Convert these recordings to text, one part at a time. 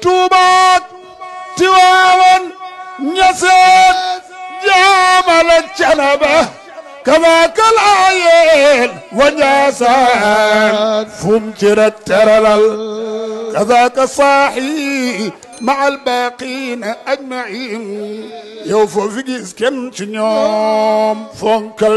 tuubaak tiwaawan ñaseet jaamala canaba kabaaka laayeen wa njaasaan fum jira teralal kabaaka saaxi ma albaaqiina ajmain yow foo fi gis kenn ci ñoom fonkal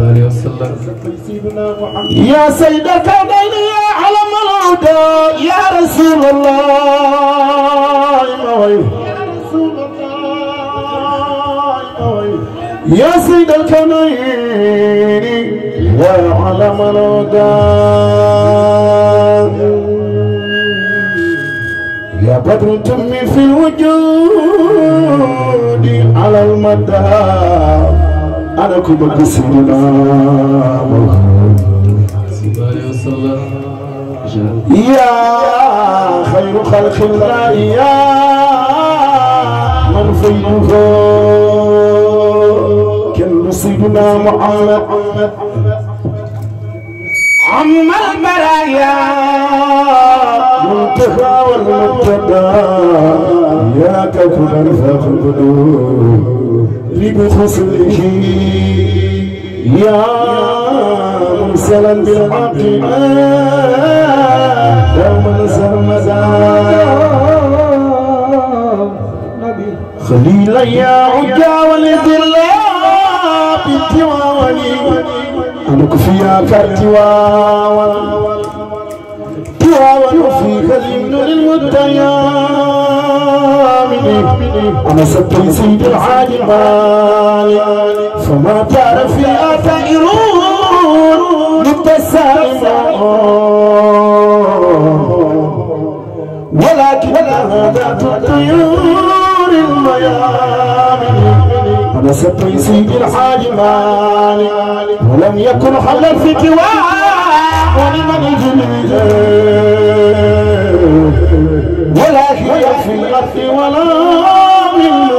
الله وسلم يا سيد الكونين يا علم الهدى يا رسول الله يا سيد الكونين يا علم الهدى يا بدر تمي في الوجود على المدى أنا كم بسمنا يا خير خلق الله يا من في كل نصيبنا محمد عم البرايا منتهى والمبتدا يا كفر الفخر بخصله يا مرسلا بالحق دوما سرمدا خليلا يا عجا والذلا بالتواولي أنك فيها كالتواول تواول فيك الإمن للمتيامين أنا سبي سيد العالي فما تعرف يا تائرون انت ولكن هذا الطيور الميامي أنا سبي سيد الحاج ولم يكن في الفتوى ولمن الجنيه ولا هي في الأرض ولا من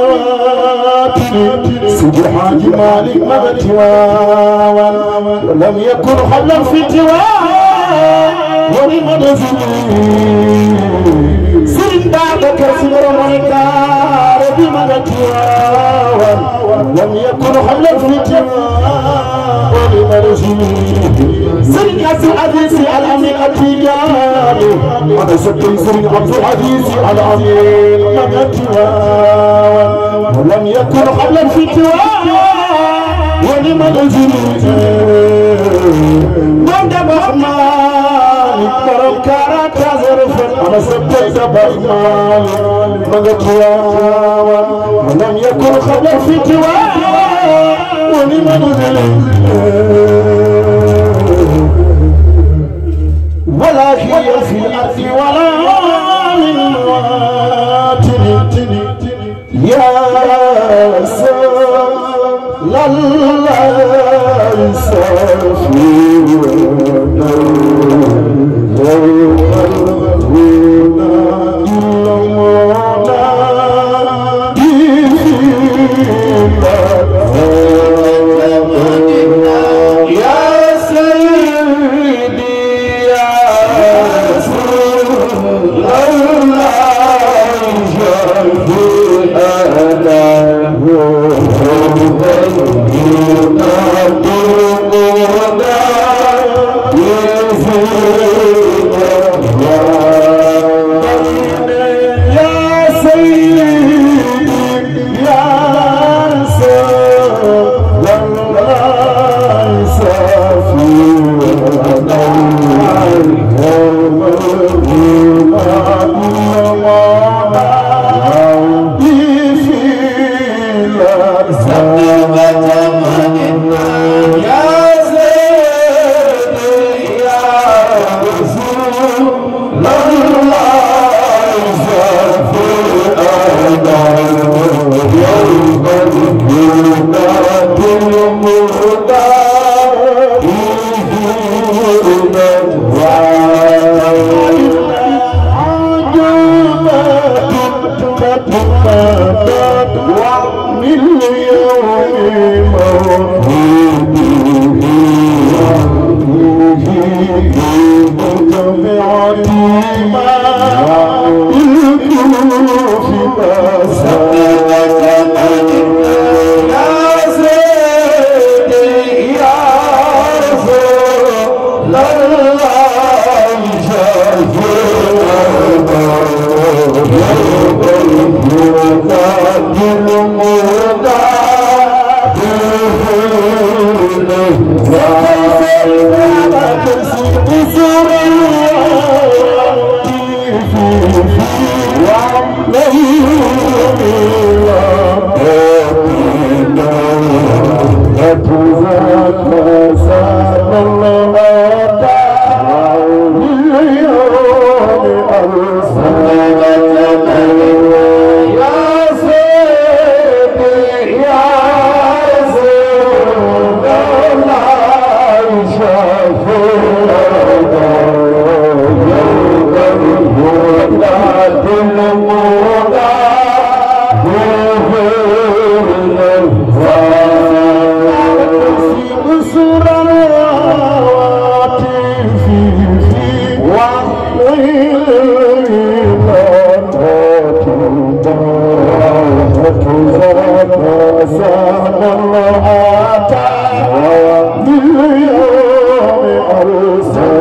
سبحان مالك مدد ولم يكن قبل في ولمدد سرد بعدك سمر مالك بمدد ولم يكن قبل في سيدي عبد العزيز الامين التيجان انا سكن سيدي عبد العزيز الامين التيجان ولم يكن قبل الفتوان ولمن الجنود من بهمان كرم كارا تزرف انا سكت بهمان من التيجان ولم يكن قبل الفتوان Allah is so free, Allah is so free, Allah is so free, Jerusalem.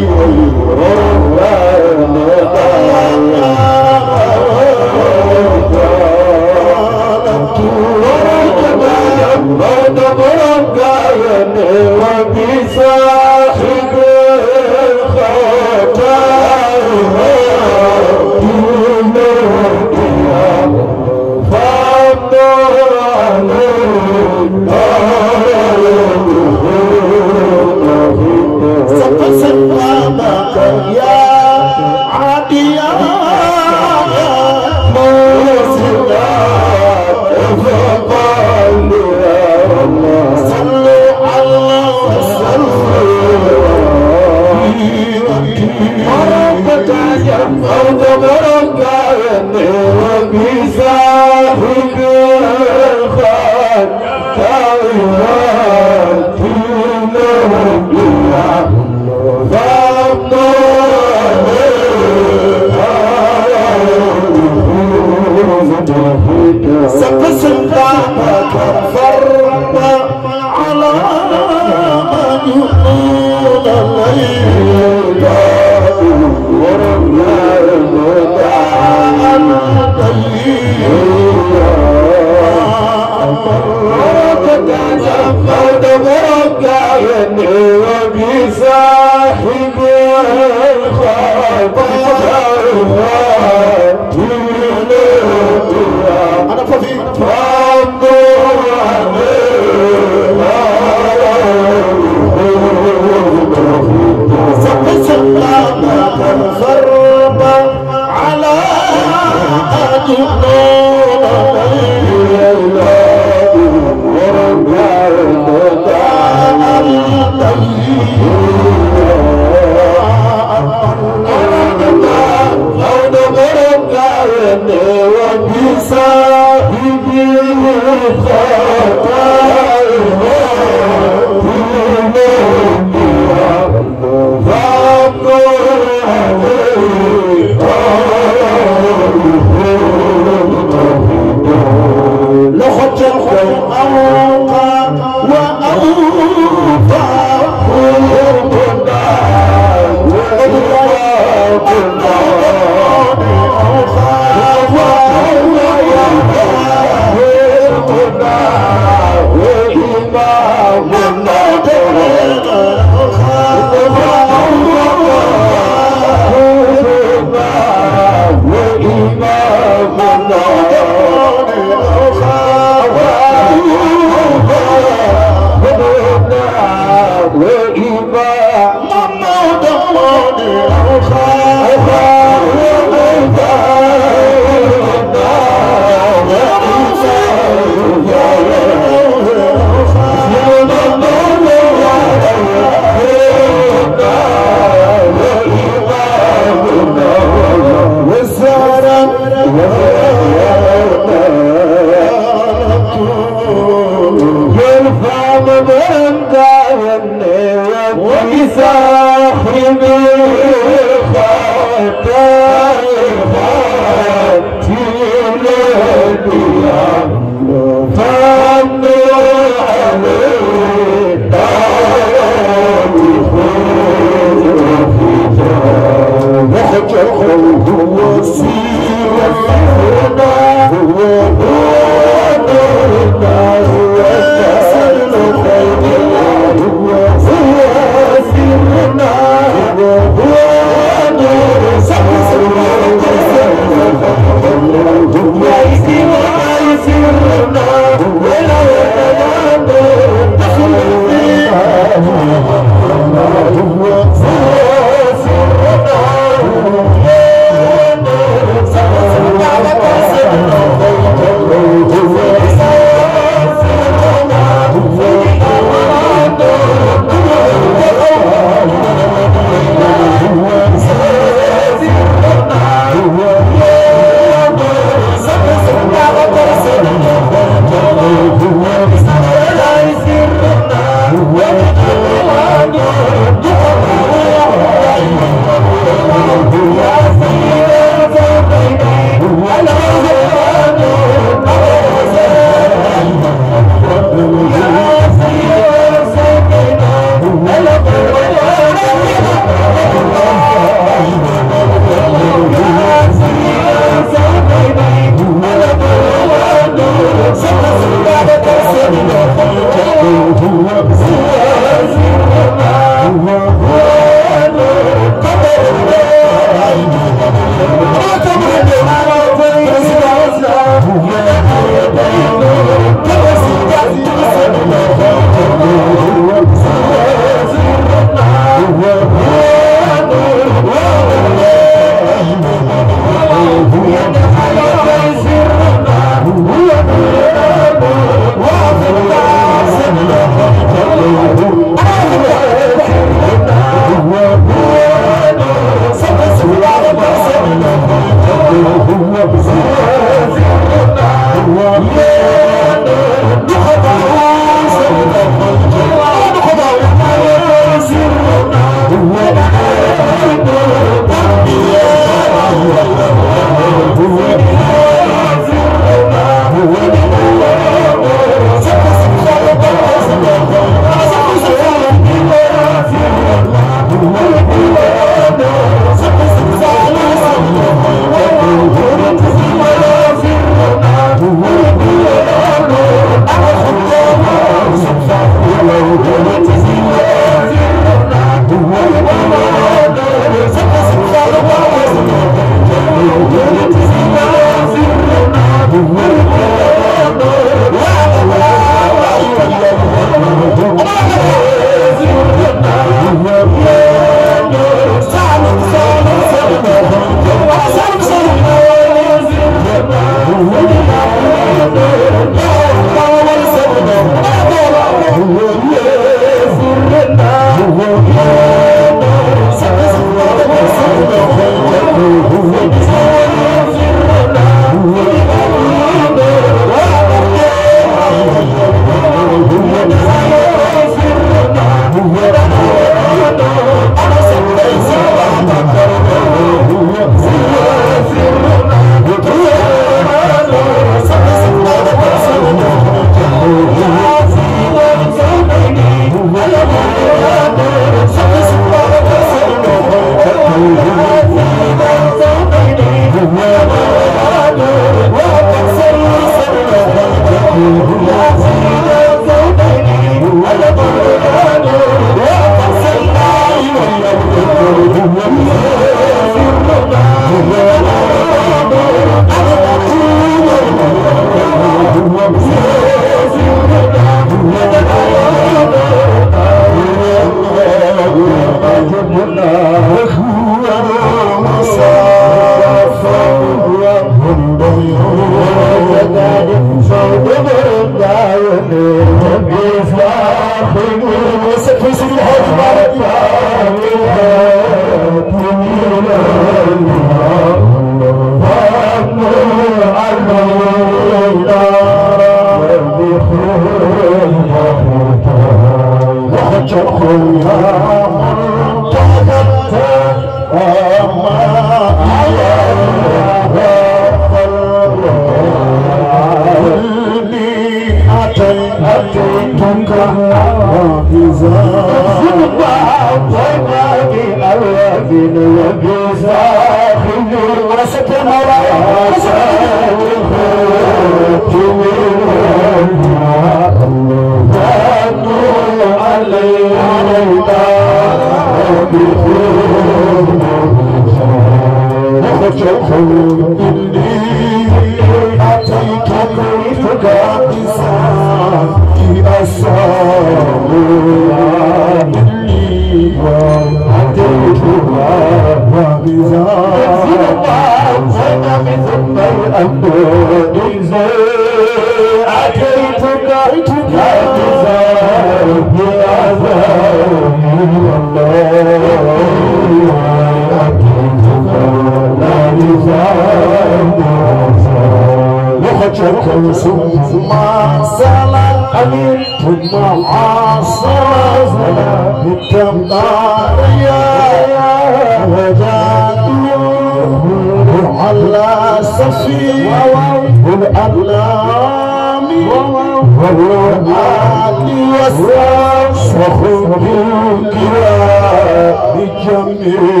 me.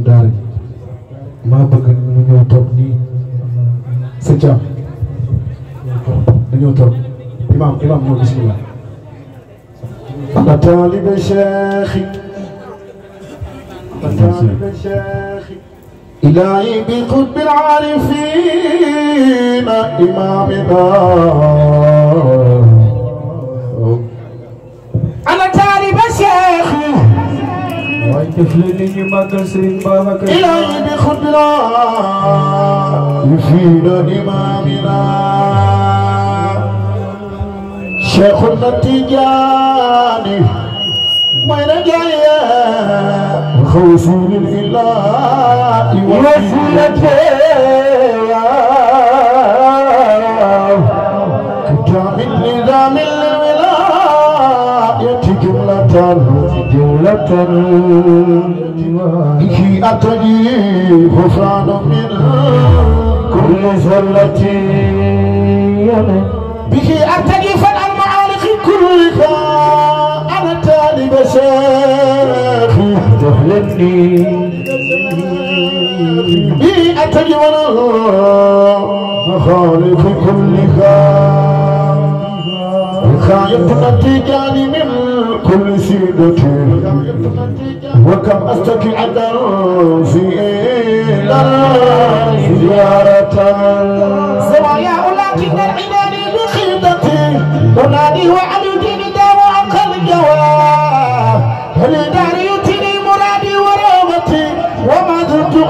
إلهي بقطب العارفين إمامنا أنا طالب شيخ إلهي بقطب العارفين إمامنا شيخ النتيجة خوصول الإله وسيلتي كتاب النظام الولاية جملة جملة به أتني خسران من كل زلة به أتني فالمعارك كلها أنا طالب شيء لني بيئة وانا كل خايف نتيجاني من كل سيدة وكم أستكي عذر في زيارة سوايا أولاك من العباد بخيضتي ونادي وعلي دين دار عقل جواب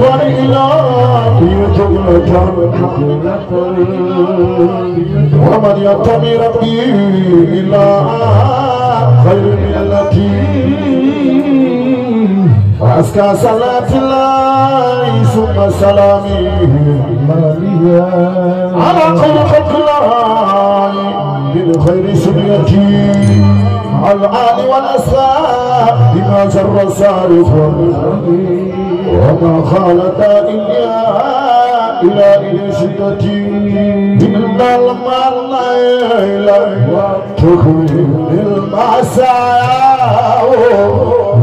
ومن يتبع ربي الى خير التي وأزكى صلاة الله ثم سلامي على خير خلق الله من خير سنيتي الآل والأسباب بما جر سارق وما خالت إياها إلى إنشدة من إلى وتخرج المعسى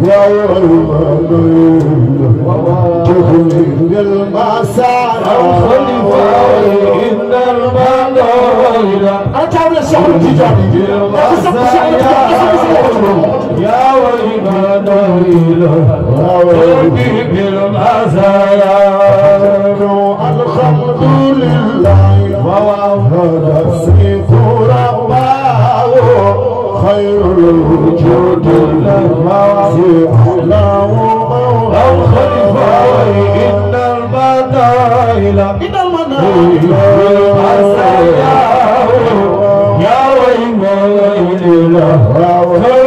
يا تخرج المعسى إن المرأة أتعب الشعب التجاري أتعب الشعب التجاري يا ويل طويل ربي بالمزايا الخلق لله ووفد السيف رباه خير الوجود للمعصي أعلاه أو خلفه إن المدائل إن المدائل يا ويلي ويل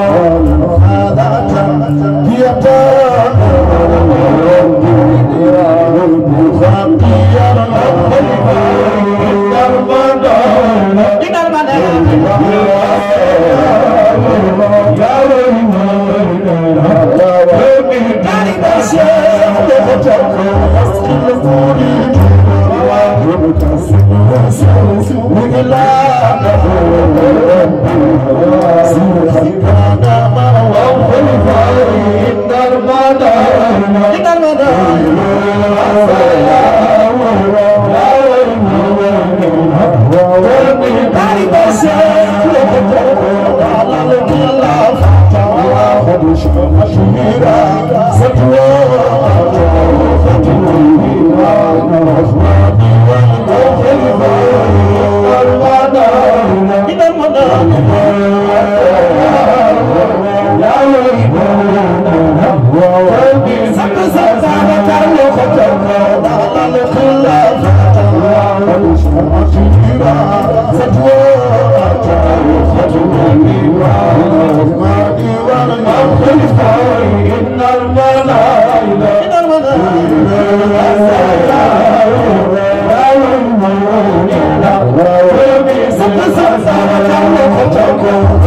Thank you.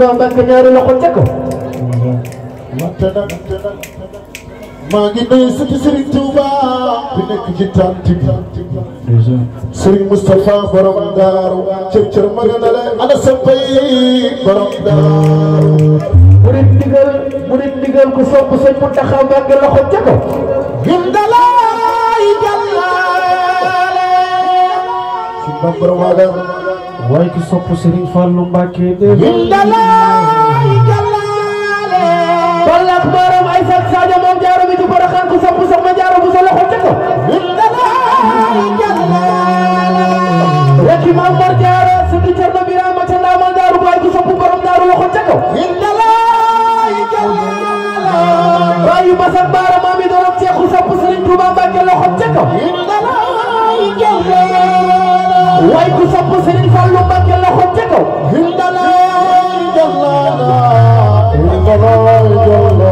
Touba Mbacke ñaari loxo ca ko. wante nag maa ngi nuyu sëti Serigne Touba bi nekk ci tànti bi. Serigne Moustapha borom daaru cër cër ma nga dalee ana sa bay borom daaru. bu nit digal bu nit digal ku sopp sëñ mu taxaw Mbacke loxo ca ko. gindalaay jàllale. si bambara waa waaye ci sopp Serigne Fallou Mbacké de indalaay jalaale balak borom ay sat Sadio moom jaaro ma jaaro sa loxo ca ko indalaay jalaale waki maam Mor jaaro sëñ Cerno Birama ca ndaamal daaru waaye ci sopp borom daaru loxo ca ko indalaay jalaale waaye masak baara maami dorom ceexu sopp Serigne Touba Mbacké loxo waaye ku sopp Serigne Fallou Mbacké la ko ca kaw hindala jallala hindala jallala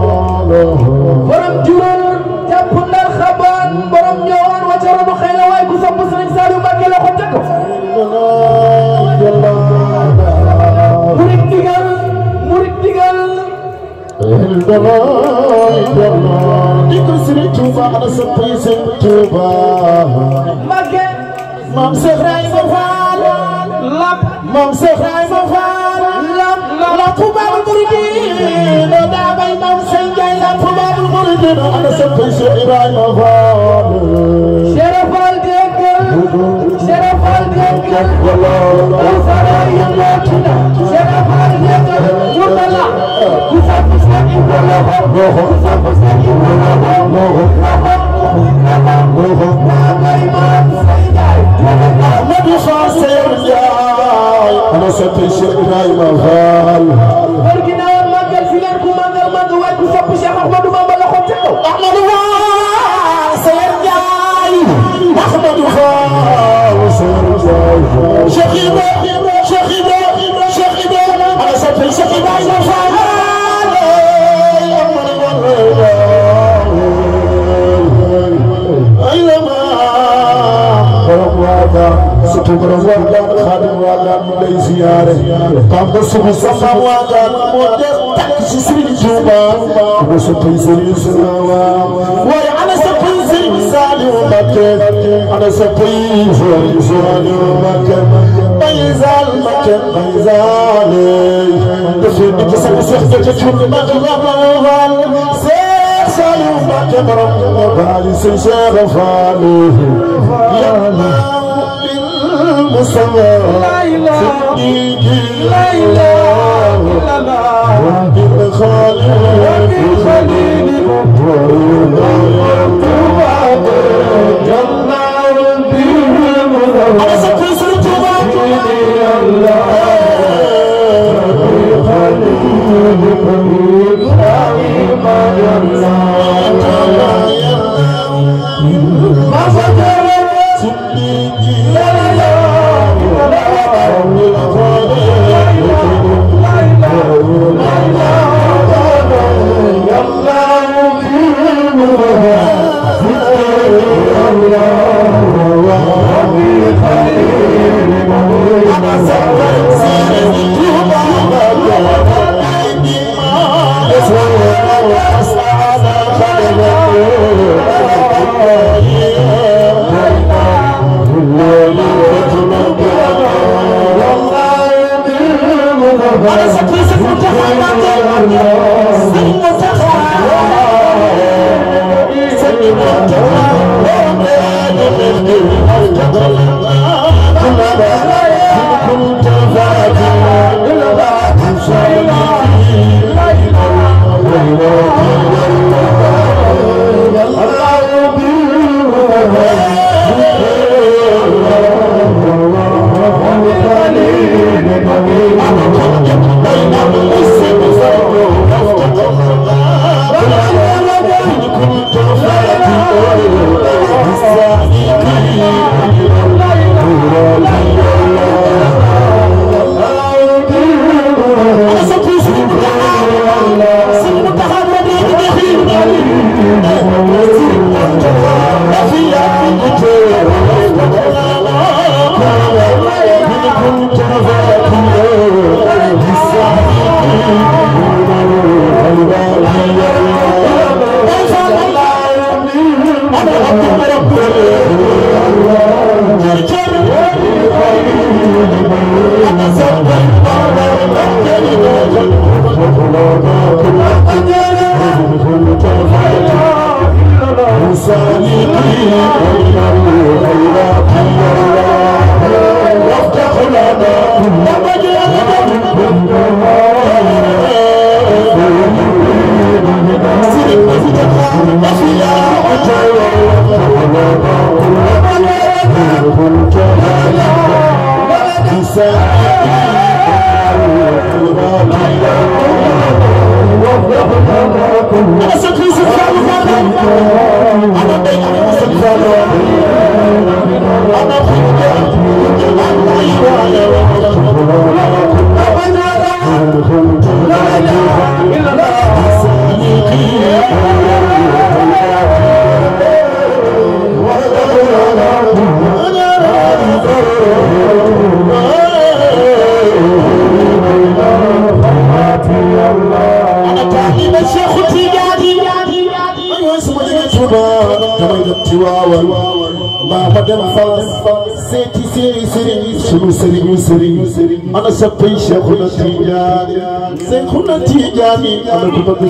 borom juróom jàpp ndar xabaan borom ñëwaan wa ca ronu xëy la waaye ku sopp Serigne Saliou Mbacké la ko ca kaw murit digal murit digal hindala jallala dikku Serigne Touba ana sa pay Serigne Touba Mbacké Mam Seex moom Cheikh Ibrahima Fall la la Touba Mourideen doo daa bay moom Sëñ Ndiaye la Touba Mourideen ana sëpp Cheikh Ibrahima Fall Cheikh Fall déggal Cheikh Fall déggal wala fara yamatina Cheikh Fall déggal mutala ku sa ku sa ibala ku sa ku sa ibala na bay moom Sëñ Ndiaye na bay moom Sëñ Ndiaye ana soppee Cheikh Ibrahima Fall war ginnaaw màggal fi leen ku màggal màgg waaye ku sopp Cheikh Ahmadou Bamba la ko teew Ahmadou Fall Seyar Ndiaye Ahmadou Fall Seyar Ndiaye Cheikh Ibrahima Cheikh Ibrahima Cheikh Ibrahima ana soppee Cheikh Ibrahima Fall tukaram wargal xaadim waagaan mu lay ziyaare kam ko sumu safam waagaan moo def takk ci sëriñ Tuuba ko soppay sëriñ Saaliw waaye ana soppay sëriñ Saaliw Mbakke ana soppay sëriñ Saaliw Mbakke bayzaal Mbakke bayzaal defe ni ci sama seex ta ci ci Mbakke waal seex Saaliw Mbakke borom baali sëriñ Seex Faal yalla صلى سيدي لا إله إلا الله وحد الخليل ما فتح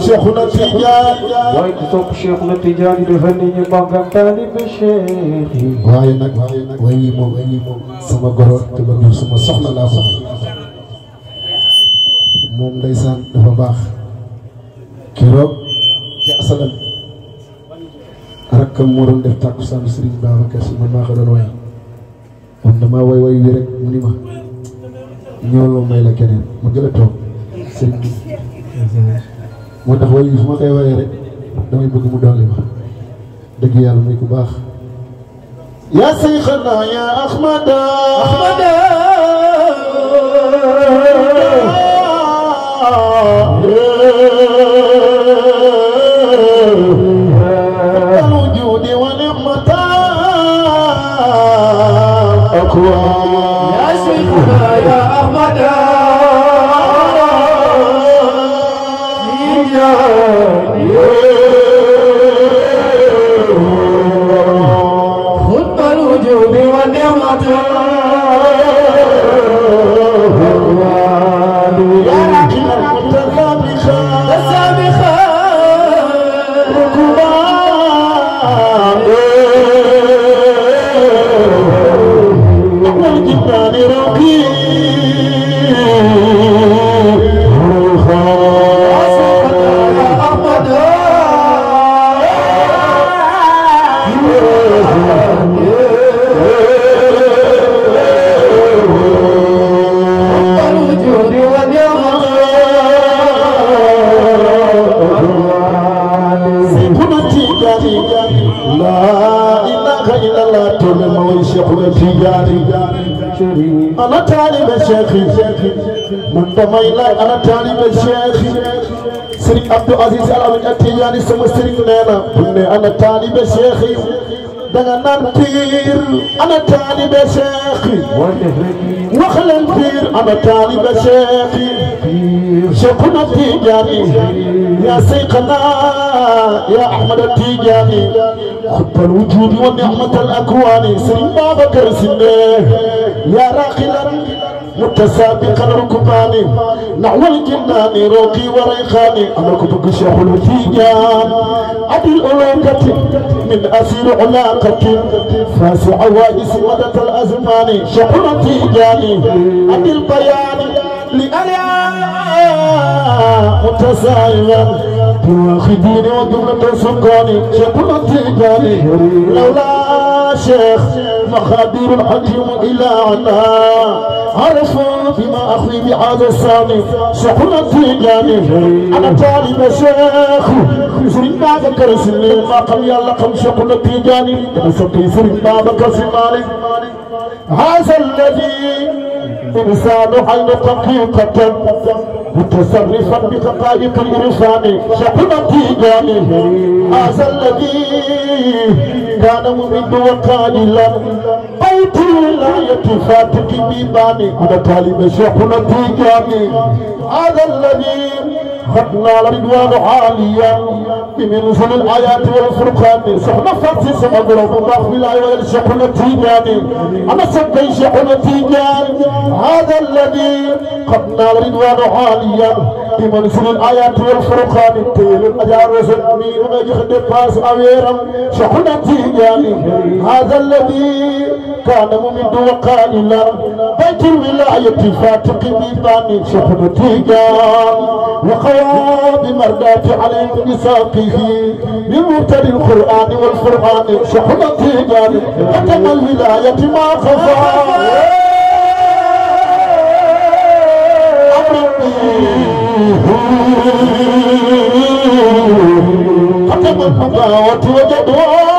Cheikhuna Tidiane waaye ku sopp dafa nit ñi màggam taalibe Cheikh yi waaye way sama goro te ba ñëw sama soxna laa ko moom ndeysaan dafa baax keroog ci asalam rakkam moo doon def tàkkusaan Serigne Babacar Sy man maa ko way way way mu ni ma ñoo may la keneen a toog moo tax way fu ma koy wayee damay bëgg mu dolli ma dëgg yàlla muy ku baax أنا طالب شيخي دنا نمتير أنا طالب شيخي وخلن بير أنا طالب شيخي شكونا تيجاني يا سيقنا يا أحمد التيجاني خب الوجود ونعمة الأكوان سلم بابا كرسنه يا راقلا متسابقا ركباني نحو الجنان روقي وريقاني أنا ركبك شيخ الوتيجان أبي الألوكة من أسير علاقة عوائس وإسودة الأزمان شحن تيجاني أبي البيان لأريا متسائلا بواخدين ودولة سكاني شحن تيجاني لولا شيخ مخادير الحكيم إلى عنا على فاطمة أخي بعاد السامي شحنت في جانبي أنا طالب شيخ سرين بابا كرس الليل ما قم يلا قم شحنت في جانبي أنا سرين بابا كرس مالي هذا الذي إنسان عين دقيقة متصرفا بدقائق الإنسان شحنت في جانبه هذا الذي كان ممد وقال لم العالية فاتك بيباني أنا طالب شيخنا تيجاني هذا الذي خطنا رضوان عاليا بمنزل الآيات والفرقان سخنا فاتي سما قلوب الله في الآية والشيخنا تيجاني أنا سبي شيخنا تيجاني هذا الذي خطنا رضوان عاليا بمنزل الآيات والفرقان تيل الأجار وسلمين ويخدم باس أويرا شيخنا تيجاني هذا الذي كان ممد وقائلا بيت الولاية فاتق بيبان شحن تيجان وخواب مردات عليه بساقه من مبتد القرآن والفرقان شحن تيجان ختم الولاية ما خفا ختم الحداوة وجدوى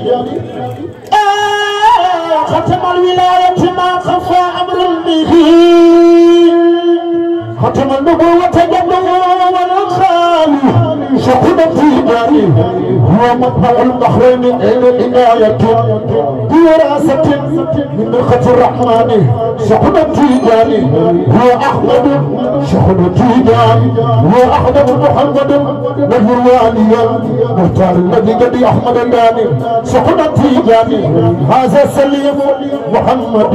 التعليم هو مطبع البحرين عين عناية دراسة من برقة الرحمن شيخنا التيجاني هو احمد شيخنا التيجاني هو احمد محمد والهرواني مختار الذي قد احمد الداني شيخنا التيجاني هذا سليم محمد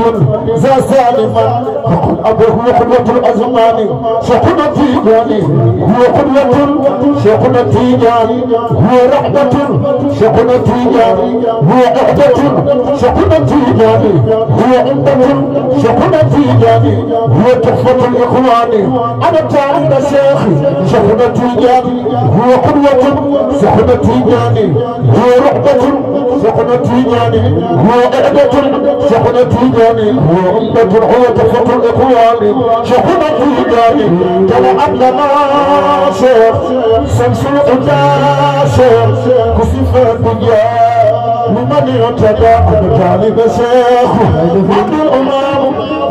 ذا سالما فقل ابوه قدوه الازمان شيخنا التيجاني هو قدوه شيخنا التيجاني هو رحمه شيخنا التيجاني هو عهده شيخنا التيجاني هو عمده شحنتي تيجاني هو تحفة الإخوان أنا تعرف شيخي شحنتي جابي هو قدوة شحنتي جابي هو رحبة شحنتي جابي هو إعدة شحنتي جابي هو أمة هو تحفة الإخوان شحنتي جابي طلعت لنا شيخ شمس العداشر كسف الدنيا لمن يرتدى عن طالب شيخ عبد الأمام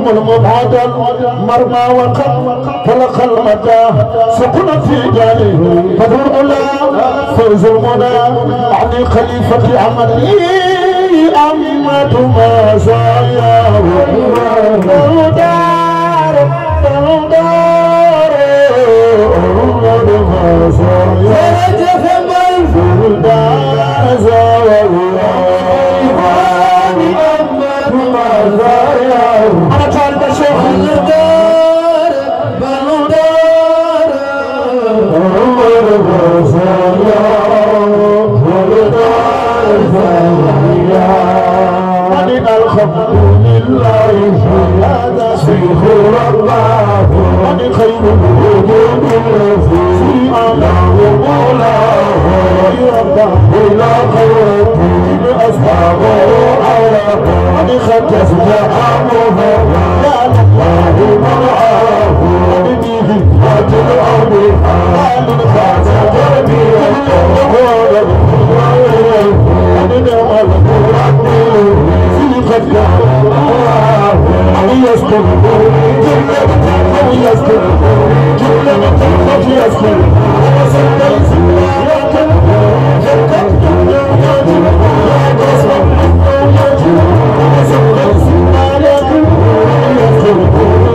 هم المبعد المرمى وقد طلق المدى سكن في جاله فذو العلا فوز المنى عن خليفة عملي أمة ما زايا العصير الله من خير الوجود الذي أنعم مولاه يربى إلى خير أصحاب أولاه من خلف زعامه لا الله مرعاه به ذات الأرض حال ذات تربيه هو الغرور من الغرور في خدعه has come. You never You never you you we do, you do. you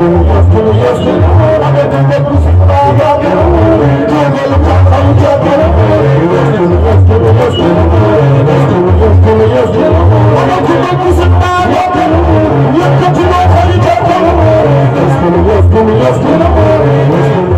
Let's go.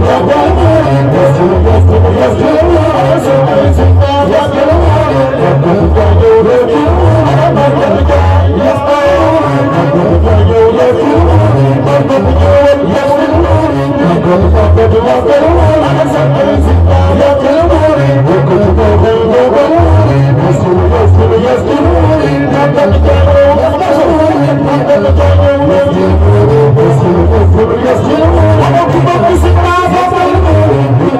Yes, you know, I want to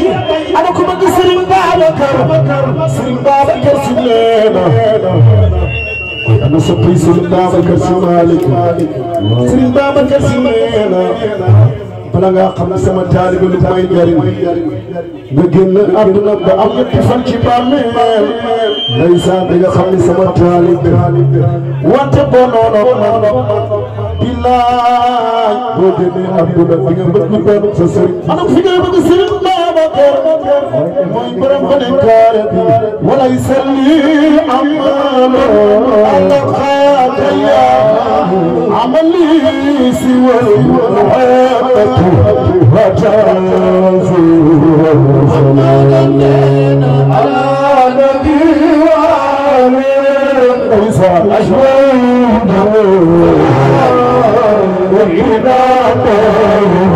tey ana ku bëgg Serigne Babacar Serigne Babacar Sy nee na ana soppi Serigne Babacar Sy Malick Serigne Babacar Sy nee na bala ngaa xam ne sama taalibe lu may njariñ nga génn àdduna ba am ñetti fan ci bàmmeel ndeysaan di nga xam ne sama taalibe wante boo noonu billaay boo génnee àdduna di nga bëgg doon sa sëriñ ana fi nga bëgg sëriñ mooy borom ko dañ kaare bi wala yu salli amalo ala xaataya amali si wal muhabbatu wa tanzu أشهد وإذا قالوا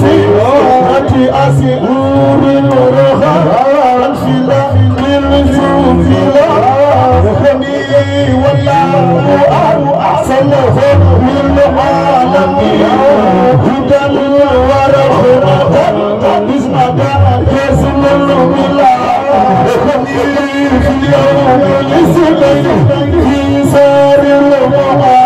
Senhor. أسي أوري مرها أنفلا من جوفلا وخمي والله أحسن لهم من العالمين هدى ورحمة بسم الله كسم الله وخمي في يوم الإسلام في سار الله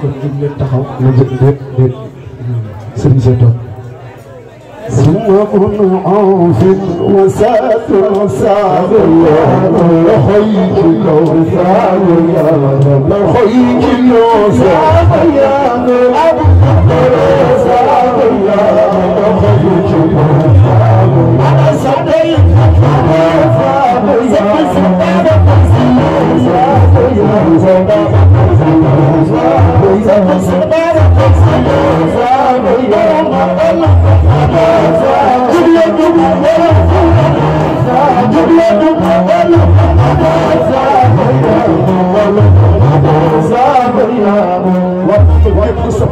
kon ñu ngi leen taxaw la jëm lépp lépp sëriñ sa doom سوء عاف وساتر سعد لحيك الأوثان يا رب لحيك الأوثان يا رب سعد يا رب لحيك الأوثان أنا سعدي أنا فاضي زكي سعد يا رب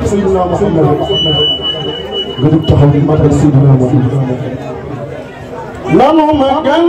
سيدنا محمد قدم تحول المدرسة سيدنا محمد لما كان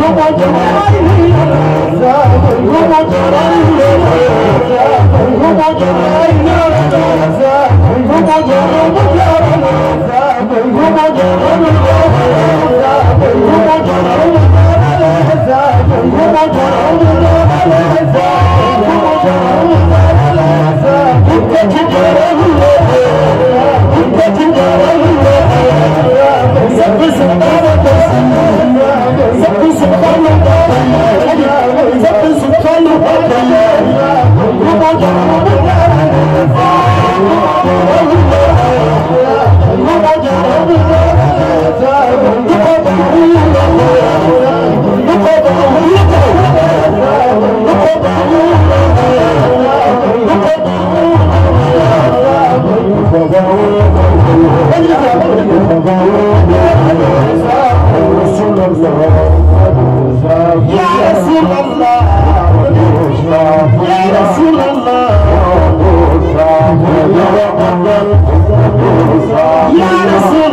ڀو مو جوڙائي نه زاب Oh, يا رسول الله يا رسول الله يا رسول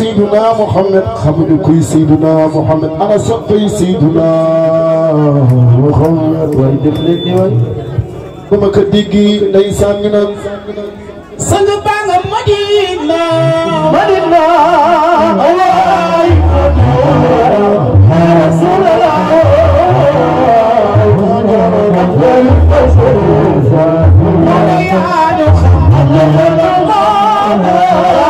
سيدنا محمد خمد سيدنا محمد انا سقي سيدنا محمد واي دفلني واي كديكي نيسان نان مدينة مدينة واي رسول الله Oh,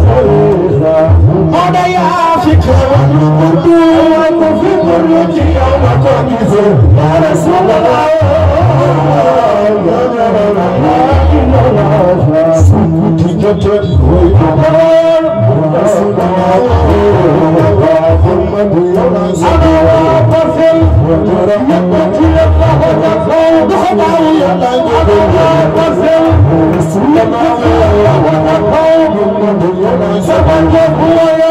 Zaman yok bu ayağa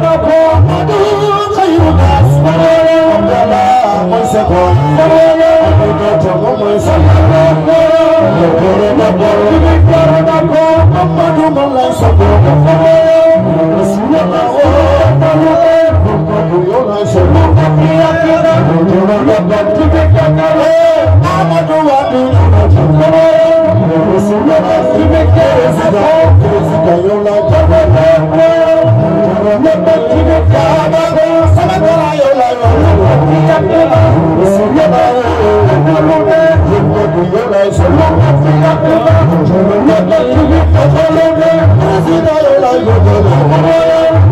You're la a Yalla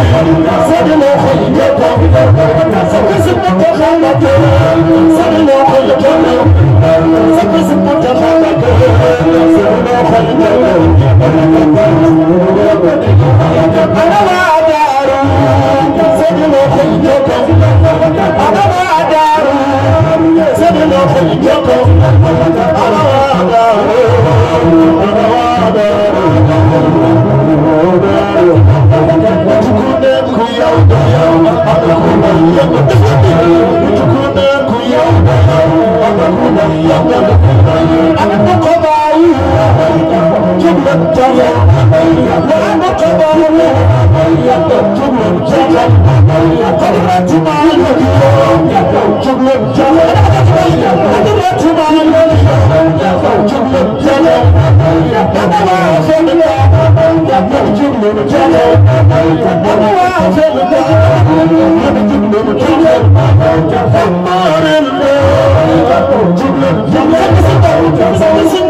سن نو Thank you. Somebody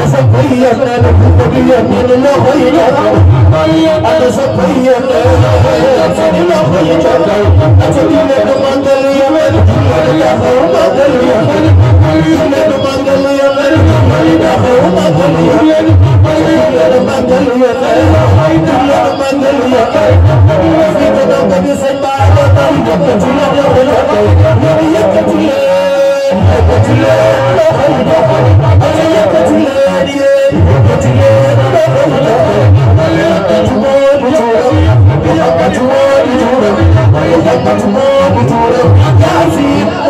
ا سقييتن لک تييتن Yeah, I feel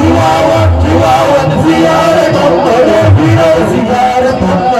Chihuahua, Chihuahua, Chihuahua, The Chihuahua, Chihuahua, Chihuahua, Chihuahua, Chihuahua,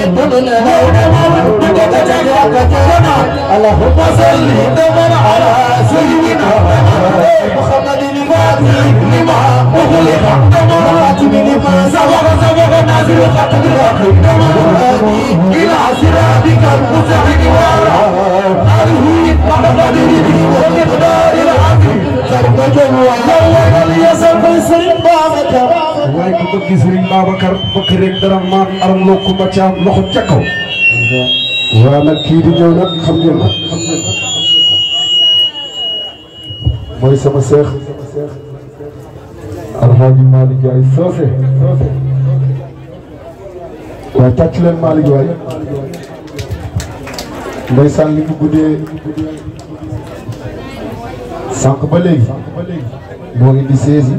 اللهم صل وسلم على سيدنا محمد الفاتح لما أغلق خاتم لما سبق سبق نازل ختم الأخير إلى صراطك المستقيم وعلى محمد ومقدار العظيم كربة ولا ولي سبع سلم بعدك bëgg Serigne Babacar bëgg rek dara maam aram loo ko Thiam loxo ca kaw. waaw nag kii di ñëw nag xam ngeen ko. mooy sama seex. Alxaaji Malick Ndiaye Socé. waaye tàcc leen Malick waay. ndeysaan li mu guddee. sànq ba léegi. moo ngi di seize.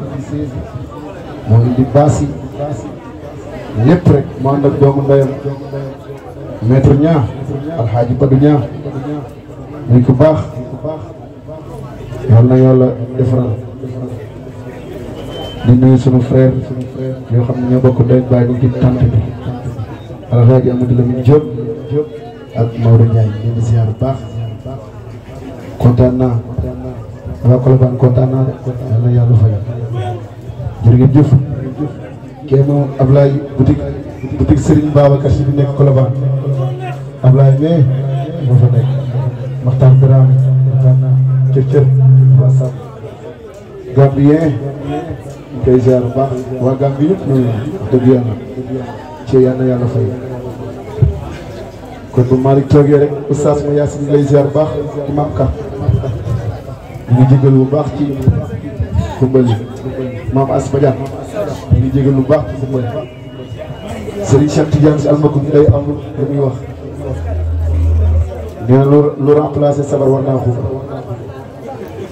mooy indi baasi lépp rek mendayang ànd ak doomu ndeyam maître ñaa alxaaji badu ñaa di nuyu sunu frère yoo xam ne ñoo bokk ndey baay ñu ci tant bi alxaaji Amadou Lamine Diop ak Maodo Ndiaye ñu ngi ziar bu baax kontaan naa ya waa Colobane kontaan naa fayal ngeen jëf kee moom Ablaye boutique boutique Serigne Babacar si bi nekk Colobane Ablaye mais moo fa nekk Maxtar Birame waxtaan naa cër cër waa Sall Gambien ñu koy bu baax waa Gambie yëpp noonu wax dëgg yàlla ci yàlla yàlla fay kon bu Malick toogee rek oustaz ma Yacine ñu lay ziar bu baax imam ka ñu ngi jégalu bu baax ci xumbal maam as Badiane ñu ngi jégal lu baax ci xumbal Serigne Cheikh Tidiane day am lu muy wax lu sabar warna naa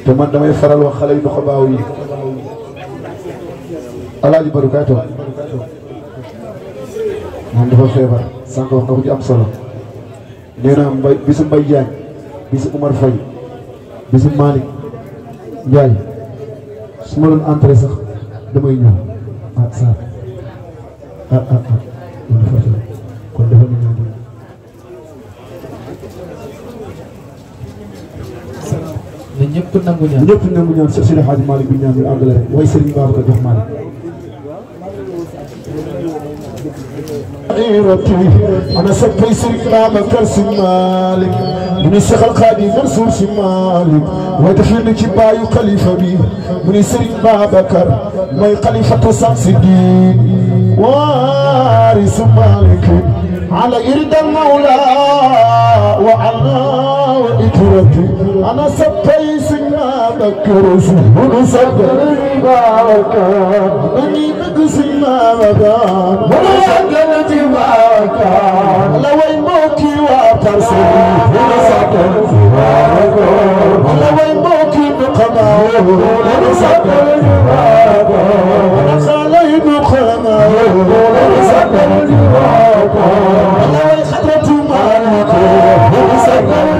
te man damay faral wax xale yu doxa yi alaaji baru kaay toog ko ci am solo nee bisu mbay bisu Umar Faye bisu malik Ndiaye su ma doon entré sax damay ñëw ah Sarr ah ah ah loolu dafa tënk kon dafa ñu ñëw dégg nga. ñëpp nangu ñaan ñëpp nangu ñaan Seydou Hadj Malick bi ñaan ñu àndale waaye Serigne غيرتي أنا سبي سرقنا مكر سمالك من سخل قادي مرسول سمالك ودحين كبايو خليفة بي من سرق بابكر ما خليفة سامس الدين وارث مالك على إرد المولى وعلى وإترتي أنا سبي بكر سهل صدر بارك اني بقسم ما مدام ولا قلت بارك لو يموتي وترسل صدر بارك لو يموتي بقضاء صدر بارك وصليت قلمه صدر بارك لو خطرت مالك صدر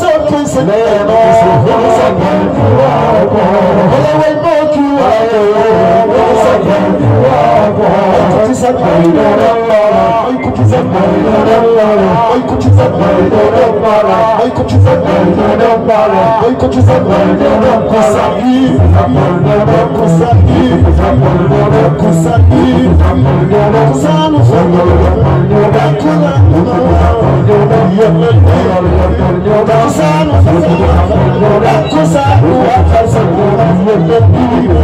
Lẹ́ẹ̀mọ́ sọ̀rọ̀ sọ̀rọ̀ fún àwọn ọkọ̀. Cosa, cosa, cosa, cosa, cosa, cosa,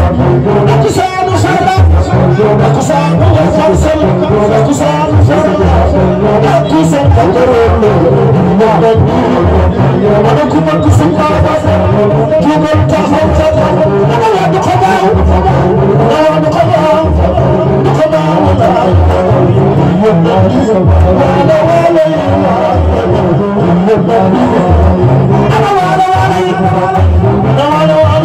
Acusado, acusado, acusado, acusado, acusado,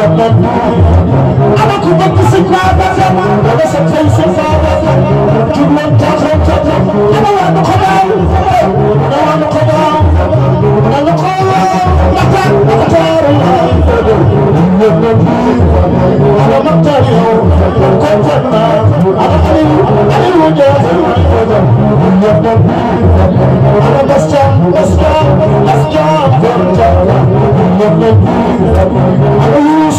ana ku bëgg sëñ Babacar ana sa tey sëñ Babacar jug nañ taatam taatam ana war na ko daaw ana war na ko daaw ana la ko matal matal ana matal yow kontaan naa ana Aliou Aliou Diop ana Basta Basta Basta kontaan ana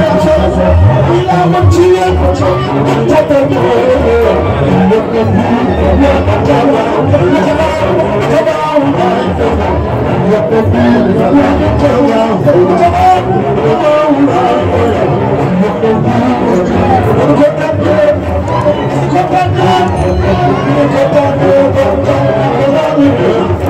يا چور چور يا چور چور اتھ تک مو مڪن ٿا يا تڪا يا تڪا جڏهن وڏي ٿي ٿي يا ڪٿي ٿي ٿي يا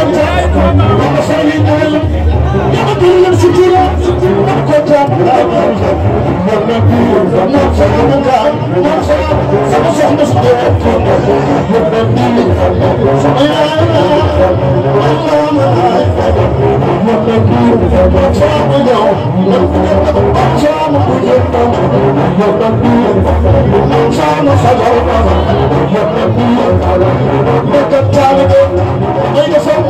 Make a time again. Make a phone.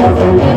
Al-Amin,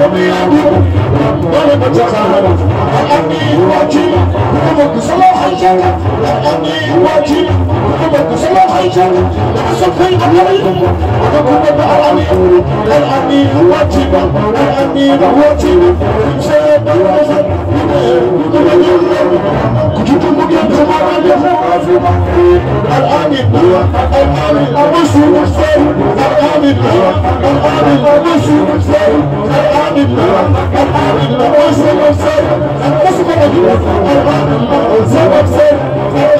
وميامه ولم تزال الأمني واجب حكمك صلاح الجنة الأمني واجب حكمك صلاح الجنة لحسن في الأمري وحكمك الأمير الأمير واجب الأمير واجب إمساك الوزن الآمن الآمن أبو سورة الآمن الآمن أبو سورة الآمن Thank you.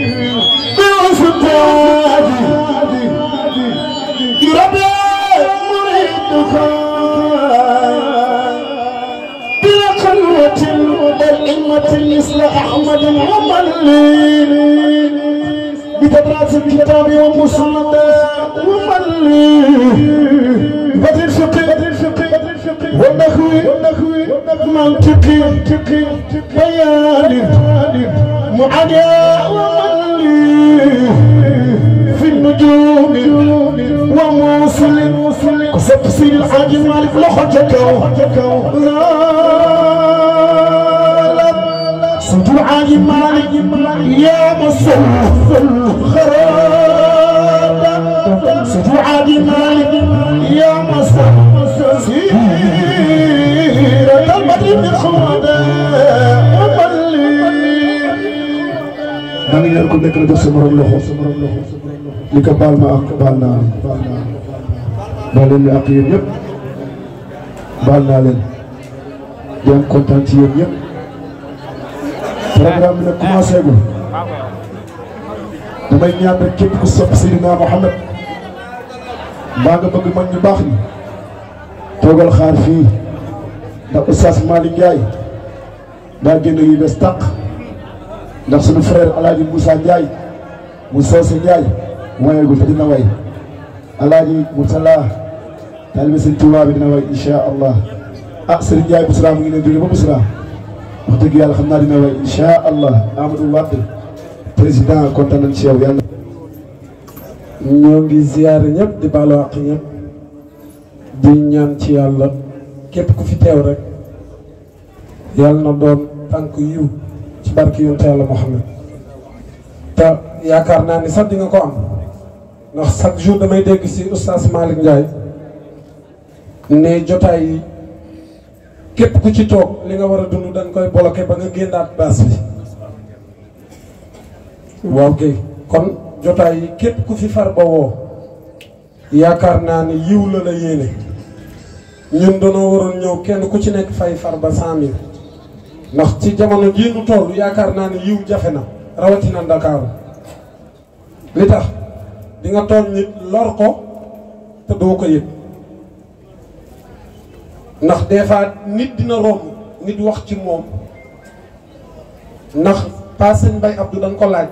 مثل احمد عمر بدراسه الكتاب والمسند وملي بدر الفقه والنخوي منطقي بيان معاناه وملي النجوم وموصل قصد سيد الحاج مالك لحجك لا صوت الحاج مالك يا مصر خراب صوت الحاج مالك يا مصر سيرة المدرب الخوادة maa ngi leen ko nekk na jox sa morom loxo sa morom loxo ni ko baal ma ak baal naa leen baal leen ak yéen baal naa leen di am kontaan ci yéen ñëpp programme bi nag damay ñaan rek képp ku sopp Seydina Mohamed mbaa nga bëgg man ñu baax ni toogal xaar fii ndax Oustaz Malick Ndiaye daa génn yu bees tàq ndax suñu frère El Hadj Moussa mu soose Ndiaye waaye guddi dina way alaaji musalla talbi sëñ Tuubaa bi dina way insha allah ah sëriñ Njaay Busra mu ngi ne jóge ba salam wax deug yalla xamna dina way insha allah Amadou wad president kontane ci yow yalla ñu ngi ziar ñep di baalu ak ñep di ñaan ci yalla kep ku fi tew rek yalla na doon tank yu ci barki yu tayalla Muhammad ta yaakaar naa ni sa di nga ko am ndax chaque jour damay dégg si oustaz Malick Ndiaye ne jotaay yi képp ku ci toog li nga war a dund dañ koy bloqué ba nga génnaat baas bi waaw kay kon jotaay yi képp ku fi far ba woo yaakaar naa ne yiw la la yéene ñun danoo waroon ñëw kenn ku ci nekk fay far ba cent mille ndax ci jamono jii nu toll yaakaar naa ne yiw jafe na rawatina Ndakaaru li tax di nga tooñ nit lor ko te doo ko yëg ndax des nit dina romb nit wax ci moom ndax pas seen bay Abdou dañ ko laaj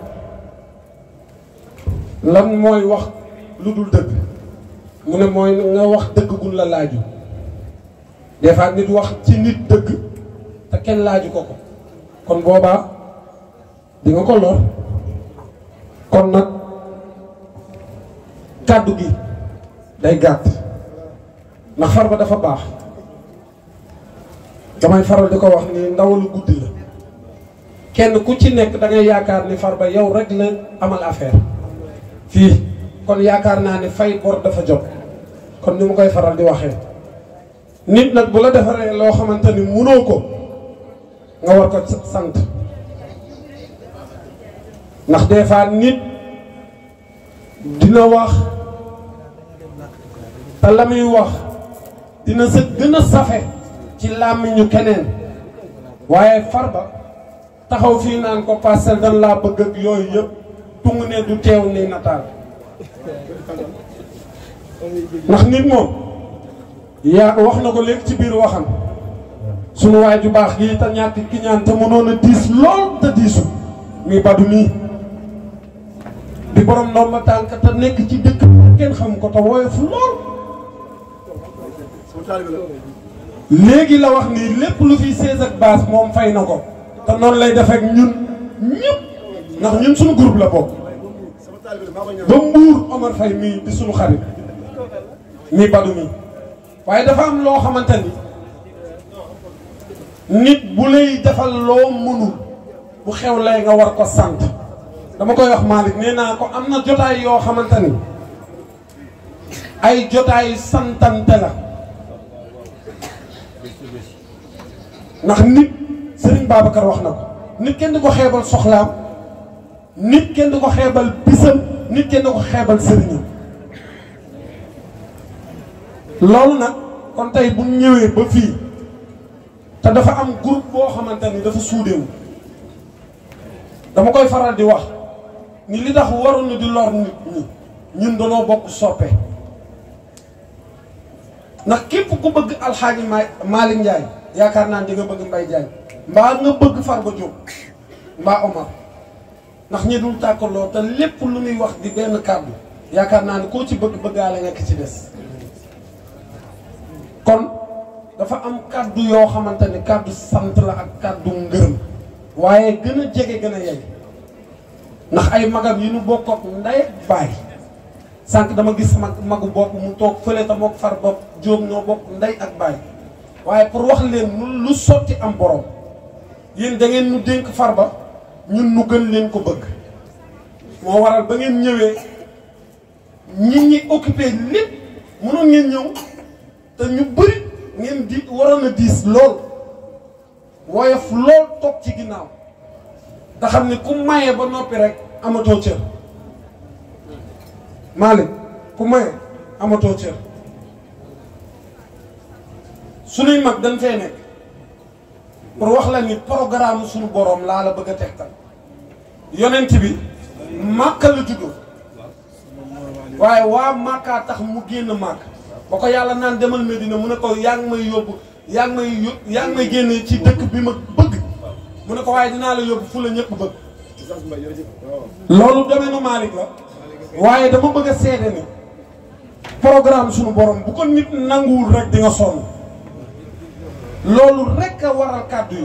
lan mooy wax lu dul dëgg mu ne mooy nga wax dëgg gun la laaju des fois nit wax ci nit dëgg te kenn laaju ko ko kon boobaa di ko lor kon nag kaddu gi day gatt na xar ba dafa baax damay faral diko wax ni ndawul guddi la kenn ku ci nek da ngay yaakar ni farba yow rek la amal affaire fi kon yaakar na ni fay bor dafa jot kon ni ma koy faral di waxe nit nak bu la defare lo xamanteni muno ko nga war ko sant ndax defa nit dina wax te la muy wax dina sa gën safe ci làmmiñu keneen waaye Farba taxaw fii naan ko Parcelles dañ laa bëgg ak yooyu yëpp tungu ne du teew ni nataal ndax nit moom yaa wax na ko léegi ci biir waxam sunu waay ju baax gi te ñàkk ki ñaan te mënoon a diis lool te diisu muy badu nii di borom ndomba tànk te nekk ci dëkk kenn xam ko te woyof lool léegi la wax ni lépp lu fi seize ak baas moom fay na ko te noonu lay def ak ñun ñëpp ndax ñun suñu groupe la bokk ba mbuur Omar Faye mii di suñu xarit nii badu mi waaye dafa am loo xamante ni nit bu lay defal loo mënul bu xew lay nga war ko sant dama koy wax Malick nee naa ko am na jotaay yoo xamante ni ay jotaay santante la ndax nit Serigne Babacar wax na ko nit kenn du ko xeebal soxlaam nit kenn ko xeebal bisam nit kenn ko xeebal sëriñam loolu nag kon tey bu ñëwee ba fii te dafa am groupe boo xamante ni dafa suudewu dama koy faral di wax ni li tax waruñu di lor nit ñi ñun danoo bokk soppe ndax képp ku bëgg alxaaji Malick Ndiaye ya karena di nga bëgg Mbaye Diagne mbaa nga bëgg Farba Diop mbaa Omar ndax ñi dul tàkkaloo te lépp lu muy wax di benn kàddu yaakaar naa ne koo ci bëgg bëggaale nga ki des kon dafa am kàddu yoo xamante ne kàddu sant la ak kàddu ngërëm waaye gën a jege gën a ay magam yi nu bokk ak ndey ak baay dama gis mag magu bopp mu toog fële te far Farba Diop ñoo bokk ndey ak baay waaye pour wax leen lu sotti am borom yéen dangeen ngeen nu dénk Farba ñun nu gën leen ko bëgg moo waral ba ngeen ñëwee ñi ñi occupé lépp mënoon ngeen ñëw te ñu bëri ngeen di waroon a diis lool woyof lool toog ci ginnaaw da xam ne ku maye ba noppi rek amatoo cër Malick ku maye amatoo cër suñuy mag dañ fee nekk pour wax la ni programme sunu boroom laa la bëgg a tegtal yonent bi màkka la juddoo waaye waa màkkaa tax mu génn màkk ba ko yàlla naan demal Medina mu ne ko yaa ngi may yóbbu yaa may yób yaa may génn ci dëkk bi ma bëgg mu ne ko waaye dinaa la yóbbu fu la ñëpp bëgg loolu demee na Malick waaye dama bëgg a seede ni programme suñu borom bu ko nit nanguwul rek di sonn loolu rek a waral kàddu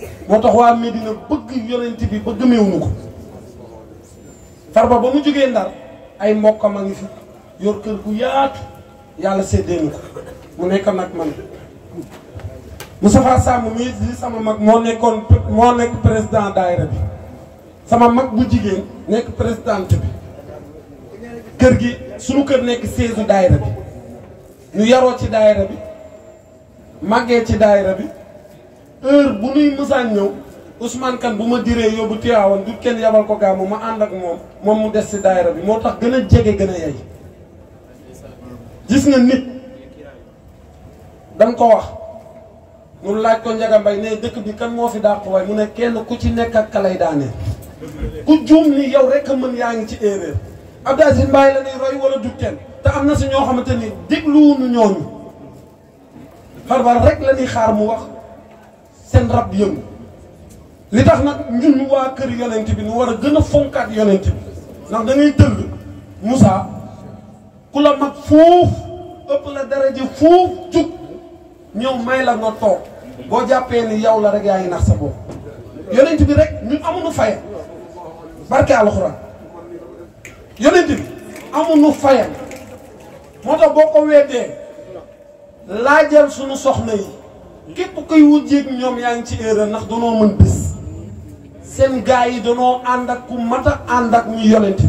yi moo tax waa Medina bëgg yonent bi ba gëmeewuñu ko Farba ba mu jógee Ndar ay mbokkam a ngi fi yor kër gu yaatu yàlla séddeenu ko mu nekk nag man Moustapha Samb mii di sama mag moo nekkoon moo nekk président daayira bi sama mag bu jigéen nekk présidente bi kër gi sunu kër nekk siège daayira bi ñu yaroo ci daayira bi màggee ci daayira bi heure bu nuy musaan ñëw Ousmane Kane bu ma diree yóbbu Tiwaawan du kenn yabal ko gàmmu ma ànd ak moom moom mu des ci daayira bi moo tax gën a jege gën a yey gis nga nit danga ko wax mu laaj ko Njaga ne dëkk bi kan moo fi dàq waay mu ne kenn ku ci nekk ak kalay ku juum ni yow rek a mën yaa ngi ci erreur Abdou Aziz la ne roy wala du kenn te am na si ñoo xamante ni dégluwuñu ñooñu xarbal rek la xaar mu wax seen rab yëngu li tax nag ñun waa kër yonent bi nu war a gën a fonkaat yonent bi ndax da ngay dëgg ku la mag foofu ëpp la daraja foofu jug ñëw may la nga toog boo jàppee ni yow la rek yaa ngi nax sa bopp yonent bi rek ñun amuñu fayam barke alxuraan yonent bi amuñu fayam moo tax boo ko weddee laajal suñu soxna yi képp koy wujjeeg ñoom yaa ngi ci erreur ndax danoo mën bis seen gaa yi danoo ànd ak ku mat a ànd ak ñu yonent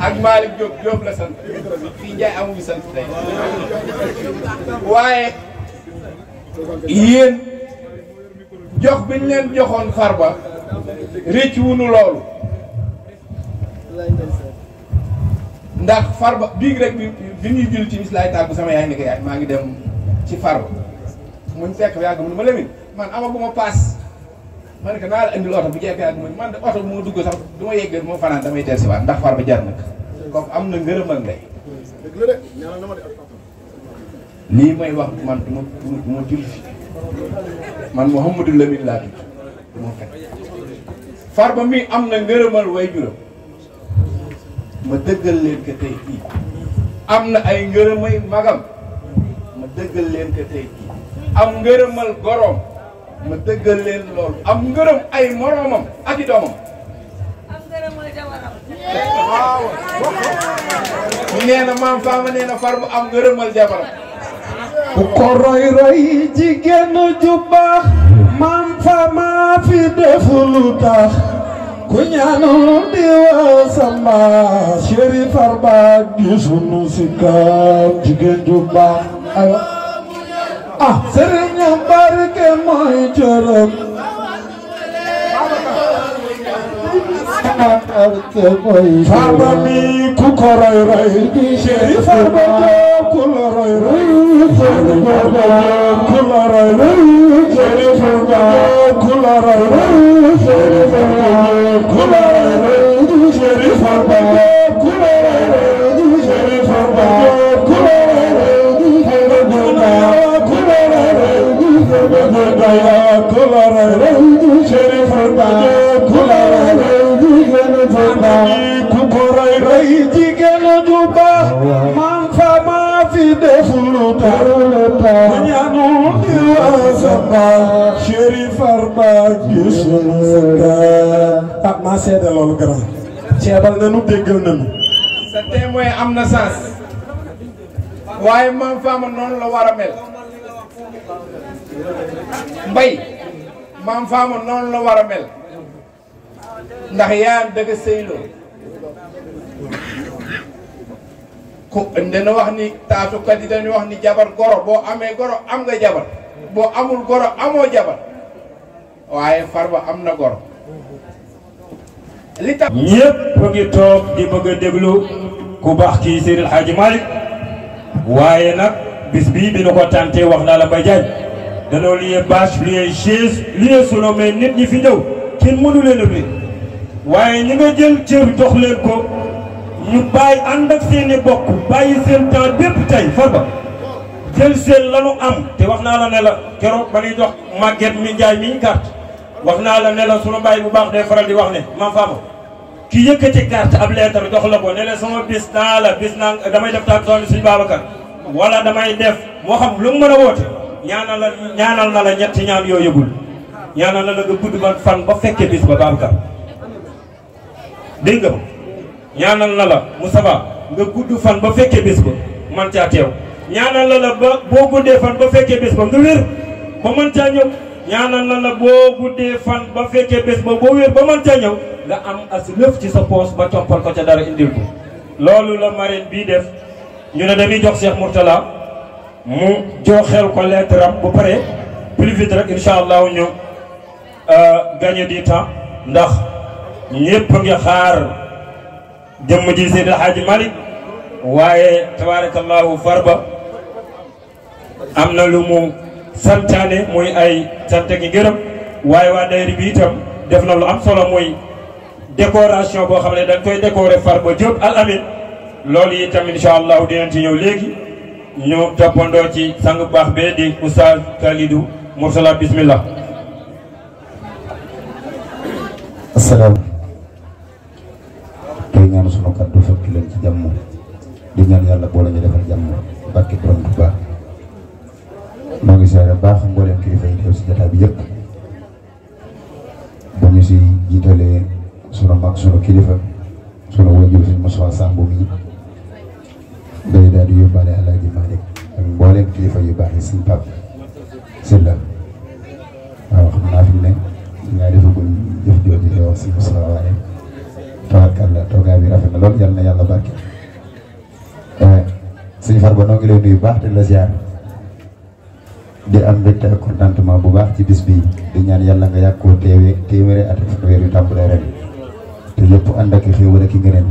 ak Malick Diop waaye yéen jox bi ñu leen joxoon Farba rëcc wunu loolu ndax Farba bii rek bi bi ñuy jul ci mis laay tàggu sama yaay ni yaay maa ngi dem ci Farba muñ fekk yàgg mu ne ma lemin man amaguma paas ma ne ko naa la indil oto bu jekk yàgg mu man de oto bu ma dugg sax du ma yeggee moo fanaan damay teel si waat ndax Farba jar nag kooku am na ngërëmal ndey lii may wax man du ma du ma jul fi man Mouhamadou Lamine laa tudd du ma mi am na ngërëmal way juram ma dëggal leen ko tey jii am na ay ngërëmay magam ma dëggal leen ko tey jii am ngërëmal goroom ma dëggal leen loolu am ngërëm ay moroomam ak i doomam waaw nee na maam Fama nee na Farba am ngërëmal jabaram ku ko roy roy jigéen ju man fa maa tax ku ñaanul di waa samba Chérif Arba gi sunu sikkaam jigéen ju ah sëriñ barke mooy cërëm Farba mi ku ko roy roy Chérif Arba ku la roy kullar ayrı kullar ayrı kullar ayrı şerif orada Kukoray raydi gel duba ah maa seede loolu grand. ceebal nanu déggal nanu. sa témoin am na sens. waaye maam Fama noonu la war a mel. mbay. maam Fama noonu la war a mel. ndax yaayam dëgg sëyloo ko dana wax ni taasukat yi dañuy wax ni jabar goro boo amee goro am nga jabar boo amul goro amoo jabar waaye Farba am na goro li tax a ngi toog di bëgg a déglu ku baax kii Seydil Hadji Malick waaye nag bis bii bi nu ko tàntee wax naa la ba jaaj danoo liyee bâche liyee chaise liyee solo nit ñi fi ñëw kenn mënu leen waaye ñi nga jël cër jox ko ñu bàyyi ànd ak seen bokk bàyyi seen temps bépp tey Farba jël seen lanu am te wax naa la ne la keroog ba ñuy jox màgget mi njaay mi carte wax naa la ne la sunu bàyyi bu baax day faral di wax ne maam Fama ki yëkkati carte ab lettre jox la ko ne la sama bis naa la bis naa damay def taat soxna suñu Babacar wala damay def moo xam lu mën a woote ñaanal ñaanal na la ñetti ñaan yoo yëgul ñaanal na la nga gudd man fan ba fekkee bis ba Babacar dégg nga ñaanal na la Moustapha nga gudd fan ba fekkee bés ba man caa teew ñaanal na la ba boo guddee fan ba fekkee bés ba nga wér ba man caa ñëw ñaanal na la boo guddee fan ba fekkee bés ba boo wér ba man caa ñëw nga am as ci sa poos ba toppal ko ca dara indil ko loolu la marine bii def ñu ne dañuy jox Cheikh Mourtala mu joxeel ko lettre am bu pare plus rek incha allah ñu euh, gagné du temps ndax ñëpp nga xaar jëmm ji Seydi Alxaaji Malick waaye tabaarakallaahu farba am na lu mu santaane muy ay sant gi ngërëm waaye waa dayri bi itam def na lu am solo muy décoration boo xam ne dañ koy décorer farba Diop al amin loolu itam incha allahu dinañ ci ñëw léegi ñu toppandoo ci sang baax bee di Oustaz Kalidou Mursala bismillah di ñaan sunu kàddu fekk leen ci jàmm di ñaan yàlla boole ñu defal jàmm barki borom bu baax moo ngi seere baax mbooleem kilifa yi teew si yëpp ba ñu si jiitalee sunu mag sunu kilifa sunu wajur si Moussa Samb mi day daal di yóbbaale Alaaji Malick ak kilifa yu baax yi si Moussa waaye tabarkalla toogaay bi rafet na lool yal na yàlla barke sëñ Farba noo ngi lay nuyu di la ziar di am mbégte ak contentement bu baax ci bis bi di ñaan yàlla nga yàgg koo teewee téeméeri at fanweer yu tàmbalee ren te lépp ànd ak xéewal ak ngëneel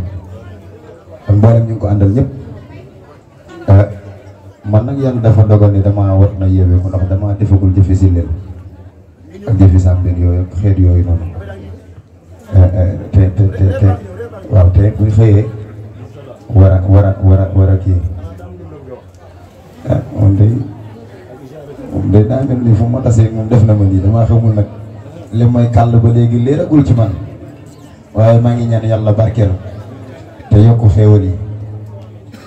ak mboolem ñu ngi ko àndal ñëpp man nag yàlla dafa dogal ni damaa war na yeewee ko ndax damaa defagul jëfi si leen ak jëfi sàmbeen yooyu xeet yooyu te te te waaw te buñ xëyee war a war a war a war a kii ah moom day moom day daa mel ni fu ma tasee moom def na ma lii damaa xamul nag li may kàll ba léegi leeragul ci man waaye maa ngi ñaan yàlla barkeel te yokk xéewal yi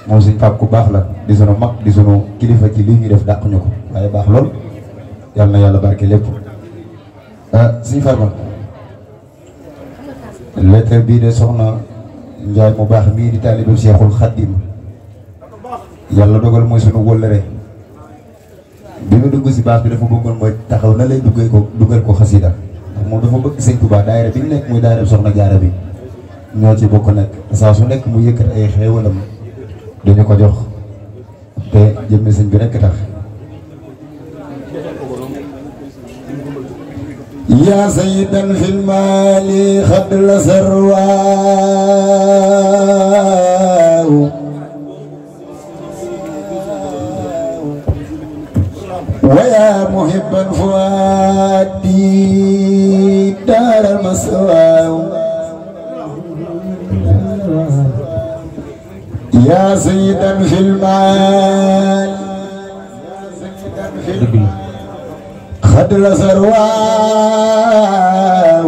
moom suñ pap ku baax la di sunu mag di sunu kilifa ci lii ñu def dàq ñu ko waaye lool yàlla na yàlla barke ah suñ farma lettre bii de soxna Njaay mu baax mii di taalibul Seexul Xaddim yàlla dogal mooy sunu wóllëre bi mu dugg si baax bi dafa bëggoon mooy taxaw na lay duggee ko duggal ko xasida ndax moom dafa bëgg sëñ Tuubaa daayira bi ñu nekk muy daayira soxna jaara bi ñoo ci bokk nekk saa su nekk mu yëkkat ay xéewalam dañu ko jox te jëmmi sëñ bi rekk tax يا سيدا في المال خبل سرواه ويا محبا فؤادي دار مسواه يا سيدا في المال يا سيدا في المال خدر سرواه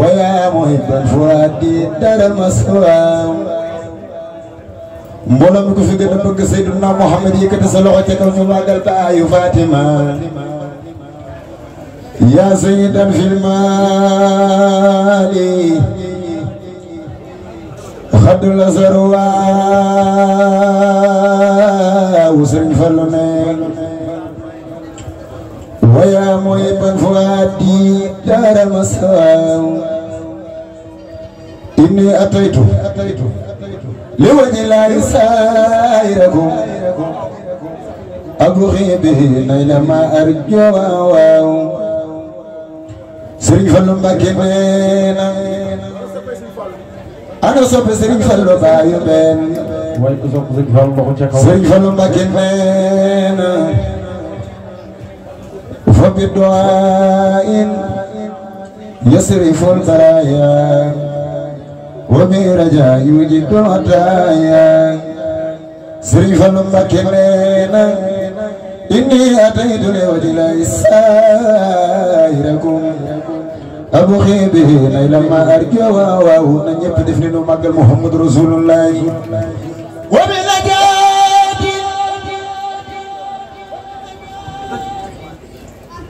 ويا محب الفؤاد دار المسواه مولم كو في گد سيدنا محمد يكت سلوخ في ني ماغال با يا سيدا في المال خد الازروا وسرن فلنه ويا مهيب فؤادي دار المساو إني أتيت لوجه الله سائركم أبغي به نيل ما أرجو واو سرين فلو مكينا أنا صب سرين فلو بايو بين سرين فلو مكينا وبدعاء يصرف البرايا وبرجاء يجد العطايا صرف المكنين إني أتيت لوجل سائركم أبخي به لما أرجو وهو نجب دفن مقل محمد رسول الله وبلا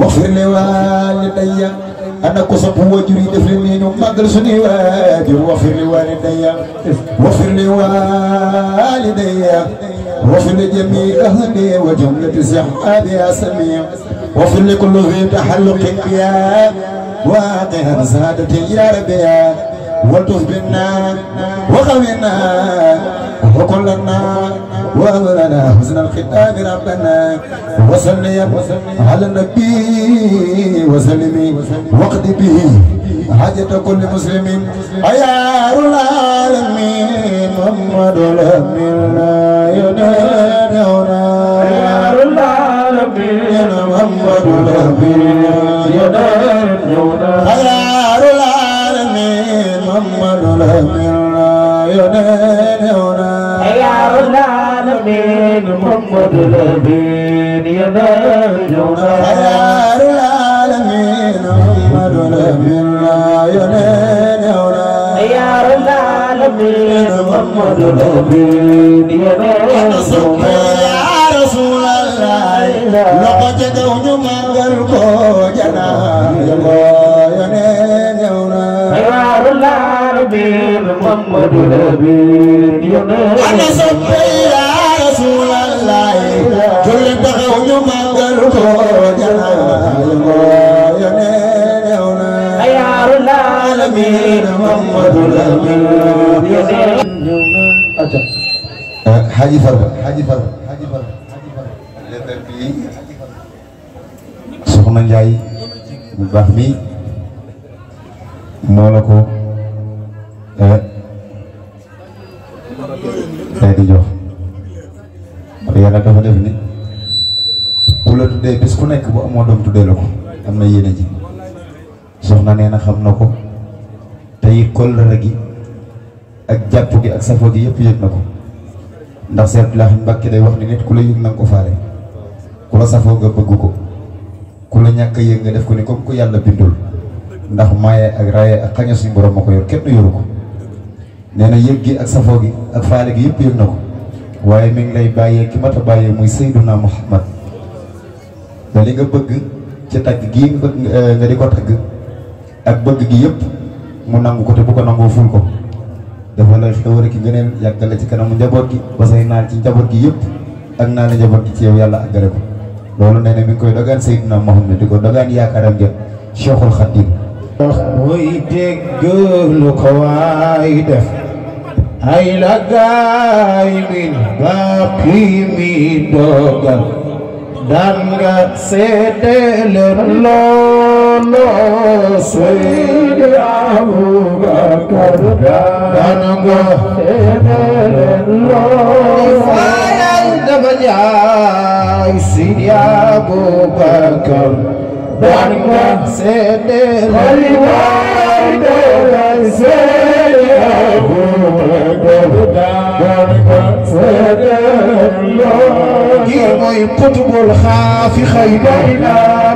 واغفر لوالدي انا كسب وجري دفلني مقدر سني واجر واغفر لوالدي واغفر لوالدي واغفر لجميع اهلي وجملة صحابي يا سميع واغفر لكل ذي تحلق يا واقع سعادتي يا ربي والطف بنا وقوينا وقل لنا وأمرنا حسن الختام ربنا وصلي على النبي وسلم وقت به حاجة كل مسلم أيار العالمين محمد الأمين لا يدعونا أيار العالمين محمد الأمين لا يدعونا قبل بين يدي جنار العالمين محمد منا ينين يولا يا رب العالمين محمد بين يدي يا رسول الله لقد دون من قلبه جنا الله ينين يولا يا رب العالمين محمد بين يدي أنا صبي يا رسول الله baay julli taxaw Njaay bu baax bi moo ko daal eh, eh, di te yàlla dafa def ni bu la tuddee bis ku nekk bu amoo doom tuddee la ko am na yéene iya ji soxna nee na xam na ko gi ak jàpp gi ak safoo gi yep yëg na ko ndax Seex Abdul Ahad Mbàkke day wax ni nit ku la yëg na ko faale ku la safoo nga bëgg ko ku la ñàkk yëg nga def ko ni comme ku yàlla bindul ndax maye ak raye ak xaña suñu borom ma yor kenn yoru ko nee gi ak safoo gi ak faale gi yëpp yep nako waaye mi ngi lay bàyyee ki mat a bàyyee muy Seyduna Muhammad ba li nga bëgg ci tagg gi nga eh, nga di ko tagg ak bëgg gi yëpp mu nangu ko te bu ko nangoo ful ko dafa la xewar a ki gëneel yàggale ci kanamu njaboot gi ba say naan ci njaboot gi yëpp ak naa ne njaboot gi ci yow yàlla àggale ko loolu nee na mi ngi koy dogaan Seyduna Muhammad di ko dogaan yaakaaram ja Cheikhul Khadim. ndax muy dégg lu ko waay def. ayla gaay mi bàppi mi dogal daan nga seeteleen loolo Seydi Abubakar daan nga seeteleen loolo fayal dafa jaay Seydi Abubakar daan nga seeteleen loolo mooy kutubul xaafi xayba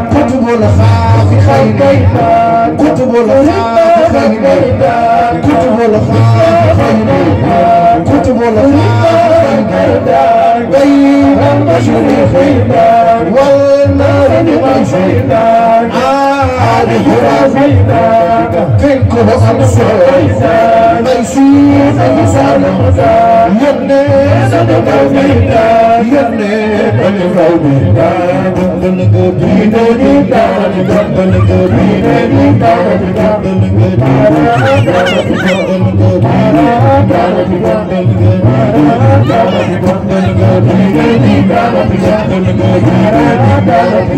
kutubul xaafi xayba kutubul xaafi xayba kutubul xaafi xayba kutubul xaafi xayba bayna mashriqi wal magribi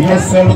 Yes, sir,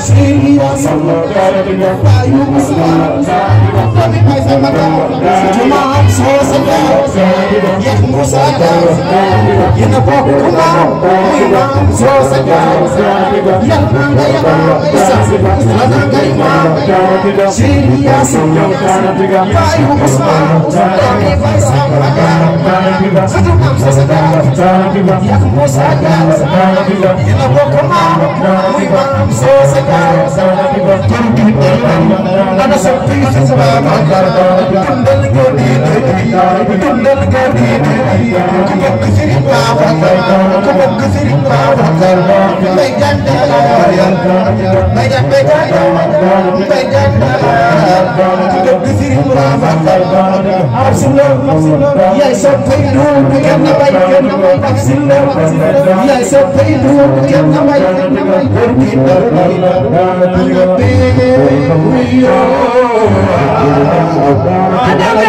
serious Payo mo sa araw Kami pa'y sa magkakaroon Sa tumahan sa sa Sampai jumpa di video selanjutnya. ku bëgg Serigne Baba ku bëgg Serigne Baba mbay jànda mbay jànda mbay jànda mbay jànda ku bëgg Serigne Baba ab si la yaay soppay du kenn na may ab si la yaay soppay du kenn na may góor gi ndaw gi nga béyee wuyoo adama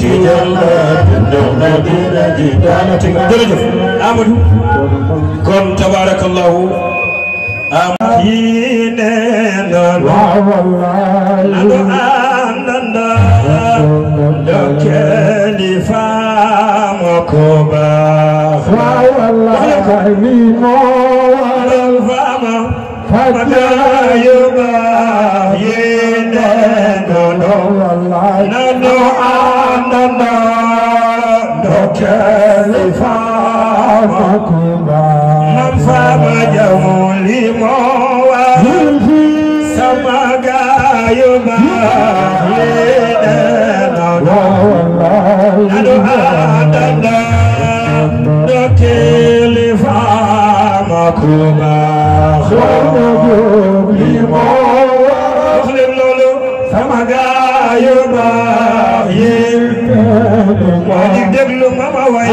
jërëjëf Amadou kon tabarakallahu am diine na lu ananda dokkeli faama ko baax faama faama fay nanu anana dokeli fama kuba nam fama jamu limo wa sama gayo ba lede nanu anana dokeli fama kuba baax yéen. waa ji déglu ma ma way.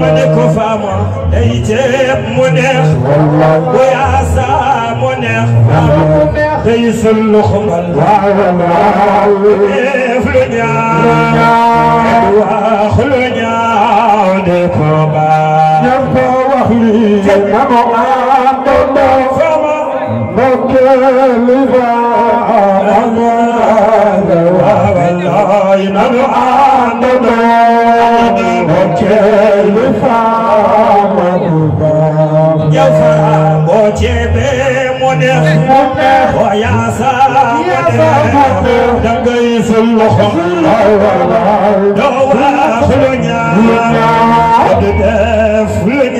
ma ne ko faama. day ceeb mu neex. goyaasa mu neex. day sëllu xumal. lu ñaaw. wax lu ñaaw de ko baax. ña مكلفا أنا وعين العالم مكلفا مكلفا يفا مكلفا ويا سلام دقيس اللحم دوا خلنا دوا خلنا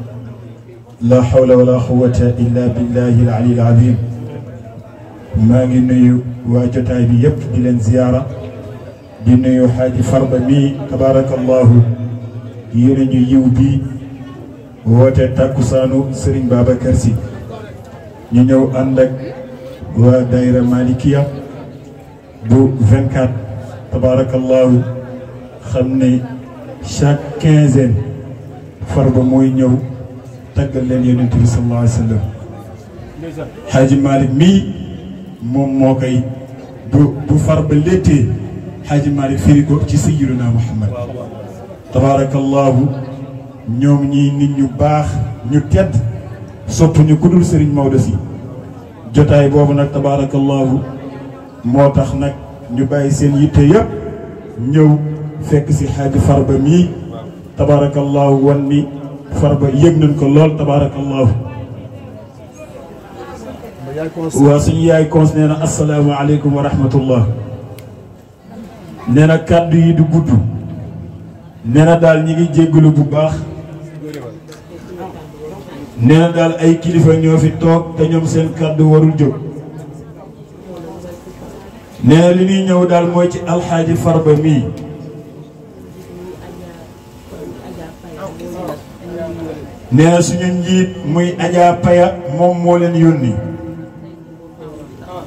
لا حول ولا قوة إلا بالله العلي العظيم ما جنوا واجت أبي يبقى زيارة جنوا حاج فرب مي تبارك الله يرجع يوبي واتتكسانو سرين بابا كرسي جنوا عندك ودائرة مالكية بو فنكات تبارك الله خمني شاك كنزن فرب موي نيو تقل لين ينتهي صلى الله عليه وسلم حاج مالك مي موم موكاي بو فر بليتي حاج مالك فيكو تي سيدنا محمد تبارك الله نيوم ني نيت نيو باخ نيو تيد سوتو نيو كودول سيرن مودسي جوتاي بوبو تبارك الله موتاخ نك باي سين ييتي نيو فك حاج فرب مي تبارك الله وني farba yeg nañ ko lol tabarakallah wa suñu yaay kons neena assalamu alaykum wa rahmatullah neena kaddu yi du gudd neena dal ñi ngi jéggalu bu baax neena dal ay kilifa ñoo fi tok te ñom seen kaddu warul jog neena li ñi ñew dal moy ci alhaji farba Mi. nee na suñu njiit muy Adja Paya moom moo leen yónni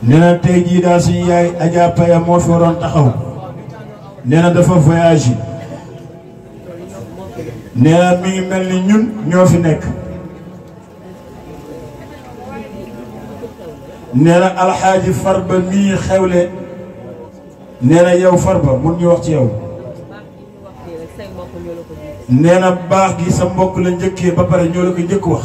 nee na tey jii daal suñu yaay Adja Paya moo fi waroon taxaw nee na dafa voyage yi nee na mi ngi mel ni ñun ñoo fi nekk nee na alxaaji Farba mii xewle nee na yow Farba mun ñu wax ci yow nee na baax gi sa mbokk la njëkkee ba pare ñoo la ko njëkk wax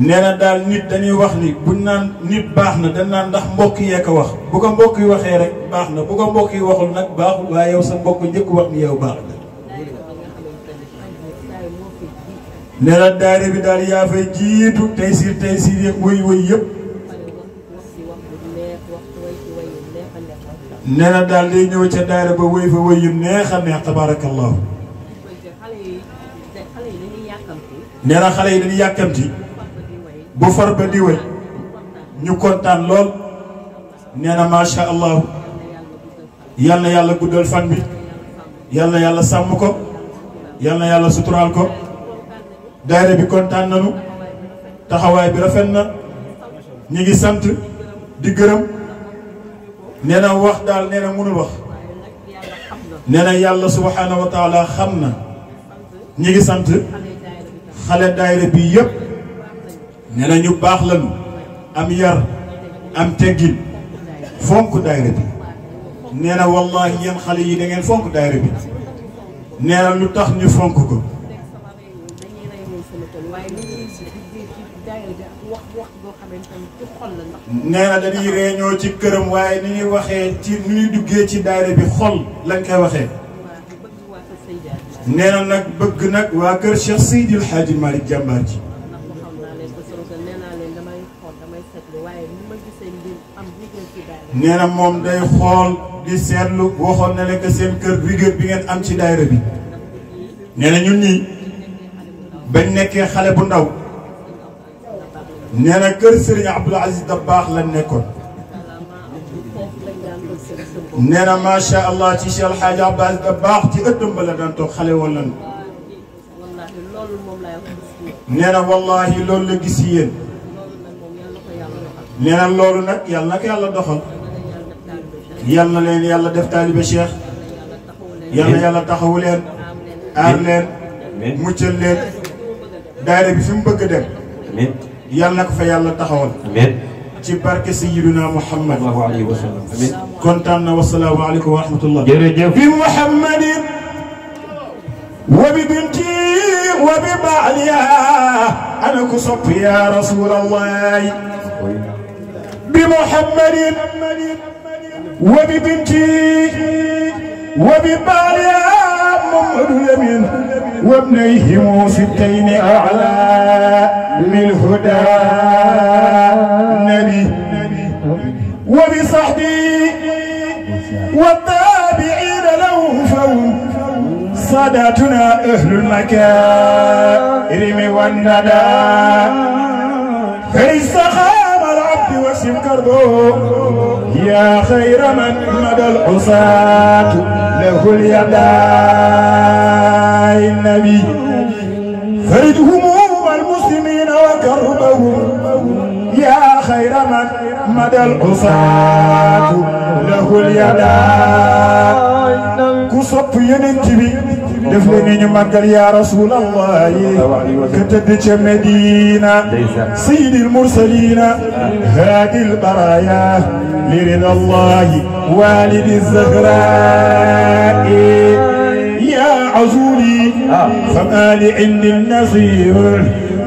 nee na daal nit dañuy wax ni buñ naan nit baax na dañ naan ndax mbokk yee ko wax bu ko mbokk yi waxee rek baax na bu ko mbokk yi waxul nag baaxul waaye yow sa mbokk njëkk wax ni yow baax na nee na daayira bi daal yaa fay jiitu tey siir tey wëy wëy yëpp nee na daal day ñëw ca daayira ba wéy fa wéy yu neex a neex tabaarakallaahu nee na xale yi dañuy yàkkamti bu far ba di wéy ñu kontaan lool nee na macha allah yal yàlla guddal fan bi yal na yàlla sàmm ko yal na yàlla suturaal ko daayira bi kontaan nanu taxawaay bi rafet na ñu ngi sant. di gërëm wax dal nee na mënul wax nee yàlla subhanahu wa taala xamna ñi ngi sant xale daayira bi yëpp nee ñu bax lañu am yar am teggil fonk daayira bi nee wallahi yéen xale yi da ngeen fonk daayira bi nee lu tax ñu fonk ko nee na dañuy ci këram waaye ni ñuy waxee ci ni ñuy duggee ci daayira bi xol lañ koy waxee. nee na nag bëgg nag waa kër Cheikh Seydi El Hadji Malick ji. nee moom day xool di seetlu waxoon na leen seen kër rigueur bi ngeen am ci daayira bi. nee na ñun ñii bañ nekkee xale bu ndaw. نانا كير سيري عبد العزيز دباخ لا نيكون نانا ما شاء الله تي شال حاج عبد العزيز دباخ تي ادم بلا دانتو خالي ولا نانا والله لول لا غيسيين نانا لول نك يالا كي يالا دخل يالا لين يالا ديف طالب شيخ يالا يالا تاخو لين ار لين موتشل لين داير بي فيم بك دم يالنا كفا يالنا تحول أمين تبارك سيدنا محمد الله عليه وسلم أمين كنت أنا والسلام عليكم ورحمة الله بمحمد وببنتي وببعليا أنا كصف يا رسول الله بمحمد وببنتي وببعليا محمد يمين وابنيهم ستين أعلى للهدى نبي وبصحبي والتابعين له فوق صداتنا أهل المكارم والندى فليس سخام العبد وسم كربه يا خير من مدى العصاة له اليدا النبي فرد هموم المسلمين وكربهم يا خير من مدى العصاة له اليدا كسب ينتبه def leen ni ñu màggal yaa rasulallah ka tëdd ca Medina sayyidil mursalina haadil baraya li ridallahi walidi zahrai ya azuli fama li indi nasir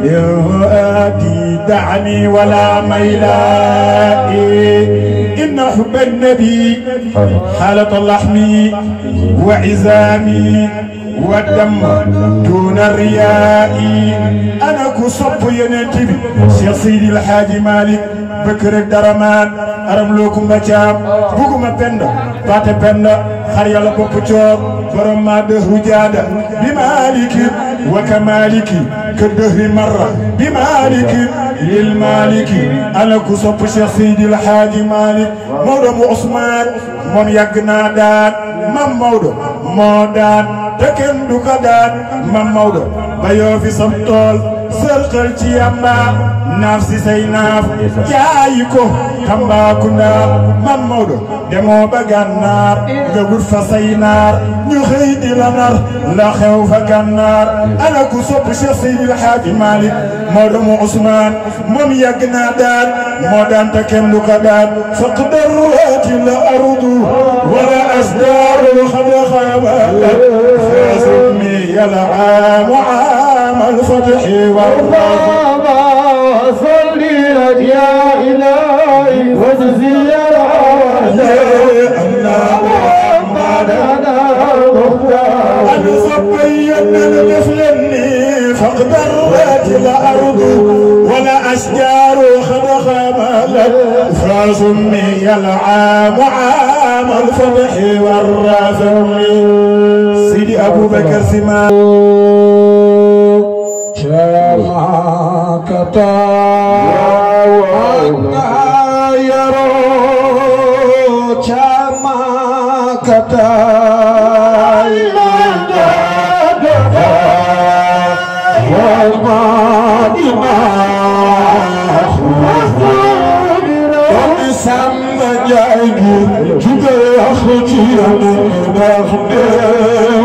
يهؤاتي دعني ولا ميلائي إن حب النبي حالة اللحم وعزامي والدم دون الرياء أنا كصب ينتبي سيصيد الحاج مالك بكر الدرمان أرم لوكم بشام بوكم بند بات بند خريال بوكتور برم ما دهر جادة بمالك وكمالك كالدهر مرة بمالك للمالك أنا كصب سيصيد الحاج مالك مودم عثمان مم يقنا دان مم مودم مودان te kenn du ko daan mam ba yoo fi sam tool sëlxal ci yamba naaf si say naaf jaayi ko Tambacounda man Maodo demoo ba gànnaar nga wut fa say naar ñu xëy di la nar la xew fa gànnaar ana ku sopp Cheikh Seydil Hadji Malick Maodo mu Ousmane moom yàgg naa daan moo daan te kenn du ko daan faqdar ruati la ardu wala asdaaru xada xaaba يا العام عام الفتح والرحمة صلي لك يا إلهي وجزي أن لمثلني فاقدرت الأرض ولا أشجار قد خملت فسمي العام عام الفرح والرفع Sidi Aboubacar Sy ma Thank you.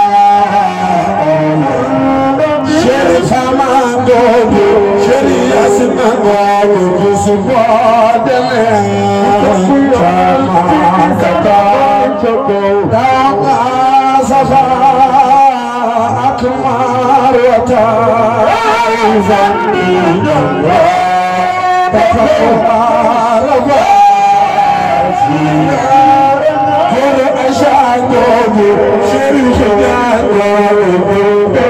gogo shari'a su nan gogo su fada ne kama ka ta choko da ma safa akmar wata zambi yawa ta kafa rawa Kere asha gogo shiri shida gogo gogo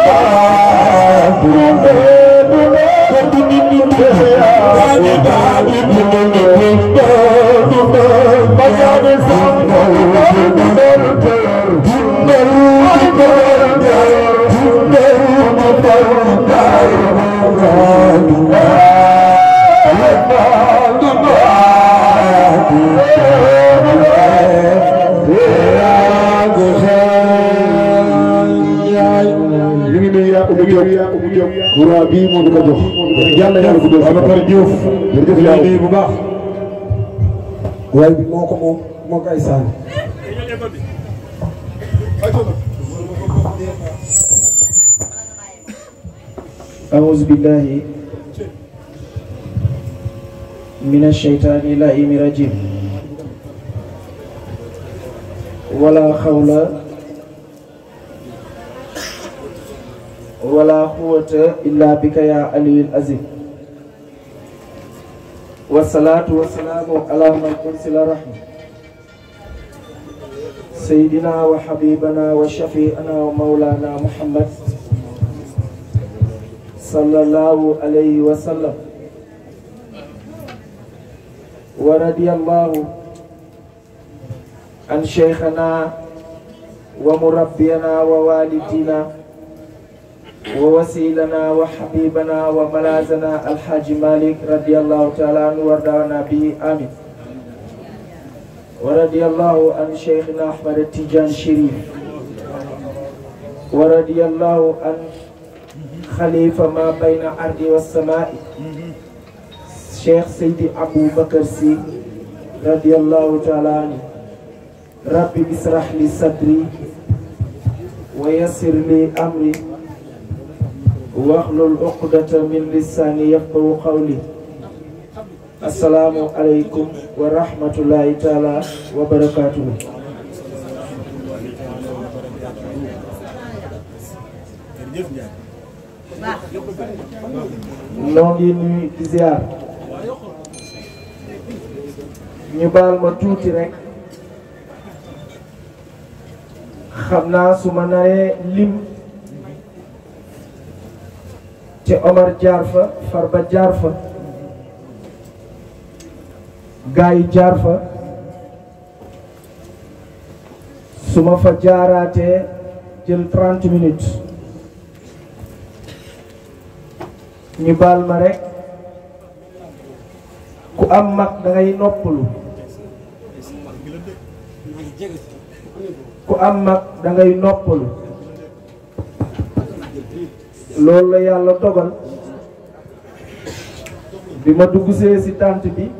پراں دے بن دے بن دے بن دے بن دے بن دے بن دے بن yàlla yàlla guddal Ababacar Diouf jërëjëf yaa ngi bu baax waaye bi moo ko moom moo ko ay saan أعوذ بالله من الشيطان اللئيم الرجيم ولا حول قوه الا بك يا علي العظيم والصلاة والسلام على من أرسل رحمة سيدنا وحبيبنا وشفيعنا ومولانا محمد صلى الله عليه وسلم ورضي الله عن شيخنا ومربينا ووالدينا ووسيلنا وحبيبنا وملازنا الحاج مالك رضي الله تعالى عنه وارضانا به آمين ورضي الله عن شيخنا أحمد التجان شريف ورضي الله عن خليفة ما بين الأرض والسماء شيخ سيدي أبو بكر سي رضي الله تعالى عنه ربي اسرح لي صدري ويسر لي أمري واحلل عقدة من لساني يفقه قولي السلام عليكم ورحمة الله تعالى وبركاته noo ngi nuyu di ziar ñu baal ma tuuti rek ci Omar jaar fa Farba jaar fa gaa jaar fa su ma fa jaaraatee jël trent minutes ñu baal ma rekk ku am mag da noppalu ku am mag dangay noppalu loolu la yàlla dogal bi ma dugg see ci tànt bi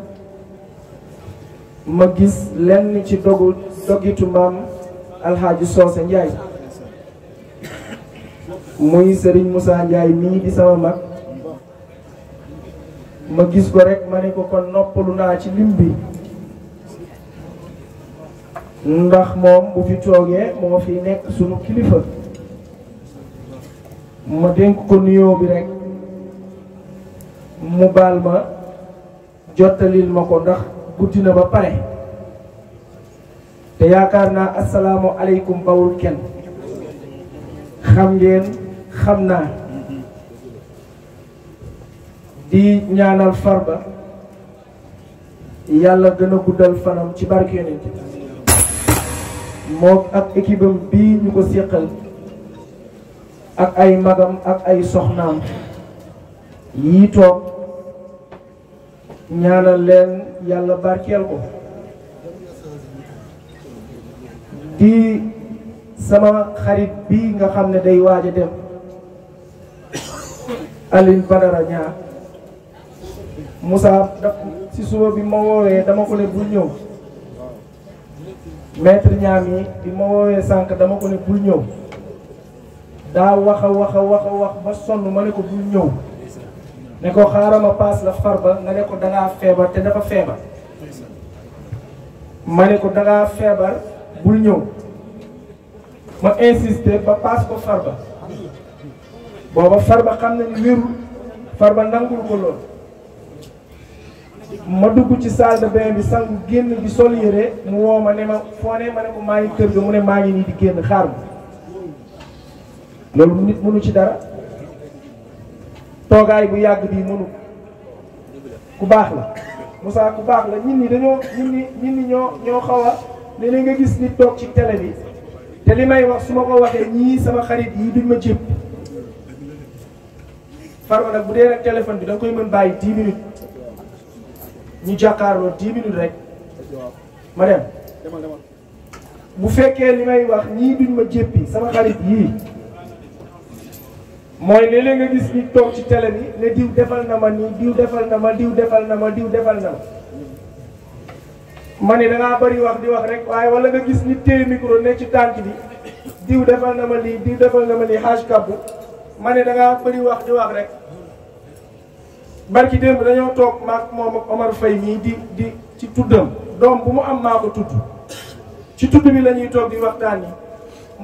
ma gis lenn ci dogu dogitu maam alxaaji soose njaay muy sëriñ Moussa njaay mii di sama mag ma gis ko rek ma ne ko kon noppalu naa ci lim bi ndax moom bu fi toogee moo fi nekk sunu kilifa ma dénk ko nuyoo bi rek mu baal ma jottalil ma ko ndax guddi na ba pare te yaakaar naa asalaamu aleykum bawul kenn xam ngeen xam naa di ñaanal farba yàlla gën a guddal fanam ci barke yonent moom ak équipe bii ñu ko séqal ak ay magam ak ay soxnaam yii toog ñaanal leen yàlla barkeel ko di sama xarit bi nga xam ne day waaj a dem Alioune Badara ñaar Moussa daf ci suba bi ma woowee dama ko ne bul ñëw maître ñaam yi bi ma woowee sànq dama ko ne bul ñëw daa wax a wax a wax a sonn ma ne ko bul ñëw ne ko xaaral ma paas la farba nga ne ko dangaa feebar te dafa feebar ma ne ko dangaa feebar bul ñëw ma insister ba paas ko farba booba farba xam na ni wérul farba nangul ko lool ma dugg ci salle de bain bi sangu génn bi sol yére mu woo ma ne ma foo ne ma ne ko maa ngi kër ga mu ne maa ngi nii di génn xaar ma loolu nit munu ci dara toogaay bu yag bi munu ku bax la musa ku bax la nit ni dañoo nit ni nit ni ñoo ñoo xawa a léeg nga gis nit tok ci télé bi te limay wax suma ko waxee ñii sama xarit yi duñ ma jëpp farma nag bu dee rek téléphone bi da koy mën bàyyi 10 minutes ñu jakarlo 10 minutes rek ma dem demal demal bu fekkee limay wax ñii duñ ma jéppi sama xarit yi mooy léeg-léeg nga gis nit toog ci tele bi ne diw defal na ma nii diw defal na ma diw defal na ma diw defal na ma ma ne dangaa bëri wax di wax rek waaye wala nga gis nit téye micro ne ci tànk bi diw defal na ma lii diw defal na ma lii xaaj kabbu ma ne dangaa bëri wax di wax rek barki démb dañoo toog maak moom ak Omar di di ci tuddam doom bu mu am maa ko tudd ci tudd la ñuy toog di waxtaan yi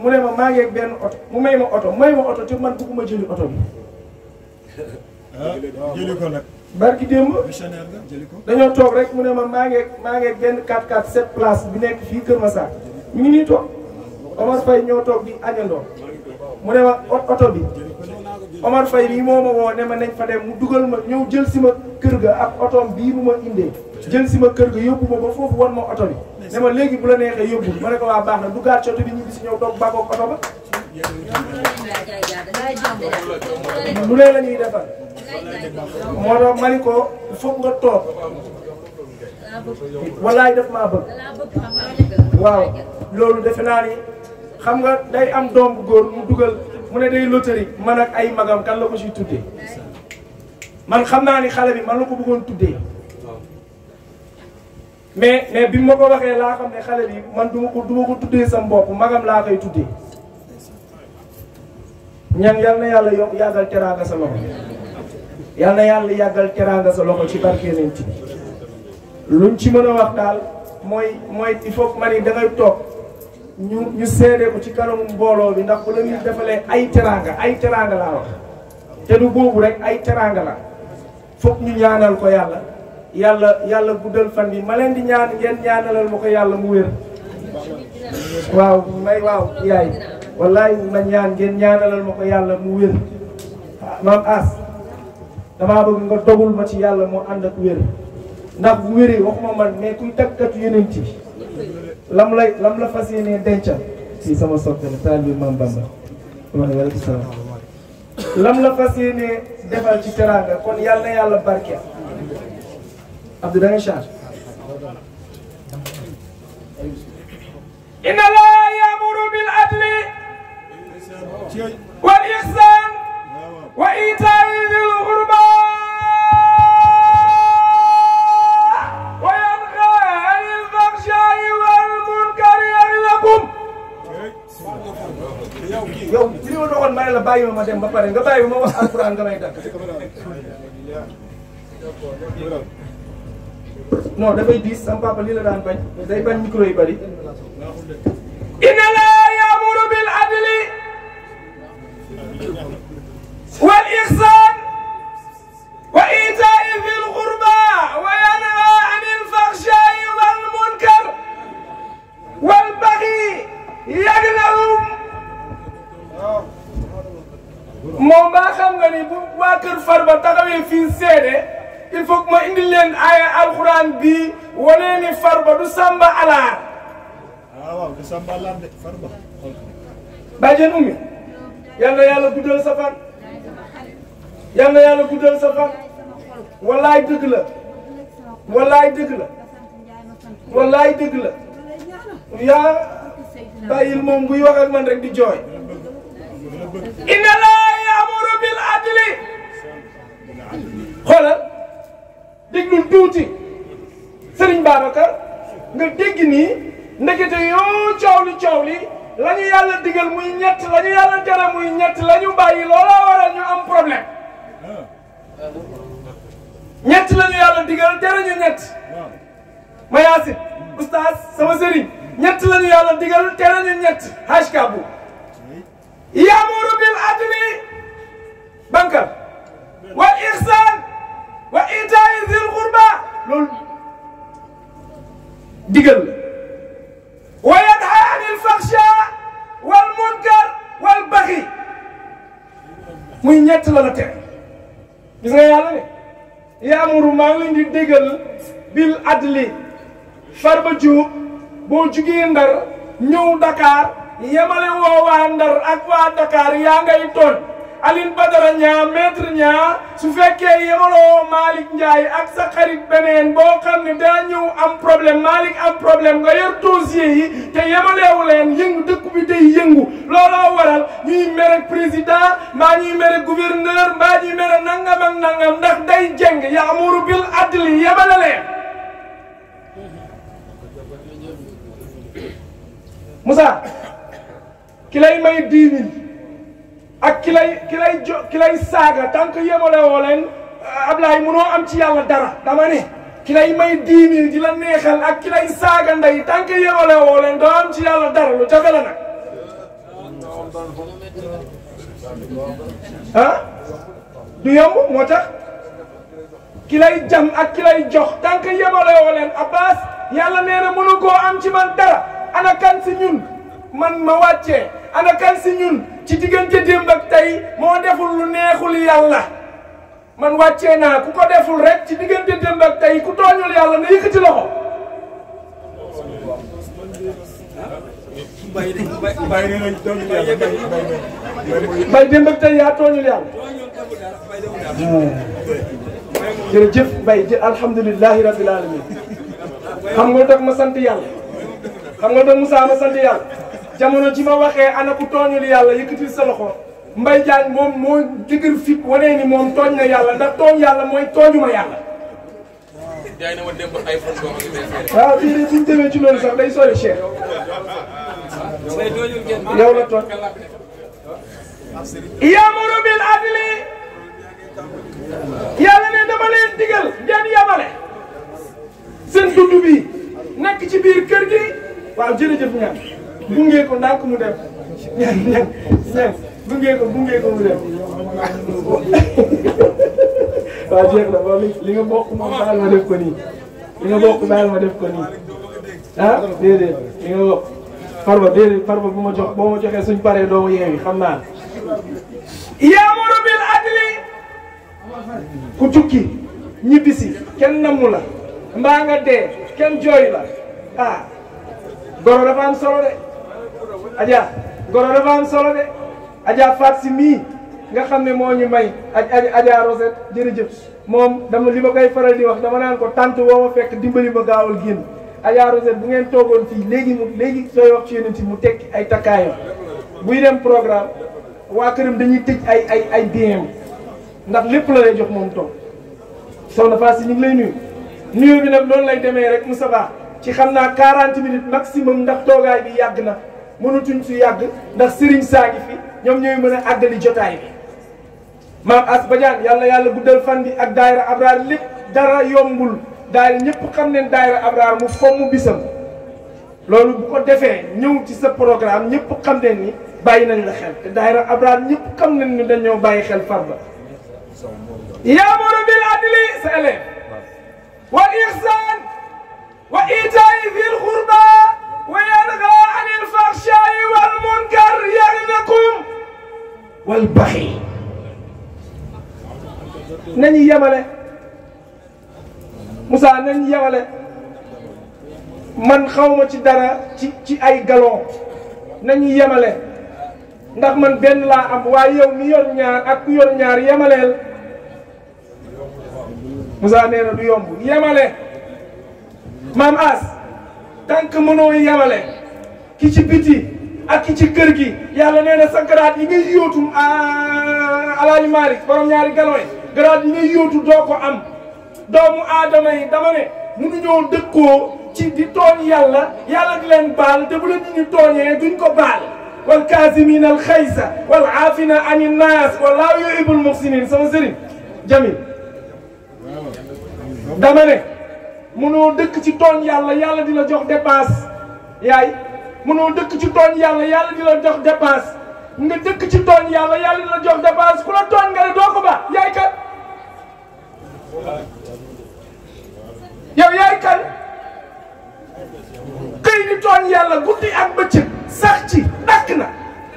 mu ne ma maa ngi ak benn oto mu may ma oto may ma oto te man bëgguma jëli oto bi. jëli ko nag. barki démb. dañoo toog rek mu ne ma maa ngi ak maa ngi ak benn 4 4 7 place bi nekk fii Kër Massar mi ngi nii toog Omar Faye ñoo toog di añandoo mu ne ma oto bi Omar Faye bii moo ma woo ne ma nañ fa dem mu dugal ma ñëw jël si ma kër ga ak otoom bii mu ma indee. jën si ma kër ga yóbbu ma ba foofu wan ma oto bi ne léegi bu la neexee yóbbu ma ne ko waa baax na du gaat oto bi ñibbi si ñëw toog bàggoog oto ba lu lee la ñuy defar moo tax ma ni ko foog nga toog walaay def maa bëgg waaw loolu defe naa ni xam nga day am doom góor mu dugal mu ne day loterie man ak ay magam kan la ko siy tuddee man xam naa ni xale bi man la ko buggoon tuddee mais mais bi ma ko waxee laa xam ne xale bi man duma ko duma ko tuddee sa bopp magam laa koy tuddee ñan yal na yàlla yokk yàggal teraanga sa loxo yal na yàlla yàggal teraanga sa loxo ci barke nañ ci luñ ci mën a wax daal mooy mooy il faut man yi da toog ñu ñu seede ko ci kanamu mbooloo bi ndax bu la ñuy defalee ay teraanga ay teraanga laa wax te rek ay teraanga la foog ñu ñaanal ko yàlla yàlla yàlla guddal fan yi ma leen di ñaan ngeen ñaanalal ma ko yàlla mu wér waaw may waaw yaay wallaay ma ñaan ngeen ñaanalal ma ko yàlla mu wér ah, maam as damaa bëgg nga dogul ma ci yàlla moo ànd ak wér ndax bu wéree waxuma man mais kuy takkatu yeneen ci lam lay lam la fas yéenee dencal si sama soppe bi maam Bamba waaleykum salaam lam la fas yéenee defal ci teraanga kon yàlla na yàlla barkeel عبد الله شعر إن لا يأمر بالعدل والإحسان وإيتاء ذي القربى وينهى عن الفحشاء والمنكر يعظكم yow ci li ma doxoon ma ne la bàyyi ma ma dem ba pare nga bàyyi ma wax alquran nga may dàkk non dafay diis sama papa lii la daan bañ day bañ micro yu bari inna laa yaamuru bil adli wal ihsan wa iitaai fil qurba wa yanha anil faxshai wal munkar wal baxi yagdahum moom baa xam nga ni bu waa kër Farba taxawee fii seede il faut que ma indi len aya alxuraan bi woné ni farba du samba ala ah waaw du samba alaar de farba. bàjjen umi yal yalla yàlla guddal sa fan. yalla yalla guddal sa fan. wallahi deug la. wallahi deug la. wallahi deug la. ya bayil mom buy wax ak man rek di joy inna la ya'muru bil adli khola déglul tuuti Serigne Babacar nga dégg nii ndekete yoo coow li coow li la ñu yàlla digal muy ñett la yàlla tere muy ñett la ñu yi loolaa waral ñu am problème ñett lañu yàlla digal tere ñu ñett ma yaasin oustaz sama sëriñ ñett lañu yàlla digal tere ñu ñett haj kabu yaamuru bil adli bankar wal ihsan wa itaay zil qurba loolu digal la wa yanha anil faxsha wal munkar wal baxi muy ñett la la teg gis nga yàlla ne yaamuru maa ngi leen di digal bil adli farba juub boo jugee ndar ñëw Dakar yemale woo waa ndar ak waa Dakar yaa ngay tooñ Aline Badara ñaa maître ñaa su fekkee yemaloo Malick Ndiaye ak sa xarit beneen boo xam ne daa ñëw am problème Malick am problème nga yor dossier yi te yemaleewu yëngu dëkk bi day yëngu looloo waral ñuy mere président mbaa ñuy mere gouverneur mbaa ñuy mere nangam nangam ndax day jeng yaamuru bil adli yemale leen Moussa ki lay may dix ak ki kilay ki lay jo ki lay saaga tant que yemale woo leen euh, Ablaye am ci yàlla dara dama ne ki lay may dix mille di la neexal ak ki saaga ndey tant que yemale woo leen doo am ci yàlla dara lu jafe la nag ah du yomb moo tax ki lay ak ki jox tant que leen Abbas yàlla nee na mënu koo am ci man dara ana kan si ñun man ma wàccee ana kan si ñun ci diggante démb ak tey moo deful lu neexul yàlla man wàccee naa ku ko deful rek ci diggante démb ak tey ku tooñul yàlla na yëkkati loxo. bay bay démb yaa tooñul yàlla. Ah. jërëjëf bay jë alhamdulilahi rabbil alamin xam nga tax ma sant jamono ji ma waxee ana ku tooñul yàlla yëkkatil sa loxo mbay jaan moom moo dëgër fit wanee ni moom tooñ na yàlla ndax tooñ yàlla mooy tooñuma yàlla. waaw fii de suñ demee ci loolu sax day sori cher. yow la tooñ. yaamuru bil adli yàlla ne dama leen digal ngeen yamale seen dund bi nekk ci biir kër gi waaw jërëjëf ñaan gunge ko ndànk mu dem ñaan ñaan ñaan gunge ko gunge ko mu dem waaw jeex na vou li nga bokk moom baal ma def ko nii li nga bokk baal ma def ko nii ah déedéet li nga bokk farba déedéet farba bu ma jox boo ma joxee suñ paree doo ma yeewi xam bil adli ku tukki ñibbisi kenn namu la mbaa nga dee kenn jooy la ah goro dafa am solo de Adja goro dafa am solo de ajaa Faat si mii nga xam ne moo ñu may Adja Rosette jërëjëf moom dama li ma koy faral di wax dama naan ko tànt woo ma fekk dimbali ma gaawal génn Adja Rosette bu ngeen toogoon fii léegi mu léegi sooy wax ci yonent mu tekki ay takkaayam buy dem programme waa këram dañuy tëj ay ay ay biens ndax lépp la lay jox moom toog soxna Faat si ñu ngi lay nuyu nuyu bi nag lay demee rek Moustapha ci xam naa 40 minutes maximum ndax toogaay bi yàgg na. mënatuñ fi yàgg ndax sëriñ saa ngi fi ñoom ñooy mën a àggali jotaay bi maam as badiane yàlla yàlla guddal fan bi ak daayira abraar lépp dara yombul daal ñëpp xam ne daayira abraar mu fomm bisam loolu bu ko defee ñëw ci sa programme ñëpp xam ne ni bàyyi nañ la xel te daayira ñëpp xam nañ ni dañoo bàyyi xel farba yaa moro bil adli sa élève wal ihsan wa بالفحشاء والمنكر يغنكم والبغي نني يمله موسى man xawma ci dara ci ay galon nañu yemale ndax man benn laa am waaye yow mi yor ñaar ak ku yor yemaleel Moussa nee na du yomb yemale maam as tant que yemale ki ci biti ak ki ci kër gi yàlla nee na sa garaat yi ngay yóotu ah, alaaji Malick borom ñaari galon yi garaat yi ngay yóotu doo ko am doomu aadama yi dama ne mënuñoo dëkkoo ci di tooñ yàlla yàlla di leen baal te bu la nit ñi tooñee duñ ko baal wal kaazimina al xaysa wal aafina ani naas wallaahu yuhibbul muxsinin sama sëriñ jamil dama ne mënoo dëkk ci tooñ yàlla yàlla di la jox dépense yaay mënoo dëkk ci tooñ yàlla yàlla di la jox dépense nga dëkk ci tooñ yàlla yàlla di la jox dépense ku la tooñ nga ne doo ko ba yaay kan yow yaay kan këy di tooñ yàlla guddi ak bëccëg sax ci dakk na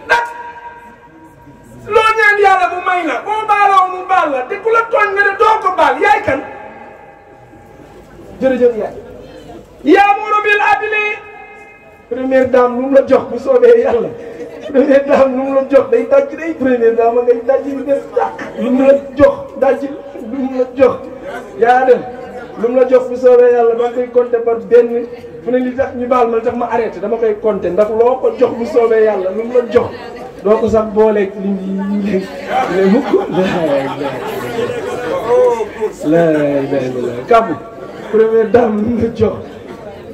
dakk loo ñaan yàlla bu may la boo baaloo mu baal la ku la tooñ nga ne baal yaay kan jërëjëf yaay yaa muuru bil adli première dame lu mu la jox bu soobee yàlla première dame lu mu la jox day daj day première dame ngay daj yu des dàq lu mu la jox daj lu mu la jox yaa dem lu mu la jox bu soobee yàlla dama koy compter par benn mu ne li tax ñu baal ma li tax ma arrêté dama koy compter ndax loo ko jox bu soobee yàlla lu mu la jox doo ko sax booleeg li ñu ne mukk la la la la kàbb première lu mu la jox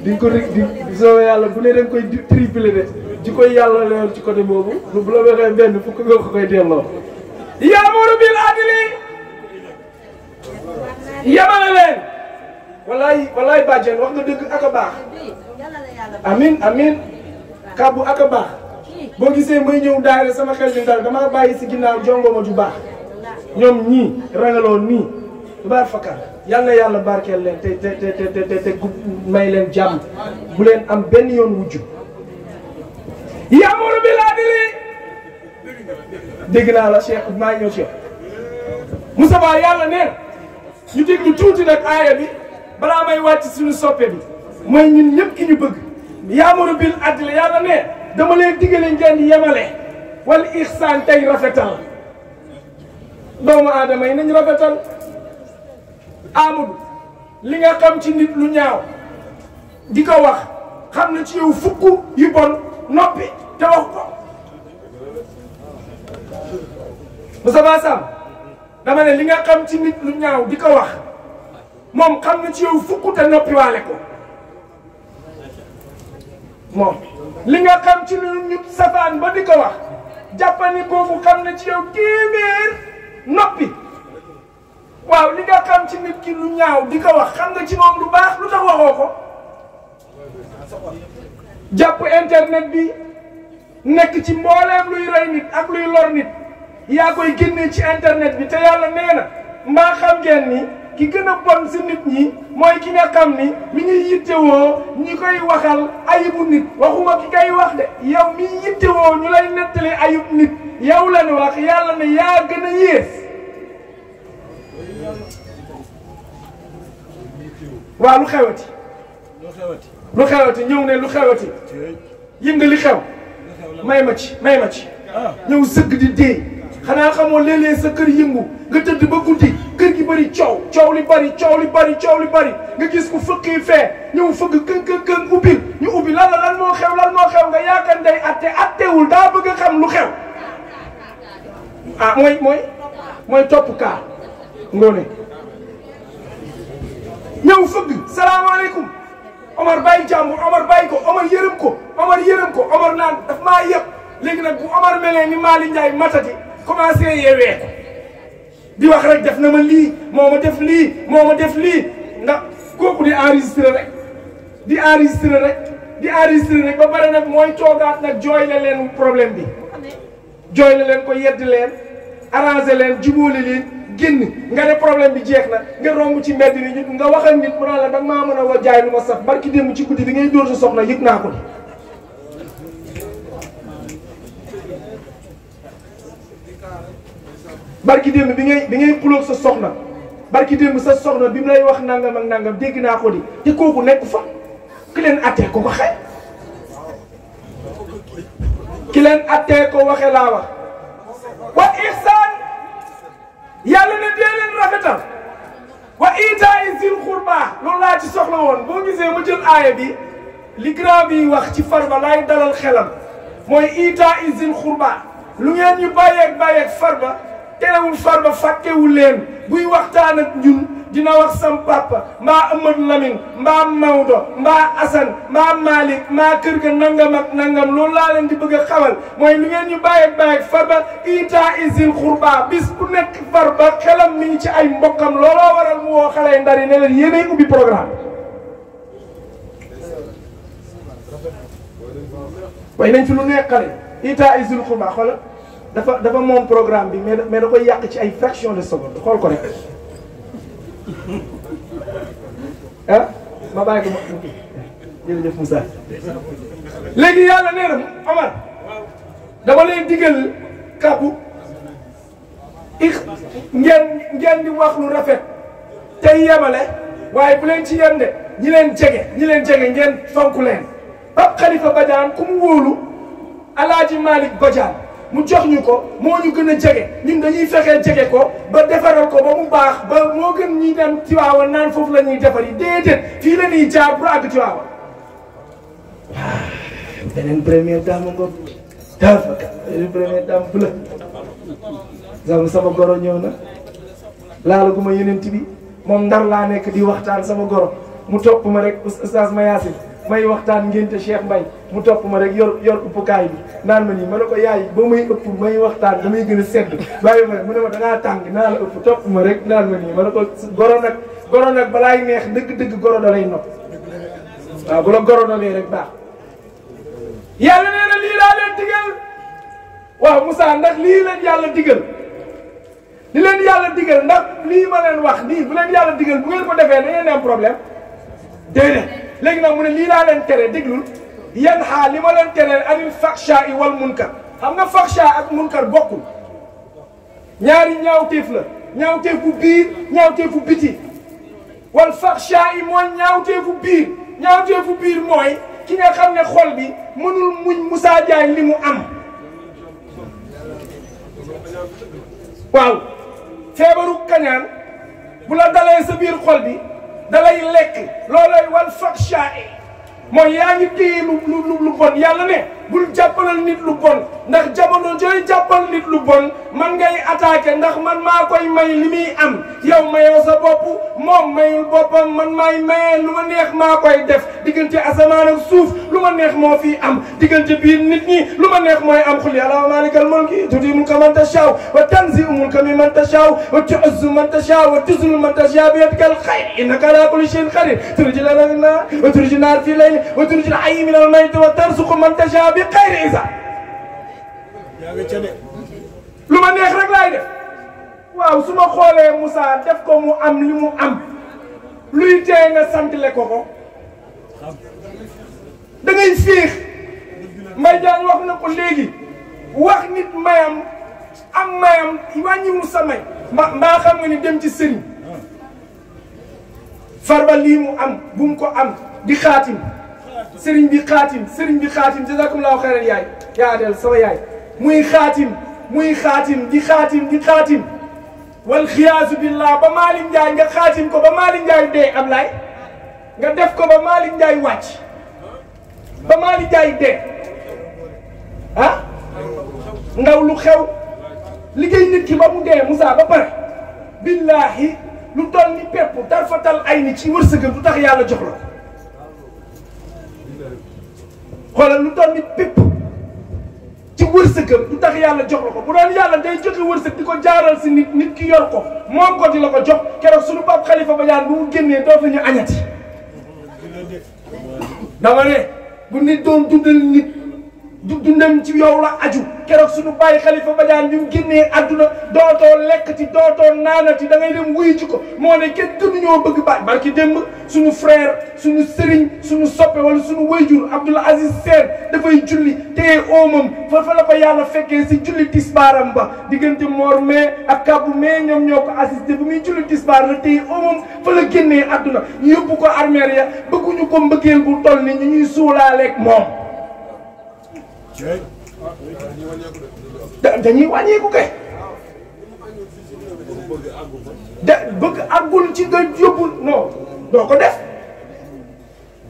di nga ko di soobee yàlla bu ne da nga koy triplé de ci koy yàlla leeral ci côté boobu lu bu la waxee benn fukk nga ko koy delloo. yaamuru bil adli yamale leen. walaay walaay bàjjen wax nga dëgg ak a baax. amin amin kàbbu ak baax. boo gisee mooy ñëw daar sama xel bi daal damaa bàyyi si ginnaaw jongoma ju baax. ñoom ñii ragaloon nii tubaar fakkaar. yàlla na yàlla barkeel leen te te te te te te may leen jàmm bu leen am benn yoon wujju yamuru bi laa dégg naa la Cheikh maa ñëw Cheikh Moussa Ba yàlla nee na ñu déglu tuuti nag aaya bi balaa may wàcc suñu soppe bi mooy ñun ñëpp ki ñu bëgg yamuru bil adli yàlla nee dama leen digale ngeen yemale wal ihsaan tey rafetal doomu aadama yi nañ rafetal Amadou li nga xam ci nit lu ñaaw di ko wax xam na ci yow fukk yu bon noppi te wax ko Moustapha Sam dama ne li nga xam ci nit lu ñaaw di ko wax moom xam na ci yow fukk te noppi waale ko moom li nga xam ci lu ñu safaan ba di ko wax jàppani koofu xam na ci yow téeméer noppi waaw li nga xam ci nit ki lu ñaaw di ko wax xam nga ci moom lu baax lu tax waxoo ko jàpp internet bi nekk ci mbooleem luy rey nit ak luy lor nit yaa koy génnee ci internet bi te yàlla nee na mbaa xam ngeen ni ki gën a bon si nit ñi mooy ki nga xam ni mi ngi yittewoo ñi koy waxal ayibu nit waxuma ki kay wax de yow mi yittewoo ñu lay nettali ayib nit yow la ñu wax yàlla ne yaa gën a yées waa lu xewati lu xewati lu xewati ñëw ne lu xewati yim nga li xew may ma ci may ma ci ñëw sëgg di dee xanaa xamoo léeg-léeg sa kër yëngu nga tëdd ba guddi kër gi bëri coow coow li bëri coow li bëri coow li bëri nga gis ku fëkki fee ñëw fëgg kën kën kën ubbil ñu ubbi lan la lan moo xew lan moo xew nga yaakaar day atte attewul daa bëgg a xam lu xew ah mooy mooy mooy topp kaa ngoone ñëw fëgg salaamaaleykum Omar bàyyi jàmbur Omar bàyyi ko Omar yërëm ko Omar yërëm ko Omar naan daf maa yëpp léegi nag bu Omar melee ni Malick Ndiaye matati commencé yeewee ko di wax rek def na ma lii moo ma def lii moo ma def lii ndax kooku di enregistré rek di enregistré rek di enregistré rek ba pare nag mooy toogaat nag jooy la leen problème bi jooy la leen ko yedd leen arrangé leen jubóole leen. génn nga ne problème bi jeex na nga romb ci mbedd ni ñu nga waxal nit mu naan la da nga maa mën a wa jaay lu ma saf barki démb ci guddi bi ngay dóor sa na yëg naa ko barki démb bi ngay bi ngay xulóog sa soxna barki démb sa soxna bi mu lay wax nangam ak nangam dégg naa ko di te kooku nekk fa ki leen attee ko ko xëy ki leen attee ko waxe laa wax wa يالنا ديالنا رفتال وإيتاء ذي القربى لولا تي سخلوون بو غيزي مو جيل آية بي لي غرافي واخ تي لا يدال الخلم موي إيتاء ذي القربى لو ياني بايك بايك terewul farba fàttewul leen buy waxtaan ak ñun dina wax sam papa mbaa Amadou Lamine mbaa Maodo mbaa Assane mbaa Malick mbaa kër ga nangam ak nangam loolu laa leen di bëgg a xamal mooy lu ngeen ñu bàyyeeg bàyyeeg farba itaa isil xurba bis bu nekk farba xelam mi ngi ci ay mbokkam looloo waral mu woo xale ndari ne leen yéenay ubbi programme way nañ ci lu neex xale itaa isil xurba xoolal dafa dafa moom programme bi mais mais da koy yàq ci ay fraction de seconde xool ko rek ah ma bàyyi ko ma jërëjëf Moussa léegi yàlla nee na Omar dama leen digal kàppu ix ngeen ngeen di wax lu rafet tey yemale waaye bu leen ci yem de ñi leen jege ñi leen jege ngeen fonk leen Pape Khalifa Badiane ku mu wóolu Alaaji Malick Badiane mu jox ñu ko moo ñu gën a jege ñun dañuy fexee jege ko ba defaral ko ba mu baax ba moo gën ñuy dem Tiwaawan naan foofu la ñuy defar yi dee fii la ñuy jaar bu àgg Tiwaawan beneen première dame ngoog dafa beneen première dame bu la sama goro ñëw na laala yeneen bi moom ndar laa nekk di waxtaan sama goro mu topp ma rek oustaz ma yaasin may waxtaan ngénte Cheikh mbay mu topp ma rek yor yor ëppukaay bi naan ma nii ma ne ko yaay ba may ëpp may waxtaan damay gën a sedd bàyyi ma mu ne ma dangaa tàng naa la ëpp ma rek naan ma nii ma ne ko goro nag goro nag balaay neex dëgg-dëgg goro da lay nopp waaw bu la goro doonee rek baax yàlla nee na lii laa leen digal waaw Moussa ndax lii leen yàlla digal li leen yàlla digal ndax lii ma leen wax nii bu leen yàlla digal bu ngeen ko defee da ngeen am problème déedéet لكن من اللي لا لنكر دقلون ينحى لما لنكر أن الفخشاء والمنكر هم نفخشاء المنكر بقول نياري نياو تيفلا نياو تيفو بير نياو تيفو بيتي والفخشاء مو نياو تيفو بير نياو تيفو بير موي كي نيا خامني خول بي منول موج موسى جاي لي واو فيبرو كانيان بولا دالاي سبير خول بي dalay lekk loolooy wal faxsha mooy yaa ngi téye lu lu lu bon yàlla ne bul jàppalal nit lu bon ndax jamono jooy jàppal nit lu bon man ngay attaqué ndax man maa koy may li muy am yow mayoo sa bopp moom mayul boppam man maay mayee lu ma neex maa koy def diggante asamaan ak suuf lu ma neex moo fii am diggante biir nit ñi lu ma neex mooy am xul yàlla wa maalikal mulki tuti mulka man tashaw wa tanzi mulka mi man tashaw wa tu'izzu man tashaw wa tuzul man tashaw bi yadikal xayr innaka ala kulli shay'in qadir turji lana wa turji naar fi layl wa turji al hayy min al mayt wa tarzuqu man tashaw bi xayri isa lu ma neex rek laay def waaw su ma xoolee musaa def ko mu am li mu am luy tee nga santale ko ko da fiix mbay jaan wax na ko léegi wax nit mayam am mayam wàññiwu sa may ma mbaa xam nga ni dem ci sëriñ farba lii mu am bu mu ko am di xaatim سرين بي خاتم سرين بي خاتم جزاكم الله خيرا ياي يا عدل سوا ياي موي خاتم موي خاتم دي خاتم دي خاتم والخياز بالله بمالين جاي نغا خاتم كو بمالين جاي دي ام لاي نغا ديف كو بمالين جاي واتش بمالين جاي دي ها نغاو لو خيو ليغي نيت كي بامو دي موسى با بار بالله لو تول ني بيبو تارفتال عيني تي ورسغل لو تخ يالا جوخلو xoolal lu doon nit bépp ci wërsëgam lu tax yàlla jox la ko bu doon yàlla day joxe wërsëg di ko jaaral si nit kii ki ko moom ko di la ko jox keroog suñu bab xalifa ba yaan bu mu génnee doo fa ñu añati dama ne bu nit doon dundal nit du dundam ci yow la aju keroog suñu bàyyi xalifa bajaan bi mu génnee àdduna dootoo ci dootoo naanati da ngay dem wuyu ci ko moo ne kenn ñoo bëgg baay barki démb suñu frère suñu sëriñ suñu soppe wala suñu wayjur Abdoul Aziz Seen dafay julli téye oomam fa fa la ko yàlla fekkee si julli tisbaaram ba diggante Mor mais ak kàbbu mais ñoom ñoo ko assisté bu muy julli tisbaar la téye oomam fa la génnee àdduna ñu yóbbu ko armeer ya bëgguñu ko mbëggeel bu toll ni moom dañuy wàññeeku kay. da bëgg àggul ci nga yóbbul non doo ko def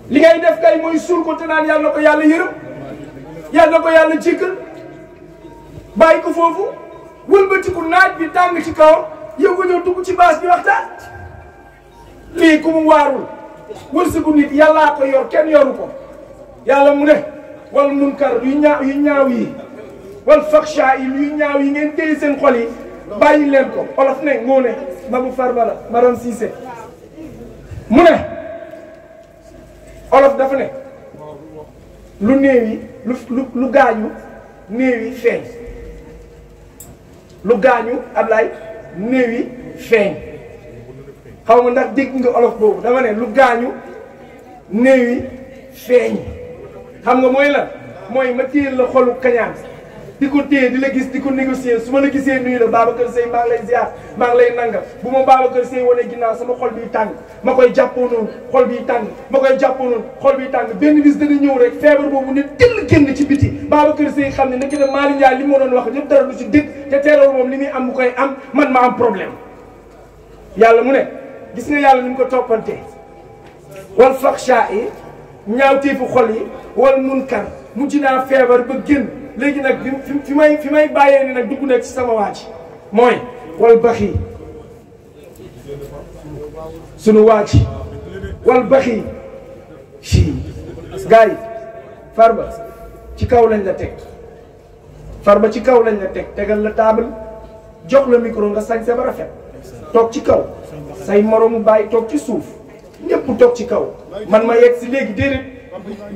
li ngay def kay mooy suul ko te naan yàlla na ko yàlla yërëm yàlla ko yàlla jéggal bàyyi ko foofu wëlbatiku naaj bi tàng ci kawam yow nga ci baas bi waxtaan lii ku mu waarul wërsëgu yàllaa ko yor kenn yoru ko yàlla mu ne wal munkar yu ñaaw yu ñaaw yi wal faksha yi yu ñaaw yi ngeen téye seen xol yi bàyyi leen ko olof ne moo ne Mabou Farba la Maram Cissé mu ne olof dafa ne lu néew yi lu lu gaañu néew yi feeñ lu gaañu Ablaye néew yi feeñ xaw ma ndax dégg nga olof boobu dama ne lu gaañu néew yi feeñ xam nga mooy la mooy ma téye la xolu kañaan di ko téye di la gis di ko négocier su ma la gisee nuyu la Babacar kër maa ngi lay ziar maa ngi lay nanga bu ma Babacar Seye wane ginnaaw sama xol biy tàng ma koy jàppoo noonu xol biy tàng ma koy jàppoo noonu xol biy tàng benn bis dana ñëw rek feebar boobu ne tëll génn ci biti Babacar Seye xam ne na ne Mali Ndiaye li ma doon wax ñëpp dara lu ci dëgg te teelool moom li muy am mu koy am man ma am problème yàlla mu ne gis nga yàlla ni ko toppantee wal faxshaa yi ñaaw téefu xol yi wal munkar mujj naa feebar ba génn léegi nag fi fi may fi may bàyyee ni nag dugg nekk ci sama waa ji mooy wal baxi sunu waa ji wal baxi si gars yi farba ci kaw lañ la teg far ba ci kaw lañ la teg tegal la table jox la micro nga sañse a rafet toog ci kaw say moromu bàyyi toog ci suuf ñëpp toog ci kaw man ma yeg si léegi déedéet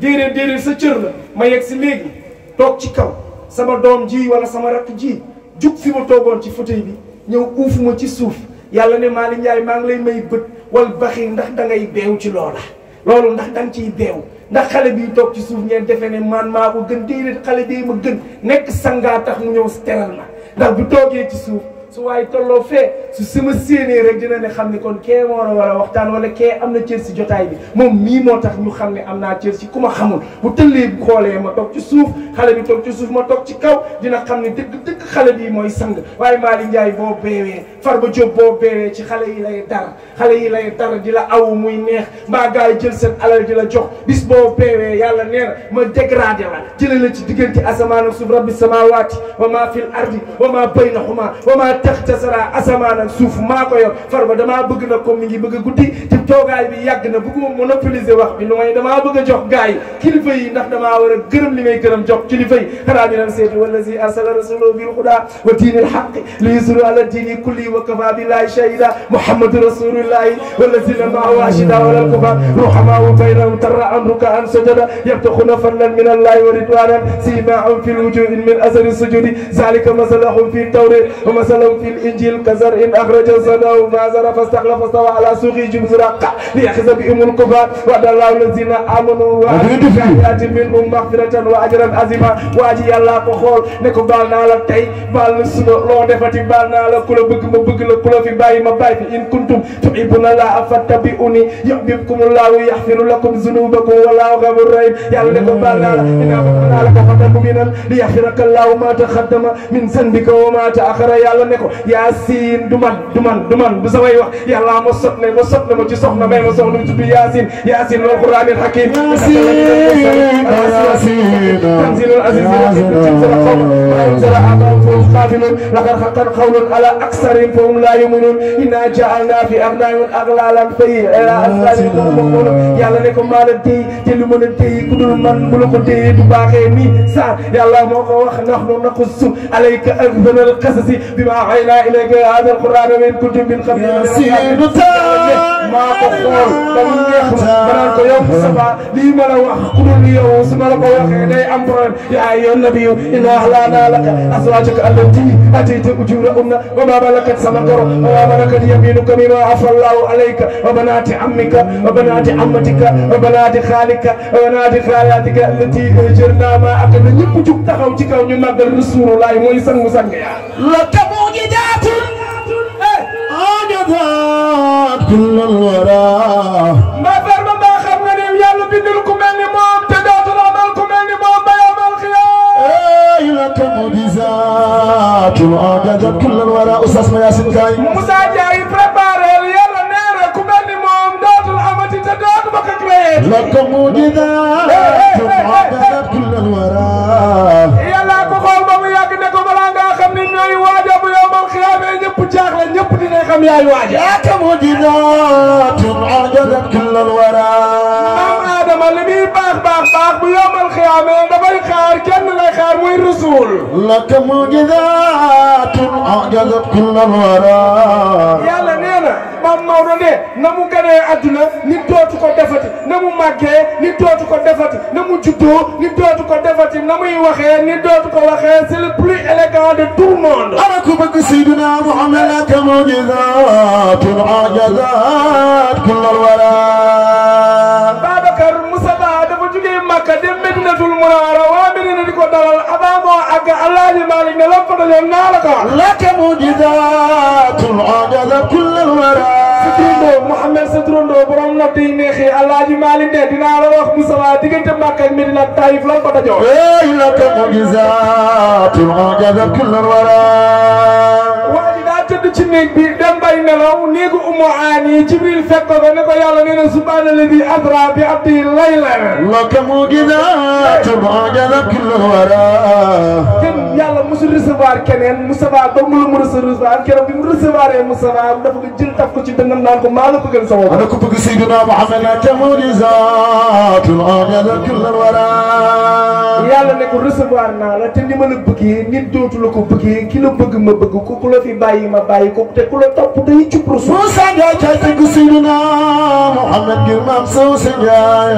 déedéet déedéet sa cër la ma yegg si léegi toog ci kaw sama doom ji wala sama rakk ji jug fi ma toogoon ci fauteuil bi ñëw uuf ma ci suuf yàlla ne maa Malick Ndiaye maa ngi lay may bët wal baxi ndax da ngay beew ci loola loolu ndax da ciy beew ndax xale bii toog ci suuf ngeen defee ne man maa ko gën déedéet xale bi ma gën nekk sangaa tax mu ñëw teral ma ndax bu toogee ci suuf su waaye tolloo fee su sama séenee rek dina ne xam ne kon kee moo war a waxtaan wala kee am na cër si jotaay bi moom mii moo tax ñu xam ne am naa cër si ku ma xamul bu tëllee xoolee ma toog ci suuf xale bi toog ci suuf ma toog ci kaw dina xam ne dëgg dëgg xale bi mooy sang waaye Malick Ndiaye boo beewee Farba Diop boo beewee ci xale yi lay dar xale yi lay dar di la aw muy neex mbaa gaa yi jël seen alal di la jox bis boo beewee yàlla nee na ma dégradé la jëlee la ci diggante asamaan ak suuf rabbi samawaati wa maa fil ardi wa maa baynahuma wa maa tax tasara asamaanan suuf maa ko yor farba damaa bëgg na ko mi ngi bëgg a guddi ci toogaay bi yàgg na bëgguma monopoliser wax bi lu may damaa bëgg a jox gars yi kilifa yi ndax damaa war a gërëm li may gërëm jox kilifa yi xanaa ñu dem seeti wallazi arsala rasulahu bil huda wa diinil haqq li yusru ala diini kulli wa kafa billahi shahida muhammadu rasulullahi wallazina maahu ashida wala kufa ruhama wa baynahum tarra an rukaan sajada yabtaxuna fadlan min allahi wa ridwanan simaahum fi lwujuhi min asari sujudi zalika masalahum fi tawrit wa masalahu في الإنجيل كزرع أخرج صداه فازر فاستخلف فاستوى على سوقه جمزرق ليحز بهم الكفار وعد الله الذين آمنوا وآتي منهم مغفرة وأجرا عظيما waaji yàllaa ko xool ne ko baal naa la tey baal na suba loo defati baal naa la ku la bëgg ma bëgg la ku la fi bàyyi ma bàyyi fi in kuntum tuhibbuna laaha fattabi'uni yuhbibkumullaahu yaxfiru lakum zunubakum wallaahu gafuurun rahiim yàlla ne ko baal naa la innaa baal naa la ko xatam bu minal li yaxfiraka llaahu maa taqaddama min zanbika wa maa ta'axara yàlla ne ko yaa siin du man du man du man du samay wax yàlla ma sot ne ma sot ne ma ci soxna may ma soxna mu tudd yaasin yaasin wal quraanil hakiim tanziilul aziizil tanziilul أوحينا إليك هذا القرآن من كتب من قبل ما تقول لمن يخلص ملك يوم السبع لي ملا وأخذ لي وسمى لك ويخيني أمرا يا أيها النبي إن أهلانا لك أزواجك التي أتيت أجورهن وما ملكت سمكر وما ملكت يمينك مما عفى الله عليك وبنات عمك وبنات عمتك وبنات خالك وبنات خالاتك التي اجرنا ما أقل نيب جوك تخاو تيكاو ني رسول الله موي سان مسان يا لا تبوني مجدات أجدات إيه. كل الورى ما فرم ما خمنا نيو يالو بندلكم أني موم تدات العملكم أني موم بيوم الخيام إيه، لكم مجزات أجدات كل الورى أستاذ ما ياسين كاي موسى جاي بريبارل يالا نيركم أني موم تدات بككريت لكم إيه، مجزات أجدات كل الورى يالا كو خول نكو بلا nga xamni ñoy bu yawmal xiyaamee ñëpp jaaxle ñëpp dinañ xam yaay waaja. yaakaar moo di naatun arjadat kullal wara لمي باخ باخ باخ بيوم القيامة دبي خار كن لا خار موي الرسول لك معجزات أعجزت كل الورى يلا نينا ما ماونا ني نمو كاني أدنا نيت توتو كو دفاتي نمو ماغي نيت توتو كو دفاتي نمو جودو نيت توتو كو دفاتي نمو يوخي نيت توتو كو وخي سي لو بلو اليغان دو تو موند انا كو بك سيدنا محمد لك معجزات أعجزت كل الورى munawara waa Medina di ko dalal Adama ak Alaaji Malik ne lépp dañoo la ko wax. laka mujizaatun ajaza kullal wara. si turandoo Mouhamed si turandoo borom nopp yi neexi Alaaji Malik ne dinaa la wax tëdd ci néeg bi dem bay nelaw néegu umu aani jibril fekk ko ne ko yàlla nee na subhaana alladi asra bi abdi laylan laka mu'jizaatu mu'jizat kullu wara kenn yàlla musul recevoir keneen Moustapha ba mu la mu recevoir keroog bi mu recevoir Moustapha dafa ko jël taf ko ci dënnam naan ko maa la bëggal sa bopp ana ko bëgg Seydina Muhammad laka mu'jizaatu mu'jizat kullu wara yàlla ne ko recevoir naa la te ni ma la bëggee nit dootu la ko bëggee ki la bëgg ma bëgg ko ku la fi bàyyi ma bàyyi ko te ku la topp day jub rasul mu sa njaay caay tëgg Seydina Muhammad ngir maam soo sa njaay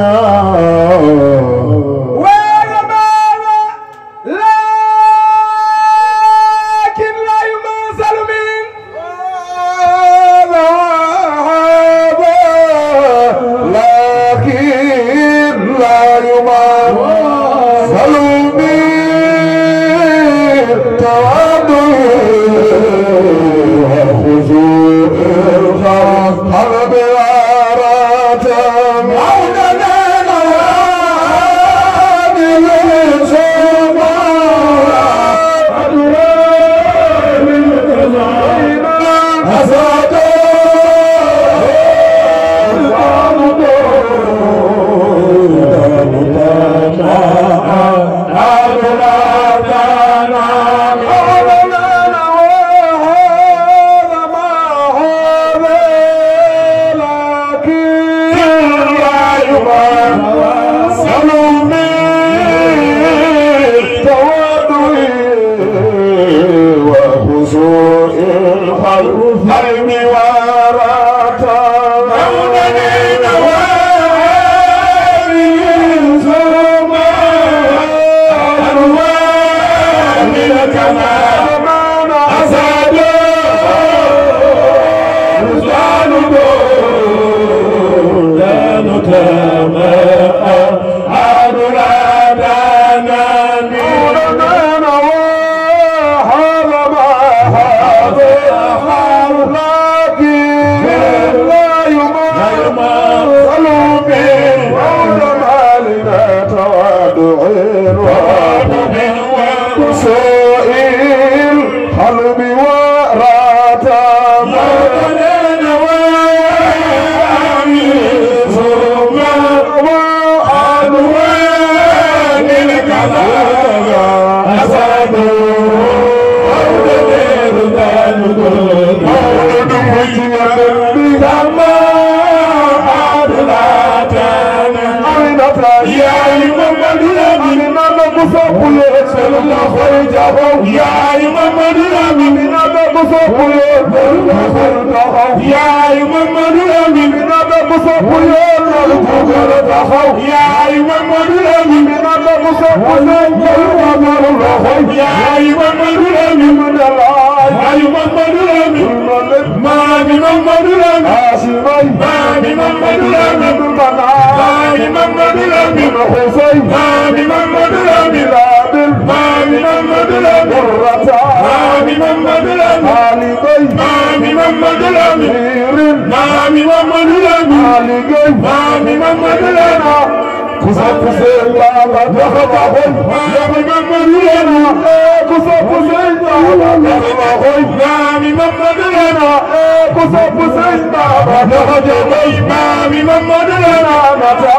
Mami Mamadou la nata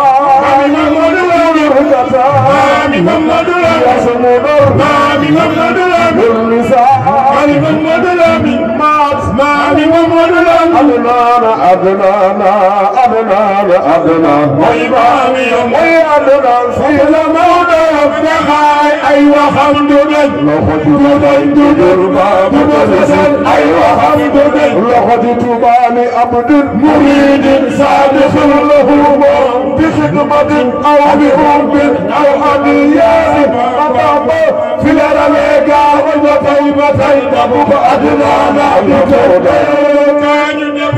Mami Mamadou la nata Mami Mamadou la nata Mami Mamadou la nata Mami Mamadou la nata Mami Mamadou la nata Adnana Adnana Adnana Adnana Moy Mami Moy Adnana Sayla Mawda Abdahay Aywa Hamdulillah Lokhati Tuba Dudur Babu Basal Aywa Hamdulillah Lokhati Tuba الإسلام عبد مريد صادق له بخدمة أو بحب أو حديان أطاب في الأرميكا وطيبة أبو أدنانا بتوبة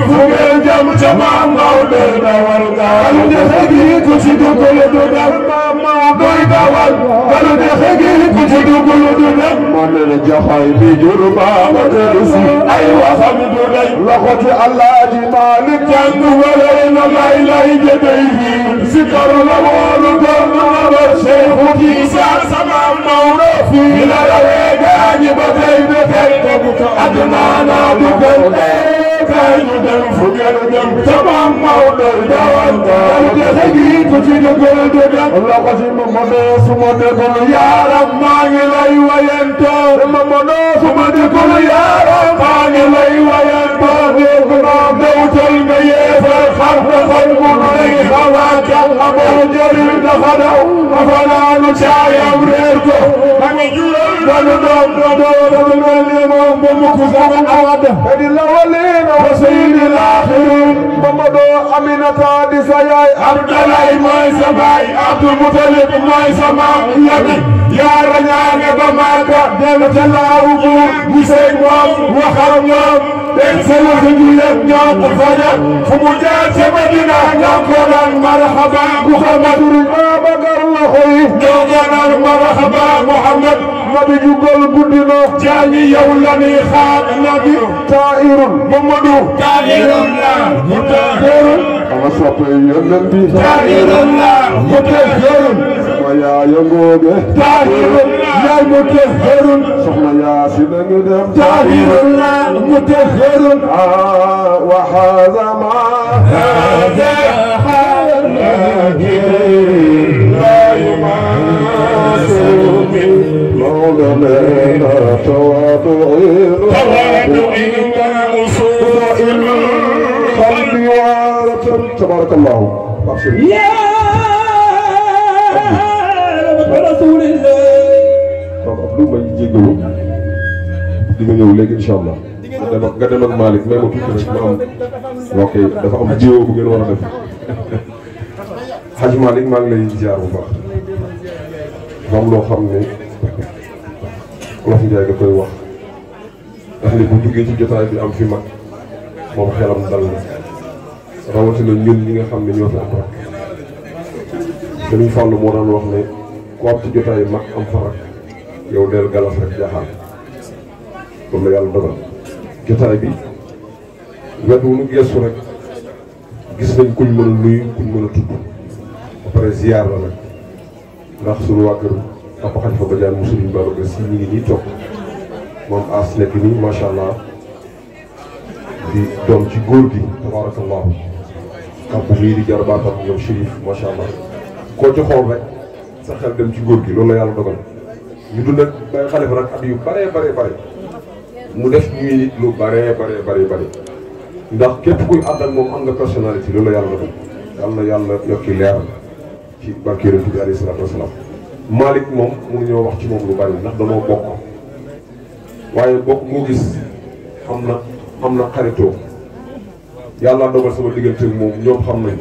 فوقين جم جمع مولانا والقال دخلي تجد كل دون موضوع دوال قال دخلي تجد كل دون مولانا جحاي بجربا مدرسي أيوة خمد loxoti alaaji Maalik a wala na lay lay jëndee fii si karo la woolu doon na ba Seexu Tijaan sama Maodo fii la rawee gaañi ba tey ba tey aduna naa du gën kaay ñu dem fu ngeen dem sama Maodo jawal ay dese gi ku ci dëggal dëggal loxo si ma mënoo su ma dëggal yaaram maa ngi ma mënoo su ma dëggal yaaram maa ngi lay wayantoo dégg naa dawtal nga yeesal xar defal mu nay xalaatal amoo njëriñ dafa daw dafa naanu caayam réer ko ami jural danu doom doo doo danu mel ni moom ba mukk sama awad di lawale وسيد الآخرين محمد أمينة دي سياي عبد الله موي سباي عبد المطلب موي سما يبي يا رنان بمارك دم تلاو بو مسيك وام وخرم يوم انسل خجيلة نام قفانا فمجال سمدنا نام قران مرحبا محمد رجابك الله نام قران مرحبا محمد Mamadou Diougol guddi na. jaani yow la ni xaar nabi. Taahirun. Mamadou. Taahirun la. mu Taahirun. ama soppe yonent bi. Taahirun la. mu Taahirun. يا يمود طاهر يا متهر صحنا يا سيدنا طاهر لا متهر آه وهذا ما هذا حال لا يماس منه لنا تواضعي قلبي وعارة تبارك الله يا رسول الله طب قبل ما يجيبوا di nga ñëw léegi incha allah nga dem ak nga dem ak Malick may ma tuuti rek ma am ok dafa am jiwoo bu ngeen war a def xaj Malick maa ngi lay ziar bu baax moom loo xam ne. Njaay da koy wax ndax ne bu duggee ci jotaay bi am fi mag moom xelam dal na rawatina ñun ñi nga xam ne ñoo fi am rak dañuy fàllu moo daan jotaay bi wet nu geesu rek gis nañ kuñ mën a kuñ mën tudd ba pare ziyaar la nag ndax suñu waa kër Papa Khalifa Badiane mu Serigne Babacar Sy ñu ngi nii toog moom as nekk nii allah di doom ci góor gi tabarakallahu kàmpu mii di jarbaatam ñoom Chérif macha allah koo ci xool rek dem ci góor gi loolu la yàlla dogal ñu dund ak bay xale nag yu bare bare bare mu def ñuy lu bare bare bare bare ndax képp kuy ànd ak moom am nga personnalité loolu la yàlla dogal yàlla na yàlla yokki leer ci barke yonent bi alayhi salaatu wasalaam Malick moom mënuñoo wax ci moom lu bari ndax danoo bokk waaye bokk moo gis xam na xam na xaritoo yàlla dogal sama diggante moom ñoom xam nañ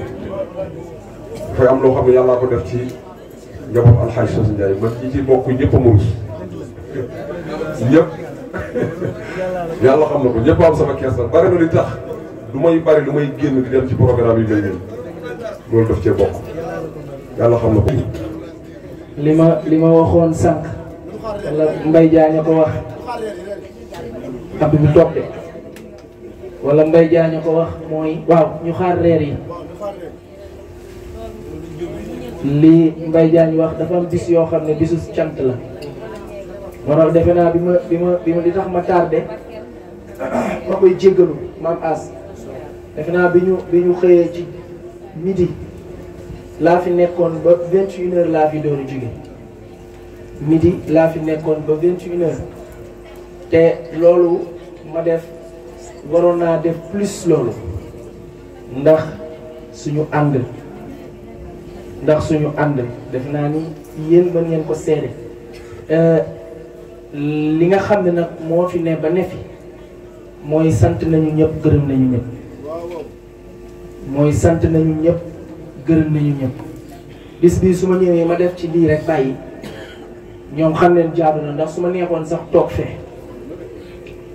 dafay am loo xam ne yàllaa ko def ci njaboot alxaaj Soose Njaay man ñi ci bokk ñëpp a ma yàlla xam na ko ñëpp am sama kees la bari na li tax du may bari lu may génn di dem ci programme yi may ñëw loolu daf cee bokk yàlla xam na ko li ma li ma waxoon sànq wala Mbaye Diagne ko wax Abdou bu toog de wala Mbaye Diagne ko wax mooy waaw ñu xaar reer yi lii Mbaye Diagne wax dafa bis yoo xam ne bisu cant la moo tax defe naa bi ma bi ma bi ma li tax ma tardé ma koy jéggalu maam as defe naa bi ñu bi ñu xëyee ci midi laa fi nekkoon ba vingt une heures laa fi doon jóge midi laa fi nekkoon ba vingt une heure te loolu ma def waroon naa def plus loolu ndax suñu ànd ndax suñu ànd def naa ni yéen mën ngeen ko seere euh, li nga xam ne nag moo fi ne ba ne fi mooy sant nañu ñëpp gërëm nañu ñëpp mooy sant nañu ñëpp gërëm nañu ñëpp bis bii su ma ñëwee ma def ci lii rek bàyyi ñoom xam leen jaadu na ndax su ma neexoon sax toog fee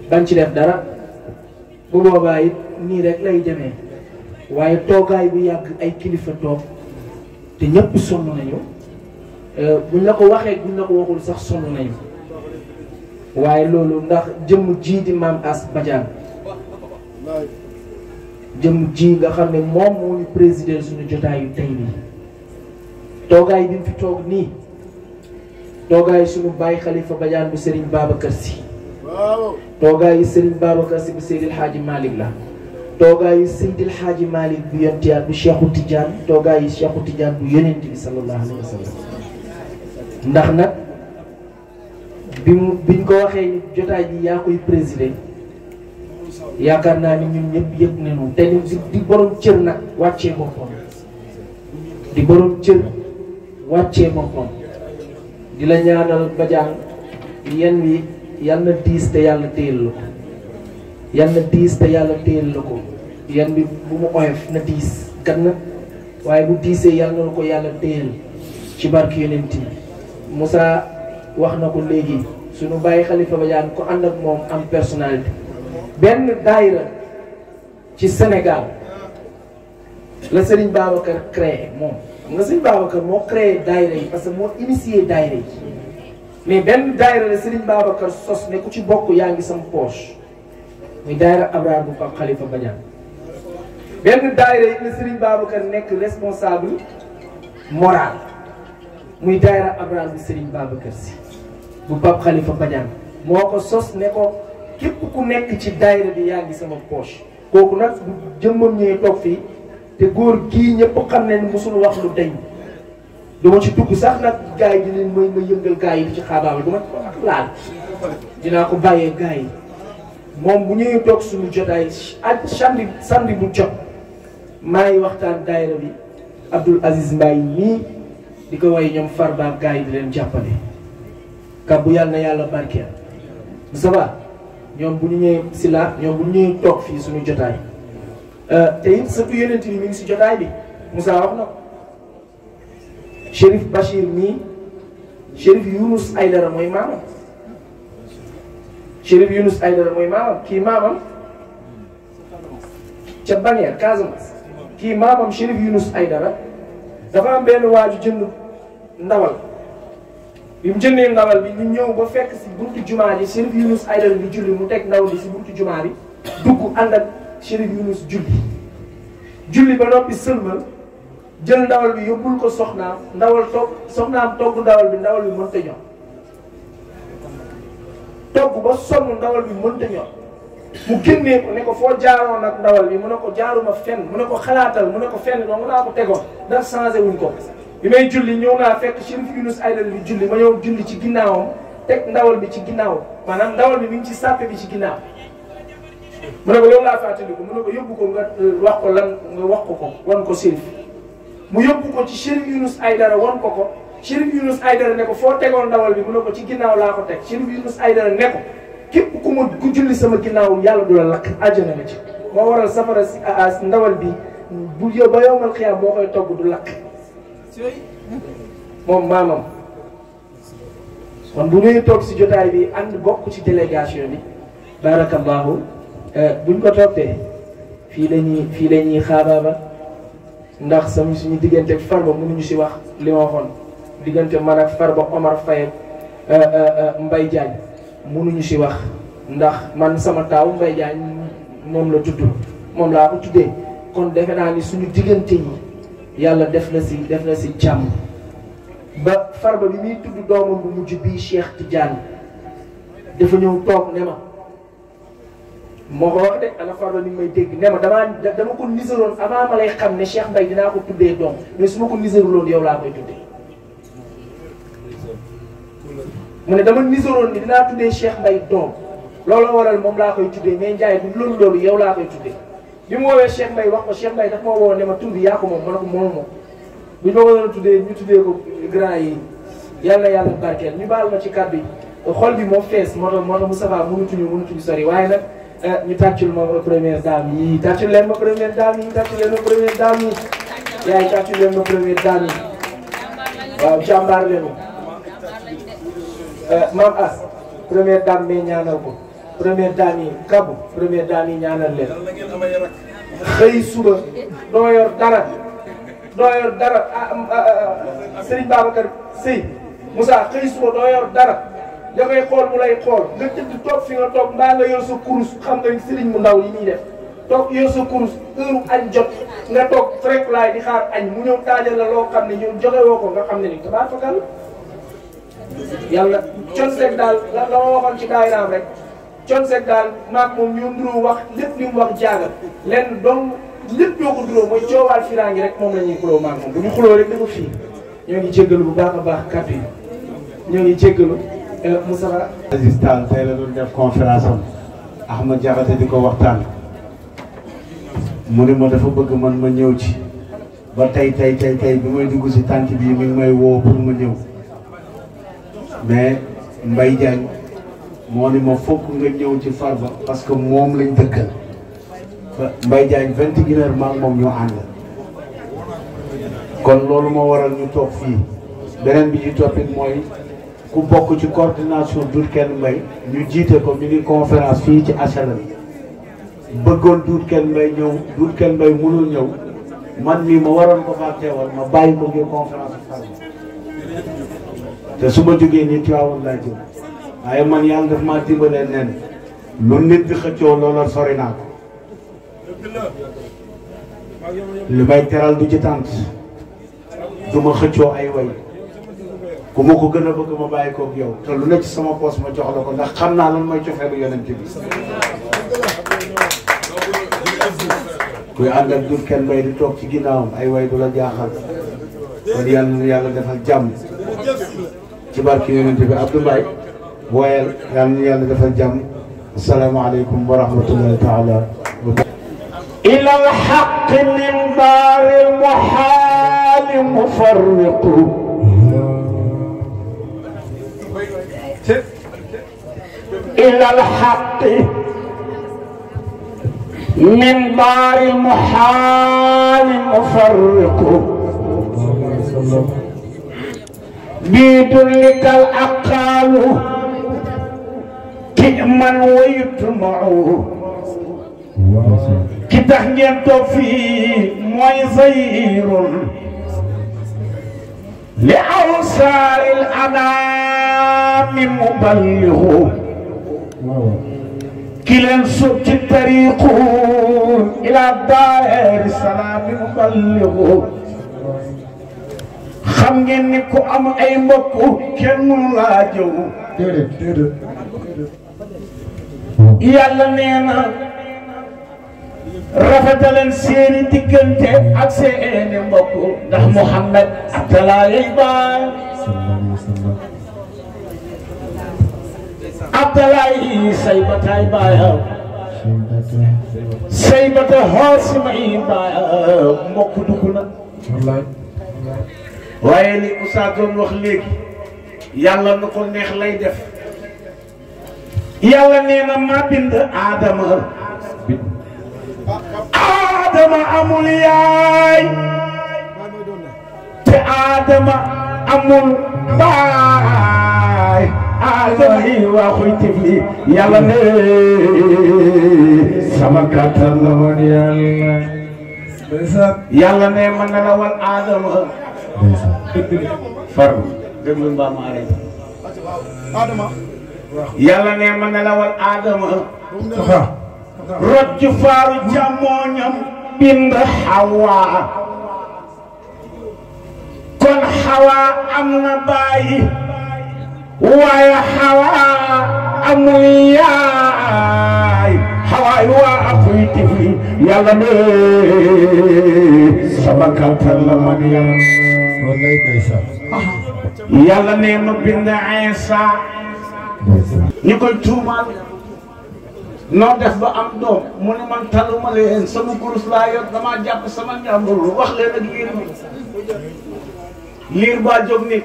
bañ ci def dara bu boobaa it nii rek lay demee waaye toogaay bu yàgg ay kilifa toog te ñëpp sonn nañu euh, buñ la ko waxee buñ na ko waxul sax sonn nañu waaye loolu ndax jëm ji di maam as badian jëmm ji nga xam ne moom moo ñu président suñu jotaayu tey nii toogaay bi mu fi toog nii Toga sunu bàyyi khalifa Bayan bu serigne Babacar si toogaayu serigne Babacar si bu Seydil Hadji malik la toogaayu Seydil Hadji malik bu yontiyaat bu cheikhou Tidiane toogaayu cheikhou Tidiane bu yonent bi sallallahu alaihi wasallam ndax nak bi biñ ko waxee jotay ji ya koy président ni ñun ñëpp yëpp nañu té di borom cër nag wàccee di borom cër wàccee boppam di la ñaanal bajaan yenn bi yal na diis te yàlla téyel la ko yal na diis te yàlla téyel la ko yenn bi bu mu oyof na diis gan na waaye bu diisee yal na la ko yàlla téyel ci barke yonent yi wax na ko léegi suñu bàyyi xalifa bajaan ko ànd ak moom am personnalité benn daayira ci Sénégal la Serigne Babacar créé moom xam nga sëñ Babacar moo créé daayira yi parce que moo initié daayira yi mais benn daayira la sëriñ Babacar sos ne ku ci bokk yaa ngi sam poche muy daayira Abraar bu Pape Khalifa Badiane benn daayira yi la sëriñ Babacar nekk responsable moral muy daayira Abraar bu sëriñ Babacar si bu Pape Khalifa Badiane moo ko sos ne ko képp ku nekk ci daayira bi yaa ngi sama poche kooku nag jëmmam ñëwee toog fii te góor gii ñepp xam ne musul wax lu tay duma ci dugg sax nak gaay di leen may ma yëngal gaay yi di ci xaabaabal duma ko laal dina ko baye gaay mom bu ñëwee tok suñu jotaay ak samedi samedi bu jot may waxtaan daayira bi abdul Aziz mbay mi diko way ñom farba gaay di leen jàppale kàbbu yàlla yalla yàlla barkeel bu ñoom bu ñu ñëwee la bu ñu tok fi suñu jotaay Eh, te it surtout yeneen mi ngi si jotaay bi Moussa wax na ko Chérif Bachir mii Chérif Younus Aydara mooy maamam Chérif Younus Aydara mooy kii maamam ca Bañeer Casamance kii maamam Chérif Younus Aydara dafa am benn waaju jënd ndawal bi mu jëndee ndawal bi ñu ñëw ba fekk si buntu jumaa ji Chérif Younus Aydara bi julli mu teg ndaw bi si buntu jumaa bi dugg ànd Chérif Yunus julli julli ba noppi sëlmal jël ndawal bi yóbbul ko soxnaam ndawal togg soxnaam togg ndawal bi ndawal bi mënta ñor togg ba sonn ndawal bi mënta ñor mu génnee ko ne ko foo jaaroon ak ndawal bi mu ko jaaruma fenn mun ne ko xalaatal mu ne ko fenn dong laa ko tegoon ndax changé wuñ ko bi may julli ñëw naa fekk Chérif Yunus Aidara bi julli ma ñëw julli ci ginnaawam teg ndawal bi ci ginnaaw maanaam ndawal bi mi ngi ci sàppe bi ci ginnaaw mu ne ko loolu laa fàttaliku mu ne ko yóbbu ko nga euh, wax ko lan nga wax ko ko wan ko Chérif mu yóbbu ko ci Chérif Yunus Aydara wan ko ko Chérif Yunus Aydara ne ko foo tegoon ndawal bi mu ko ci ginnaaw laa ko teg Chérif Yunus Aydara ne ko képp ku ma ku julli sama ginnaaw yàlla du la lakk àjjana nga ci moo waral safara si ndawal bi bu yow ba yowmal xiyaam moo koy togg du lakk moom maamam kon bu ñuy toog si jotaay bi ànd bokk ci délégation bi barakallahu Euh, buñ ko toppee fii lañuy fii la ñuy xaabaabal ndax sama suñu diggante farba mënuñu si wax li ma waxoon diggante man ak farba Omar Faye euh, euh, Mbaye Diagne mënuñu si wax ndax man sama taaw Mbaye Diagne moom la tudd moom laa ko tuddee kon defe naa ni suñu diggante yi yàlla def na si def na si càmm ba farba bi muy tudd doomam bu mujj bii Cheikh Tidiane dafa ñëw toog ne ma. moo ko wax de alxar la ni may dégg ne ma damaa dama ko niseroon avant ma lay xam ne Cheikh Mbaye dinaa ko tuddee doom mais su ma ko niseruloon yow laa koy tuddee. mu ne dama niseroon ni dinaa tuddee Cheikh Mbaye doom looloo waral moom laa koy tuddee mais Ndiaye du loolu loolu yow laa koy bi mu woowee Cheikh Mbaye wax ko Cheikh Mbaye daf ma woo ne ma tur bi yaa ko moom ma ne ko bu ñu ma waroon tuddee ñu tuddee ko grand na yàlla yàlla barkeel ñu baal ma ci kàddu yi xol bi moo fees moo tax moo tax Moustapha mënatuñu mënatuñu waaye nag. Eh, ñu tàccul ma première dame yi tàccul leen ma première dame yi tàccul leen ma première dame yi yaay leen ma première dame yi waaw jàmbaar leen maam eh, as première dame ñaanal ko première dame yi kabu première ñaanal leen xëy suba doo yor dara doo yor dara ah, ah, ah, ah Serigne Babacar Seye Moussa suba doo yor dara. da ngay xool mu lay xool nga tëdd toog fi nga toog mbaa nga yor sa kurus xam nga sëriñ mu ndaw yi ñuy def toog yor sa kurus heure añ jot nga toog rek laay di xaar añ mu ñëw taajal la loo xam ne ñëw joxe woo ko nga xam ne ni tabaar fakal yàlla con sec daal la la ma waxoon ci daayiraam rek con sec daal maag moom ñu nduroo wax lépp li wax jaagal lenn donc lépp ñoo ko duróo mooy coowaal firaangi rek moom la xuloo maag moom bu ñu xuloo rek ngi jéggalu bu baax a Eh, Moustapha Aziz Tall tey la doon def conférence am Ahmad Diakhaté di ko waxtaan mu ne ma dafa bëgg man ma ñëw ci ba tey tey tey tey bi may dugg si tànk bi mi ngi may woo pour ma ñëw mais Mbaye Diagne moo ne ma fokk nga ñëw ci Farba parce que moom lañ dëkkal Mbaye Diagne vingt et moom ñoo ànd kon loolu moo waral ñu toog fii beneen bi ñu toppit mooy ku bokk ci coordination Duut Kenn Mbay ñu jiite ko mi ngi conférence fii ci HLM bëggoon Duut Kenn Mbay ñëw Duut Kenn Mbay mënul ñëw man mii ma waroon ko faa teewal ma bàyyi ko ngir conférence bi te su ma jógee nii Tiwaawan laa jëm waaye man yàlla daf maa dimbalee nen lu nit di xëccoo loola sori naa ko li may teral du ci du ma xëccoo ay way ku ma ko gën a bëgg ma bàyyi koog yow te lu ne ci sama poos ma jox la ko ndax xam naa lan mooy cofeelu yonent bi kuy ànd ak jur kenn bay di toog ci ginnaawam ay way du la jaaxal kon yàlla na yàlla defal jàmm ci barki yonent bi Abdou Mbaye wayel yàlla na yàlla defal jàmm asalaamaaleykum wa rahmatullahi taala إلى الحق من إلى الحق من دار المحال المفرق بيدلك الأقال كئما ويجمع كتاح في ميزير لأوسار الأنام مبلغ ki leen sóob ci tariqu ila daari salaam bi xam ngeen ni ku am ay mbokk kenn mënu laa jëw déedéet déedéet yàlla nee na rafetaleen seeni diggante ak seeni mbokk ndax Muhammad abdalaa yay baay Abdoulaye say bataay baayam say bata may baayam mbokk dugg na waaye li Oustaz doon wax léegi yàlla na ko neex lay def yàlla nee na maa bind aadama aadama amul yaay te aadama amul baay aadama yi waa koy tifli yàlla ne sama kàttan la woon yàlla yàlla ne man na la wan aadama far déglu mbaa ma arrêté yàlla ne man na la wan aadama rocc kon hawa am na ويحوى أموياي حوى وأخوي تفي يلا مي سبكة لمن يلا يلا نيم بن عيسى نيكون تومان noo def ba am doom mu ne man taluma leen sama kurus laa yor damaa jàpp sama njàmbur wax leen ak liir bi liir baa jóg ni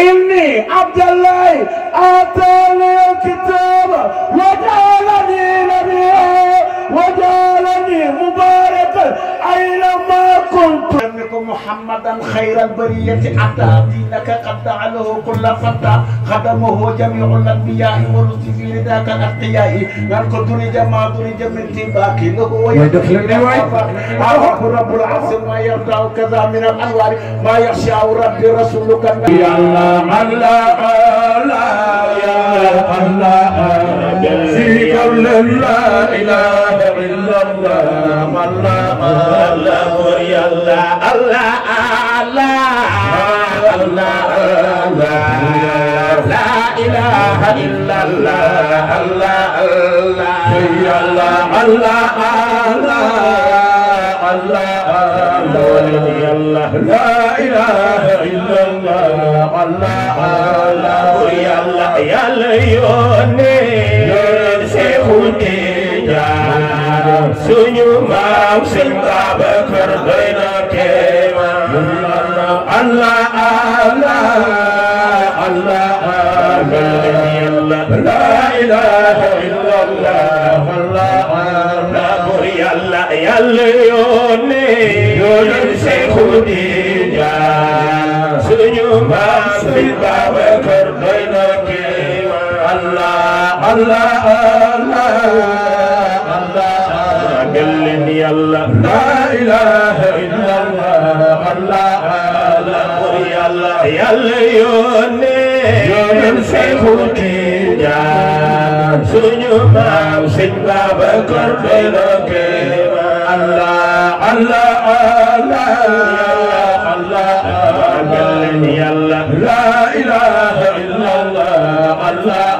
إني عبد الله آتاني الكتاب وجعلني نبيا وجعلني مباركا أينما كنت محمدا خير البرية أتى دينك قد دعله كل فتى خدمه جميع الأنبياء والرسل ذاك رداك الأتقياء نرك درج ما درج من تباك له يدخل الرب رب العرش ما يرضى كذا من الأنوار ما يخشى ربي رسولك يا الله الله الله يا الله قول لا إله إلا الله الله الله يا الله الله الله الله لا إله إلا الله الله الله يا الله الله الله الله لا إله إلا الله الله الله يا الله يا ليوني suñu maam sëñ Babacar doy na kéemaan allah allah allah allah la ilaha illallah allah bur yàlla yàlla yónnee yónnee Seexu Tijaan suñu maam sëñ Babacar doy na kéemaan allah allah allah yàlla la ilaha illa allah allah bur yàlla yàlla yónnee yónneen Seexul Tijaan suñu maam Sëñ Babacar doy na kéema allah allah allah allah allah yàlla la ilaha illa allah allah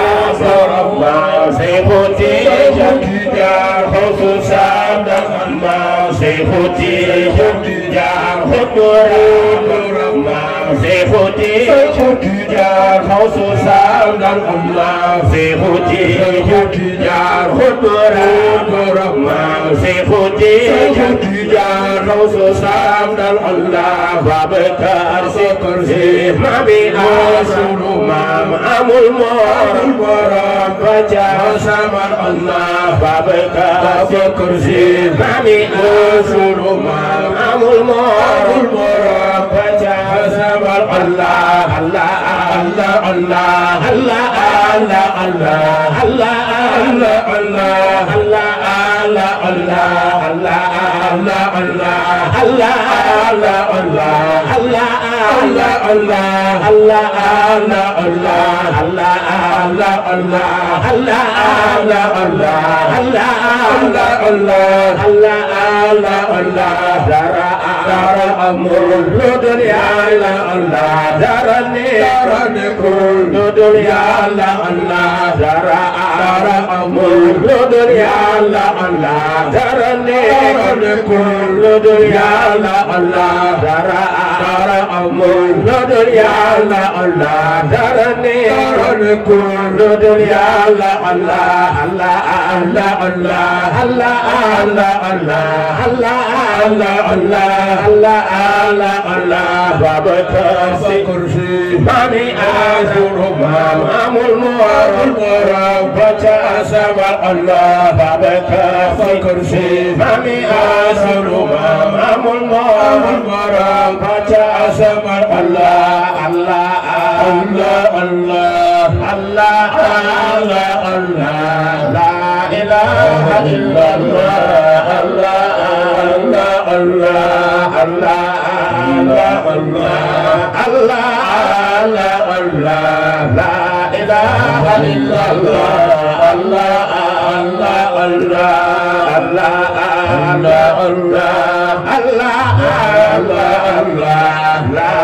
ma sey ko te jam ki ja ko so sa da ma سيفوتي جار خطورة ما سيفوتي جار خصوصا ما سيفوتي جار خطورة ما سيفوتي جار خصوصا الله وبكر سكر ما بيأسر ما أمول مرام وجاء سمر الله وبكر سكر ما بيأسر الخلوم أم المرى فجاسم الله الله الله الله الله الله الله الله الله الله الله الله الله الله الله الله الله الله الله الله الله الله الله الله الله الله الله الله الله الله الله الله الله الله الله الله دار أمر الدنيا الله الله دار الله كل الدنيا الله الله دار دار أمر الدنيا الله الله مولد يا الله ترى ترى مولد يا الله ترني مولد يا الله الله الله الله الله الله الله الله الله الله الله الله الله بابك سكرسي بني آخر مام المرام المرام بتأسم الله بابك سكرسي الأمم أسر أمام الله الورى فتأسم الله الله الله الله الله الله الله لا إله إلا الله الله الله الله الله الله الله الله الله لا إله إلا الله الله الله الله الله Allah Allah Allah Allah Allah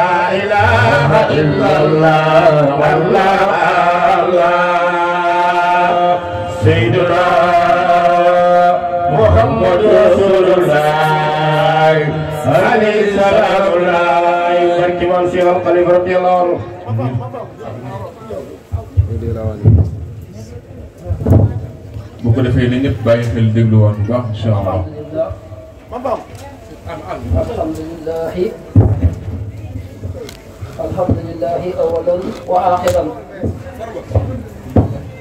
Allah Allah Sayyidina Muhammad Rasulullah Berkiman siang kali berarti Allah Buku definisi baik hidup luar biasa. الحمد لله الحمد لله أولا وآخرا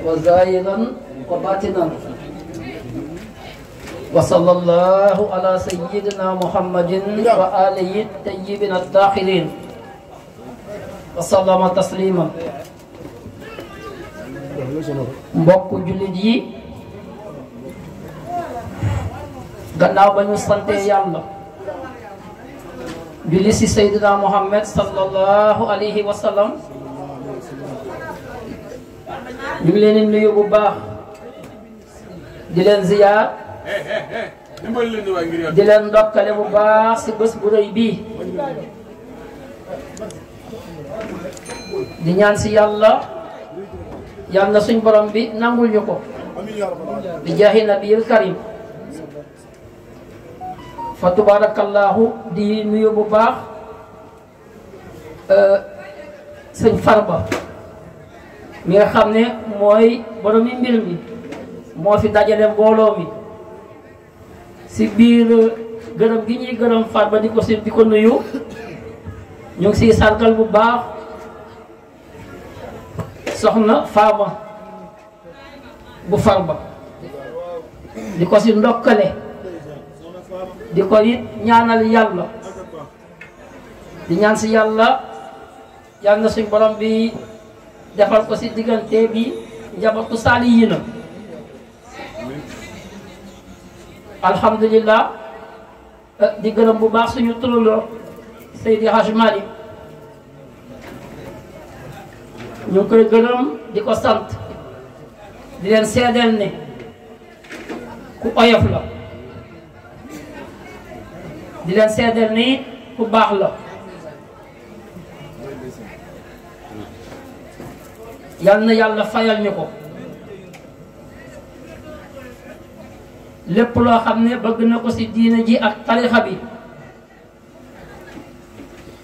وزايدا وباطنا وصلى الله على سيدنا محمد وآله الطيبين الطاهرين وسلم تسليما mbokk jullit gannaaw ba ñu sante yàlla julli si sayyidina muhammad sallallahu alayhi wa sallam ñu ngi leen nuyu bu baax di leen ziyaar di leen ndokkale bu baax si bés bu rëy di ñaan si yàlla yàlla na suñ borom bi nangul ñu ko di jaahi nabiyil karim fa tabaarakallaahu di nuyu bu baax euh, sëñ Farba mi nga xam ne mooy boromi mbir mi moo fi dajale mbooloo mi si biir gërëm gi ñuy gërëm ba di ko si di ko nuyu ñu ngi siy sargal bu baax soxna Faama bu Farba di ko si ndokkale di ko it ñaanal yàlla di ñaan si yàlla yàlla na suñ borom bi defal ko si diggante bi njabootu saali yi na alhamdulilah eh, di gërëm bu baax suñu turaloo Seydi Hadj Malick ñu ngi koy gërëm di ko sant di leen seedeel ne ku oyof la di la seedal ni ku baax la yal na yàlla fayal ñu ko lépp loo xam ne bëgg na ko ci diina ji ak tarixa bi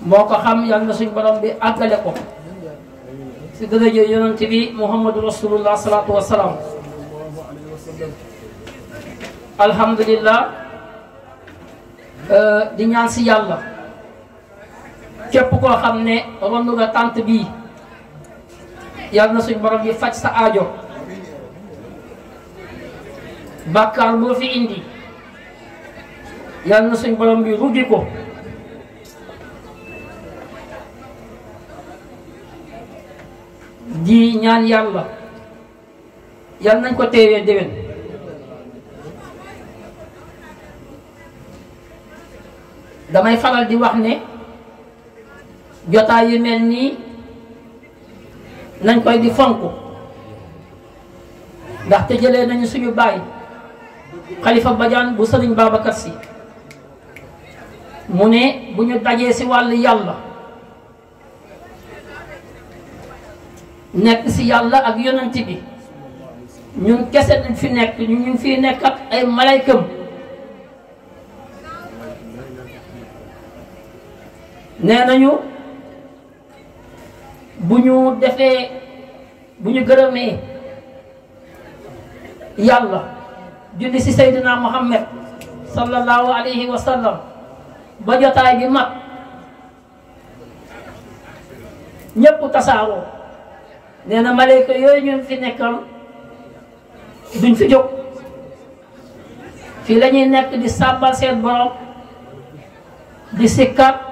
moo ko xam yal na suñ borom bi àggale ko ci dërëje yonent bi muhammadu rasulullah salaatu wasalaam alhamdulillah Euh, di ñaan si yàlla képp koo xam ne rondu nga tànt bii yàlla na suñ borom yi faj sa ajo bàkkaar boo fi indi yàlla na suñ borom bi ruggi ko di ñaan yàlla yàlla nañ ko teewee déwén damay faral di wax ne jotaay yu mel nii nañ koy di fonk ndaxte jëlee nañu suñu baay xalifa bajaan bu sëriñ Babacar si mu ne bu ñu dajee si wàll yàlla nekk si yàlla ak yonanti bi ñun kese nañ fi nekk ñun ñu ngi fiy nekk ay malaykam nenañu buñu défé buñu defee yalla jundi ci sayyidina muhammad sallallahu alaihi wasallam ba jotaay bi mag ñepp tasaaroo nee malaika yoy yooyu ñun fi nekkal duñ fi jox fi lañuy nekk di sabbal seen borom di sikkat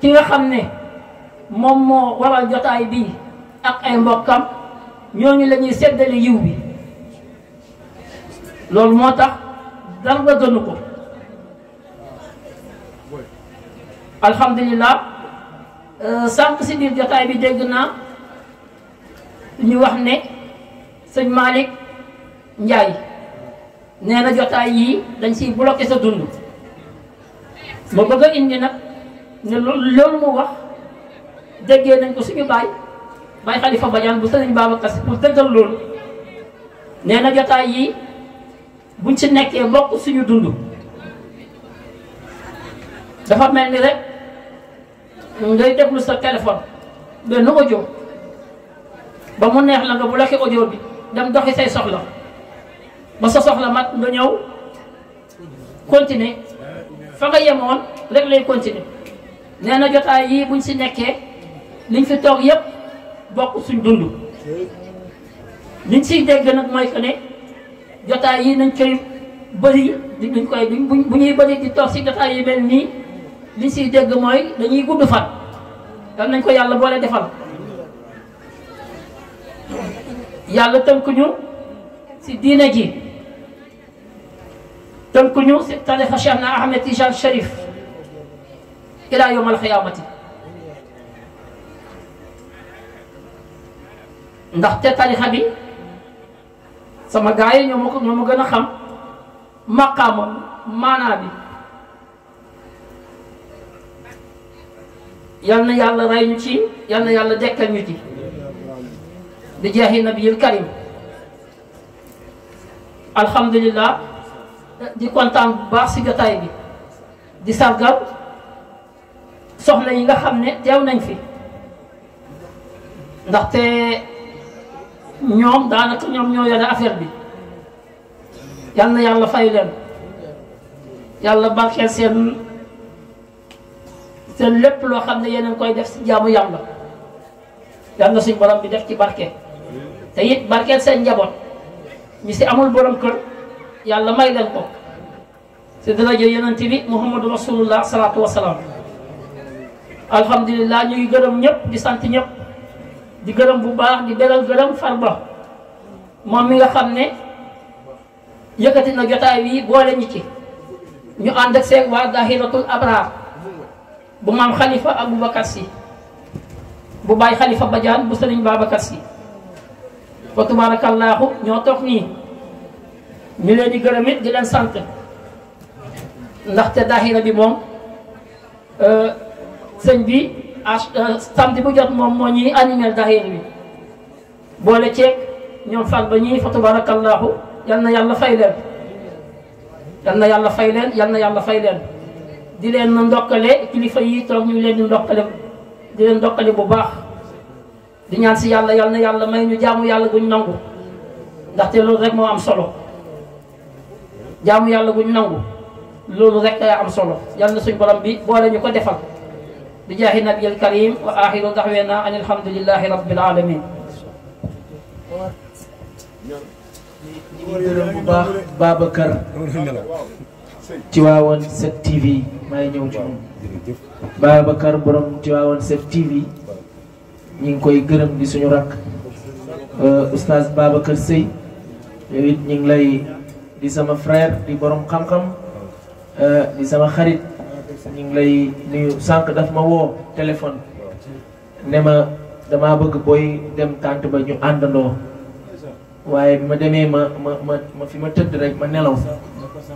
ki nga xamne mom mo moo waral jotaay bii ak ay mbokam ñooñu la ñuy seddale yiw bi lool motax dal nga donu ko alhamdulilah sank ci bir jotaay bi dégg na ñu wax ne sëñ malik Ndiaye neena na jotaay yii dañ ci bloquer sa dund ma bëgg indi nak ne loolu loolu mu wax déggee nañ ko suñu baay baay xalifa bajaan bu sëriñ Babacar Si pour dëggal loolu nee na jotaay yi buñ ci nekkee mbokk suñu dund dafa mel ni rek ngay déglu sa téléphone benn jóg ba mu neex la nga bu lakkee audio bi dam doxi say soxla ba sa soxla mat nga ñëw continuer fa nga yemoon rek lay continuer nee na jotaay yii buñ si nekkee liñ fi toog yëpp bokk suñ dund liñ siy dégg nag mooy que ne jotaay yii nañ koy bëri duñ koy bu ñuy bëri di toog si jotaay yi mel nii liñ siy dégg mooy dañuy gudd fan dal nañ ko yàlla boole defal yàlla tënkuñu si diina ji tënkuñu si tarixa Cheikh na Ahmed Tijaan Cherif إلى يوم القيامة ندخت تاريخ بي سما غاي نيو مكو نيو مغنا خام مقام مانا بي يالنا يالا راي نيو تي يالنا يالا ديكال نيو تي دي جاه النبي الكريم الحمد لله دي كونتان باخ سي جتاي بي دي سارغال soxla yi nga xam ne teew nañ fi ndaxte ñoom daanaka ñoom ñoo yore affaire bi yal na yàlla fay leen yàlla barkeel seen seen lépp loo xam ne yeneen koy def si jaamu yàlla yal na suñ borom bi def ci barke te it barkeel seen njaboot ñi si amul borom kër yàlla may leen ko si daraja yonent bi muhammadu rasulullah salaatu wasalaam alhamdulillah ñu ngi gërëm ñëpp di sant ñëpp di gëreum bu baax di beral gëreum farba moom mi nga xam yëkëti na jotaay wi boole ñu ci ñu and ak seen wa dahiratul abrar bu khalifa abou bakkar si bu bay khalifa badian bu serigne babakar si wa tabarakallah ñoo tok ni ñu leen di gëreum it di leen sant ndaxte dahira bi mom euh, sëñ bi ah samedi bu jot moom moo ñuy animel dahir bi boole ceeg ñoom far ba ñuy fa tabarakallahu yal na yàlla fay leen yal na yàlla fay leen yal na yàlla fay leen di leen ndokkale kilifa yi toog ñu leen di ndokkale di leen ndokkale bu baax di ñaan si yàlla yal na yàlla may ñu jaamu yàlla guñ nangu ndaxte loolu rek moo am solo jaamu yàlla guñ nangu loolu rek ay am solo yal na suñ borom bi boole ñu ko defal بجاه النبي الكريم وآخر دعوانا أن الحمد لله رب العالمين bu baax Babacar Tivaouane 7TV maa ngi ñëw ci moom Babacar borom Tivaouane 7TV ñu ngi koy gërëm di suñu rakk oustaz Babacar Seye yow it ñu ngi lay di sama frère di borom xam-xam di sama xarit ñu ngi lay nuyu sànq daf ma woo téléphone ne ma damaa bëgg koy dem tànt ba ñu àndandoo waaye bi ma demee ma ma ma fi ma tëdd rek ma nelaw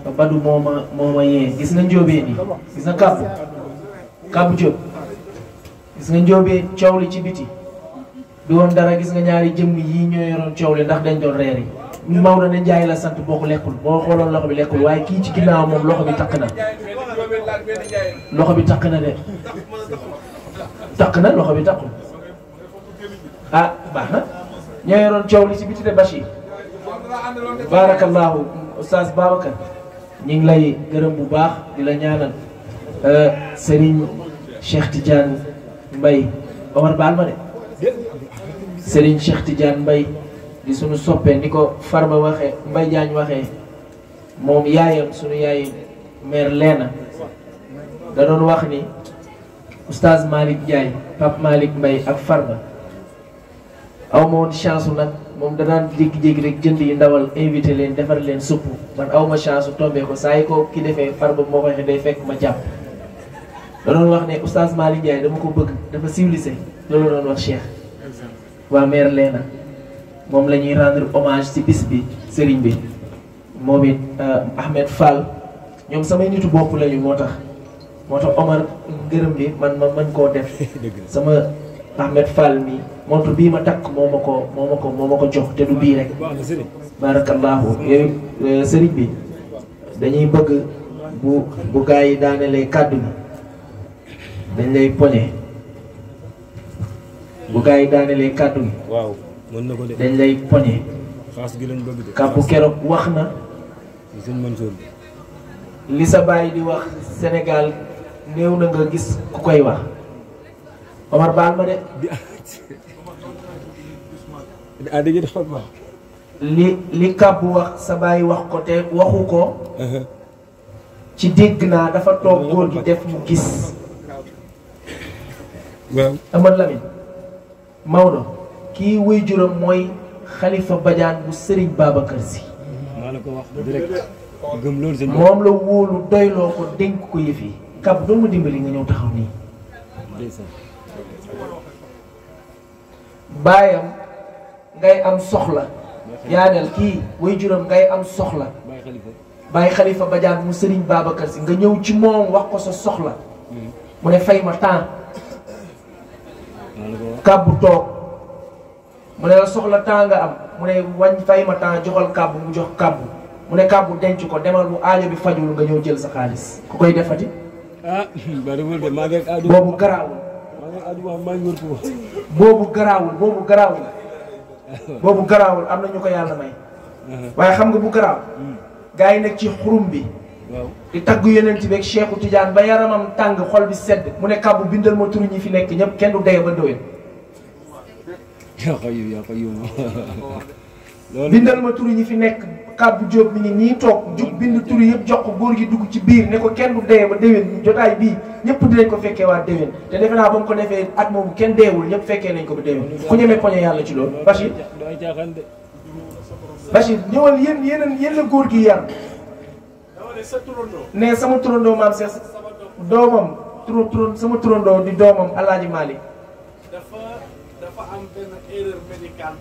ba badu moo ma moo ma yee gis nga njóobee nii gis nga kàbb kàbb jóob gis nga njóobee coow li ci biti du woon dara gis nga ñaari jëmm yii ñoo yoroon coow li ndax dañ doon reer yi ñu Maodo ne Njaay la sant boo ko lekkul boo xooloon loxo bi lekkul waaye kii ci ginnaaw moom loxo bi takk na loxo bi takk na de takk na loxo bi takkul ah baax na ñoo yoroon coow li si biti de Bachir baarakallaahu oustaz Babacar ñu ngi lay gërëm bu baax di la ñaanal euh, Serigne Cheikh Tidiane Mbaye Omar baal ma de Serigne Cheikh Tidiane Mbaye di sunu soppe ni ko Farba waxee Mbaye Diagne waxee moom yaayam sunu yaay mère Leena da wax ni oustaz Malick Ndiaye Pape Malick Mbaye ak Farba aw ma woon chance su nag moom danaan jékki-jékki rek jënd yi ndawal invité leen defar leen supp man aw ma chance su tombé ko saa yi ko ki defee Farba moo koy day fekk ma jàpp. da wax ne oustaz Malick Ndiaye dama ko bëgg dafa civilisé loolu doon wax Cheikh. waa mère Léna moom la ñuy rendre hommage ci bis bi sëriñ bi moom it euh, Ahmed Fall ñoom samay nitu bopp lañu moo tax. moo tax Omar ngërëm bi man ma mën koo def sama Ahmed Fall mi montre bii ma takk moo ma ko moo ma ko moo ma ko jox te du bii rek barakallahu yooyu ya, ya, sëriñ bi dañuy bëgg bu bu gars yi daanelee kàddu bi dañ lay poñe bu gars yi daanelee kàddu bi waaw mën na ko de dañ lay poñe xaas gi lañ bëgg de kàbbu keroog wax na li sa baay di wax Sénégal néew na nga gis ku koy wax Omar baal ma de. Ah, li li kàbb wax sa bàyyi wax ko te waxu ko. Uh-huh. ci dégg naa dafa toog góor gi def mu gis. waaw Amad Lamine Maodo kii wuy juróom mooy xalifa bajaan bu Serigne Babacar Sy. maa moom la wóolu doyloo ko dénk ko yëf yi. kap do mu dimbali nga ñew taxaw ni bayam ngay am soxla yaanal ki way juram ngay am soxla khalifa bay khalifa mu serigne babakar si nga ñew ci mom wax ko sa soxla mu ne fay ma tan kàbbu toog mu ne la soxla tan nga am mu ne wañ fay ma tan joxal kabu mu jox kàbbu mu ne kàbbu denc ko demal mu aajo bi fajul nga ñew jël sa xaalis ku koy defati ah bariwul de maa ngi ak Adou boobu garaawul. maa ngi ak ah, boobu garaawul boobu garaawul. boobu garaawul am na ñu ko yàlla may. waaye xam nga bu garaaw. Hmm. gars yi nekk ci xurum bi. waaw di tagg yonent bi ak Cheikhu Tidiane ba yaramam tàng xol bi sedd mu ne kàbbu bindal ma turu ñi fi nekk ñëpp kenn du dee ba déwén. bindal ma turu ñi fi nekk. Kàbbu Jóob mi ngi nii toog jug bind tur yëpp jox ko góor gi dugg ci biir ne ko kenn du dee ba déwén jotaay bii ñëpp dinañ ko fekkee waa déwén te defe naa ba ko defee at moomu kenn deewul ñëpp fekkee nañ ko ba déwén ku ñemee poñe yàlla ci loolu Bachir Bachir ñëwal yéen yéen yéen la góor gi yar ne sama turandoo maam doomam turu turu sama turandoo di doomam Alaaji Maalik dafa dafa am benn erreur médicale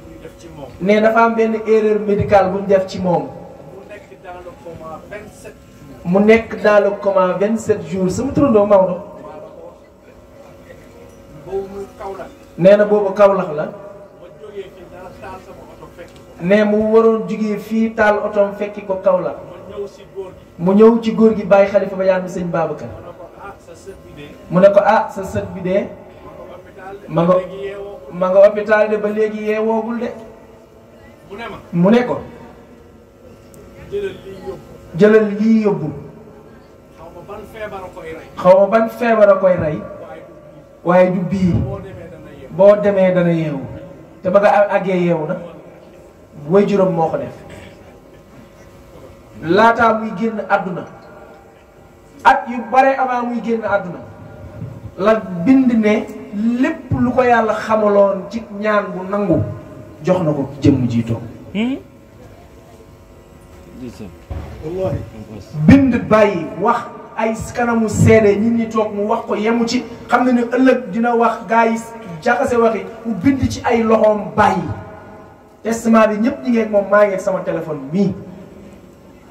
ne dafa am benn erreur médicale bu ñu def ci moom. mu nekk daal le coma 27 jours sama turandoo Maodo. nee na boobu Kaolack la. ne mu waroon jugee fii taal otoom fekki ko Kaolack. mu ñëw ci góor gi bàyyi xalifa ba yaan bi sëñ Babacar. mu ne ko ah sa sët bi dee. ma nga ma nga hôpital de ba léegi yeewoogul de. mu ne ko jëlal lii yóbbu xaw ma ban feebar koy rey waaye du bii boo demee dana yeewu te ba nga àggee yeewu na way juróom moo ko def laata muy génn àdduna at yu bare avant muy génn àdduna la bind ne lépp lu ko yàlla xamaloon ci ñaan bu nangu jox na ko jëmm jiitoo hmm? bind bàyyi wax ay kanamu seede nit ñi toog mu wax ko yemu ci xam ne ni ëllëg dina wax gaa yi jaxase waxi mu bind ci ay loxoom bàyyi testament bi ñëpp ñi ngeeg moom maa ngeeg sama téléphone mii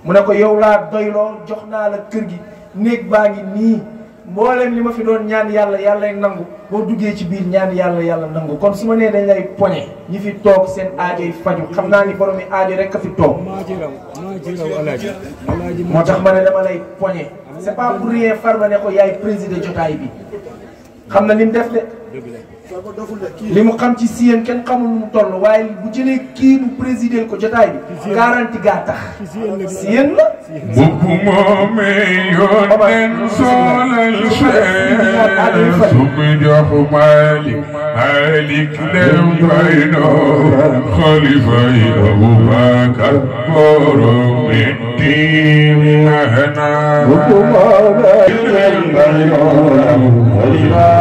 mu ne ko yow laa doyloo jox naa la kër gi néeg baa ngi nii mboolem li ma fi doon ñaan yàlla yàllay nangu boo duggee ci biir ñaan yàlla yàlla nangu kon su ma nee dañ lay poñe ñi fi toog seen aajo yi faju xam naa ni borom yi aajo rek a fi toog moo tax ma ne dama lay poñe c'est pas pour far Farba ne ko yaay président jotaay bi xam na lim def de li mu xam ci siyeen kenn xamul nu mu toll waaye bu jëlee kii mu ko jotaay bi. garanti gaa tax. siyeen la. bugguma may yoon. soolal cheikh su mu jox Malick. Malick dem fay noo. xalifa yi Aboubacar borom الدين مهنا وكما بين العيون ولا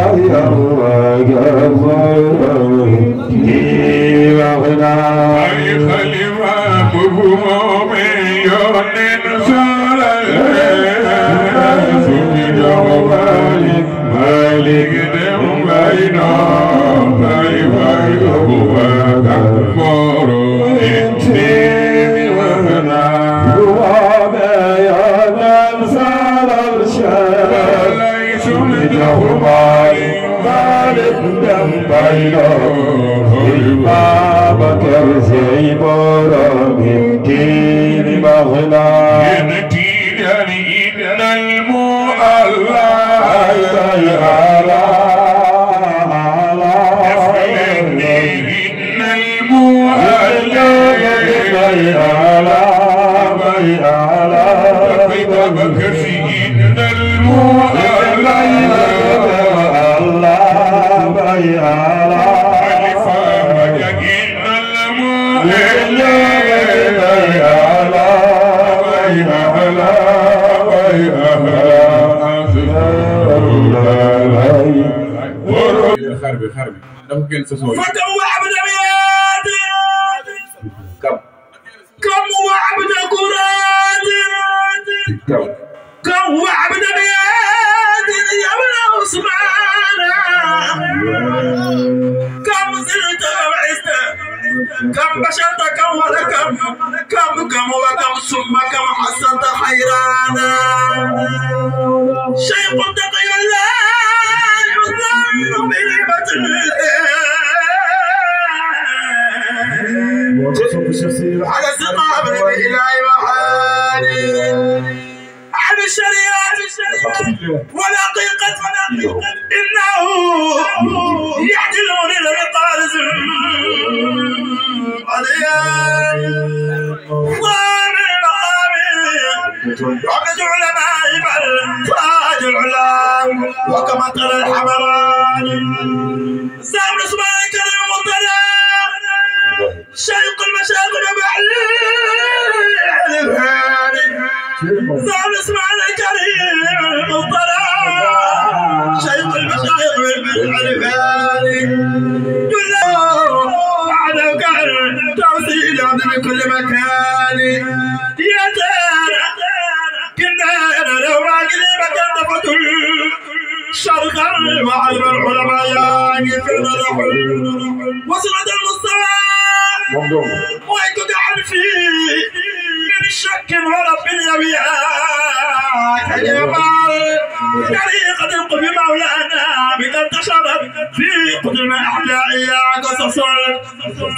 يرجع أي خليفة مهموم يرنين سالة سجد ومالك مالك دم بينه عينه الباب ترجعي برا من دين مغنى من دين إذن المؤلى على على المؤلى الله خربي خربي ده ممكن تسوي فتم وعبد بيادي كم كم وعبد قرادي كم كم وعبد بيادي يا ابن عثمان كم زلت وعزت كم بشرت كم ولكم كم كم وكم ثم كم حسنت حيرانا شيخ ولا ضيقت إنه يحكي إلى القارزم علي ضامن مقامي عبد علماء بل فاج العلام وكمطر الحمران سامر اسماعيل كريم مطلع شيخ المشاكل ابو صار اسمعنا كريم الضلال شيخ المشايخ والمعرفاني كله على وقعر توصيل من كل مكان يا ترى كنا لو ما قريبة كنت شرقا مع العلماء يعني فينا وصلت المصطفى وانتم تعرفين شك ورب يبيعك جبال طريقة بمولانا بقد تشرب في قدم أحلائي قصص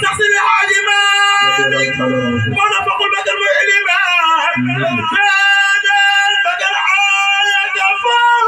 تحصل حالي مالك ونفق بك المعلمان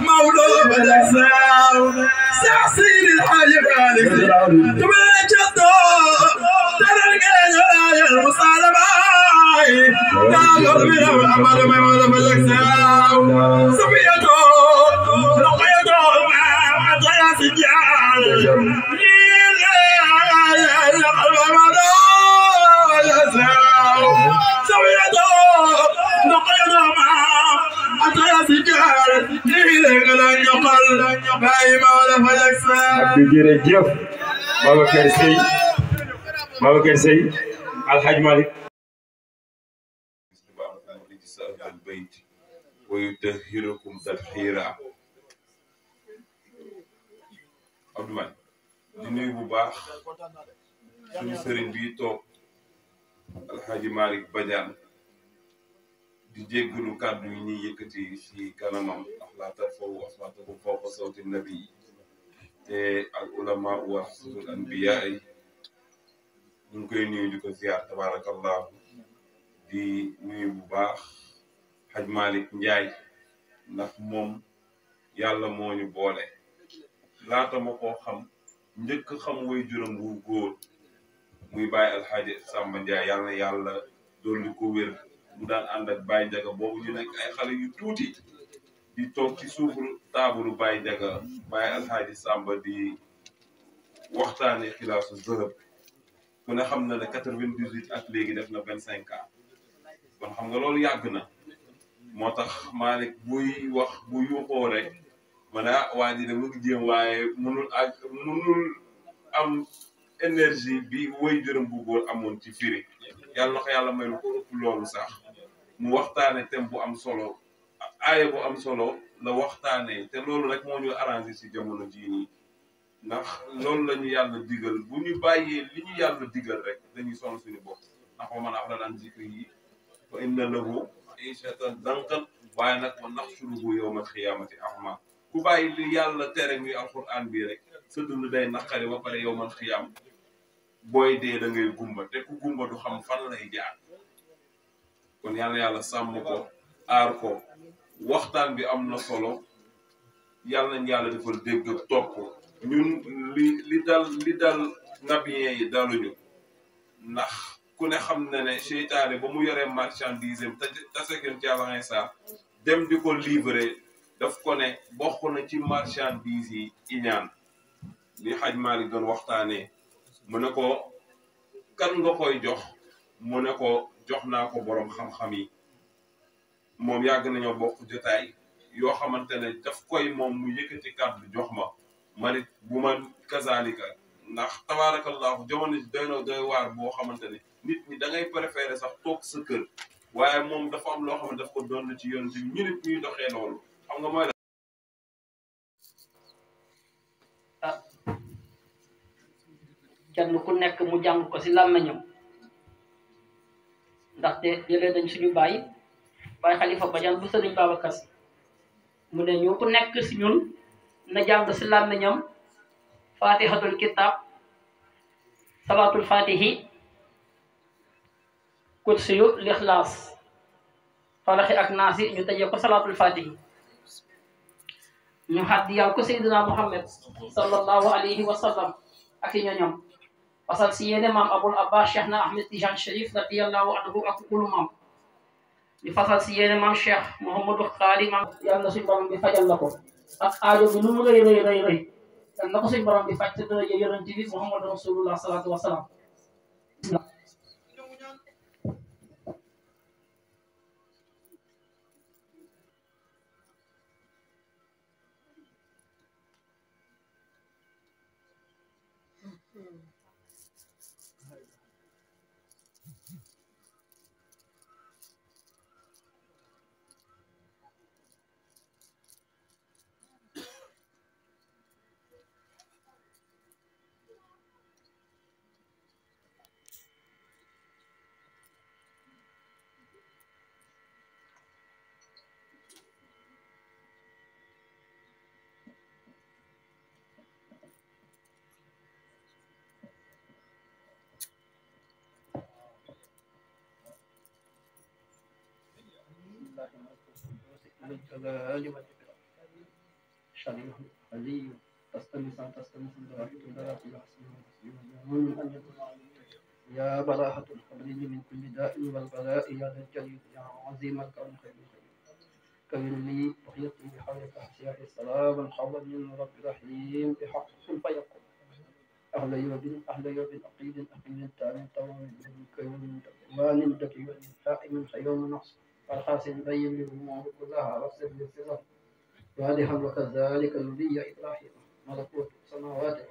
مولى بدك ساو سعسين الحاج مالك تبين جدو ترقين الآية المصالبة تعلق من الأمر مولى بدك ساو سميته رقيته مع عطايا سجال bàyyi Maodo Fajak Sarr. ak di jërëjëf Babacar Seye Babacar Seye Alhaji Malick. wa yutahhirukum tatheera Abdou Mane di nuyu bu baax suñu sëriñ bi toog Alhaji Malick Badiane di kàddu yi ñuy yëkkati ci kanamam ndax laa tarfaw aswaatakum fawqa sawti nabi te al ulama wa rasul anbiya yi ñu ngi koy nuyu di ko ziar tabarakallahu di nuyu bu baax xaj Malick Njaay ndax moom yàlla moo ñu boole laata ma koo xam njëkk xam way juróom wu góor muy bàyyi alxaaji Samba Njaay yàlla yàlla di ko wér mu daan ànd ak Baye Ndiaga boobu ñu nekk ay xale yu tuuti di toog ci suufu taabalu Baye Ndiaga Baye Alhaji Samba di waxtaane xilaasu zërëb ku ne xam na ne quatre-vingt-dix-huit ak léegi def na vingt cinq ans kon xam nga loolu yàgg na moo tax Malick buy wax bu yuuxoo rek ma ne ah waa waaye mënul ak mënul am énergie bi woy jërëm bu góor amoon ci firi yàlla na ko yàlla may lu ko ëpp loolu sax mu waxtaane thème bu am solo aaye bu am solo la waxtaane te loolu rek moo ñu arrangé si jamono jii nii ndax loolu lañu yàlla digal bu ñu bàyyee li ñu yàlla digal rek dañuy sonn suñu bopp ndax wa man axrada an zikri yi fa inna lahu ishatan dankan waaye nag wa naxsuruhu yawmal xiyaamati ahma ku bàyyi li yàlla tere muy alquran bii rek sa dund day naqari ba pare yawmal xiyaam booy dee da ngay gumba te ku gumba du xam fan lay jaar kon yàlla yàlla sàmm ko aar ko waxtaan bi am na solo yàlla nañ yàlla defal dégg topp ñun li li dal li dal nabiyen yi daluñu ndax ku ne xam na ne seytaane ba mu yore marchandise am taseken ci yàlla ngay saa dem di ko livrer daf ko ne bokk na ci marchandise yi iñaan li xaj Malick doon waxtaane mu ne ko kan nga koy jox mu ne ko jox naa ko boroom xam-xam yi moom yàgg nañoo bokk jotaay yoo xamante ne daf koy moom mu yëkkati kàddu jox ma manit bu ma kazaalika ndax tabaarakallaahu jamono ji doy na doy waar boo xamante ne nit ñi da ngay préféré sax toog sa kër waaye moom dafa am loo xam ne daf ko doon ci yoon bi ñu nit ñuy doxee loolu xam nga mooy ah kenn ku nekk mu jàng ko si làmmiñam ndaxte jëlee nañ suñu baay baay xalifa bajaan bu sëriñ Babacar Si mu ne ñu ku nekk si ñun na jàng si làmmiñam fatihatul kitab salaatul fatihi kursiyu lixlaas falaxi ak naasi ñu tëjee ko salaatul fatihi ñu xaddiyal muhammad sallallahu alayhi wa sallam ak i ñoñom pasal siyede mam abul abbas cheikhna ahmed tijan sharif radiallahu anhu ak kulu mam di fasal si yéene maam cheikh mouhamadou xaali maam yàlla na suñ borom bi fajal la ko ak aajo bi lu mu rëy rëy rëy rëy yàlla na ko suñ borom bi faj te daraja yonente bi mouhamadou rasulullah salatu wasalaam يا براحة الخبرين من كل داء والبلاء يا ذا الجليل يا عظيم الكون خير كون لي بقيت بحولك أحسياء السلام الحول من رب رحيم بحق فيقول أهل وبن أهل وبن أقيد أقيد تام توام كون تقوان من حائم خير نحصر والحاصل يبين للأمور كلها وافسد للفطر واضحا وكذلك النبي إبراهيم ملكوت السماوات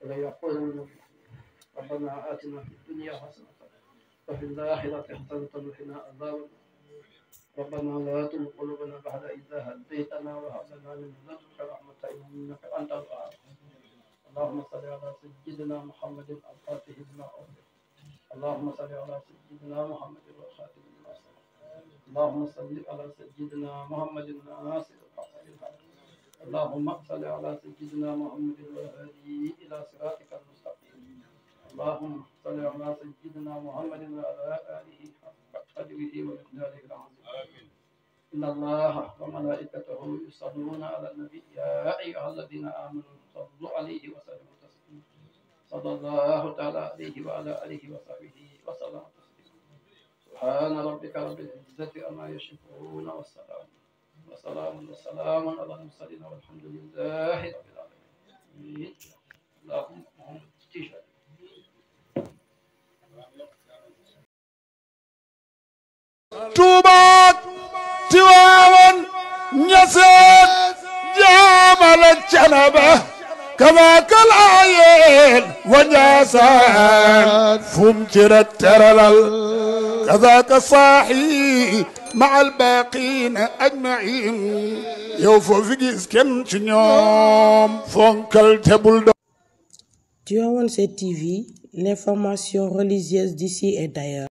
ولا يقول ربنا آتنا في الدنيا حسنة وفي الآخرة حسنة وقنا عذاب النار ربنا لا تزغ قلوبنا بعد إذ هديتنا وهب لنا من لدنك رحمة إنك أنت الوهاب اللهم صل على سيدنا محمد الفاتح لما أغلق اللهم صل على سيدنا محمد الخاتم اللهم صل على سيدنا محمد الناصر الحق اللهم صل على سيدنا محمد والهادي الى صراطك المستقيم اللهم صل على سيدنا محمد وعلى اله حق قدره ومقداره العظيم امين ان الله وملائكته يصلون على النبي يا ايها الذين امنوا صلوا عليه وسلموا تسليما صلى الله تعالى عليه وعلى اله وصحبه وسلم سبحان ربك رب العزة عما يصفون والسلام وسلام وسلام على المرسلين والحمد لله رب العالمين اللهم محمد تجاهل توبات Tiwaawan نسيت جمال Canaba كما كل عين فم جرت ترلل كذاك صاحي مع الباقين أجمعين yow foofu gis kenn ci ñoom fonkal te bul do Tivaouane 7 TV l'information religieuse d'ici et d'ailleurs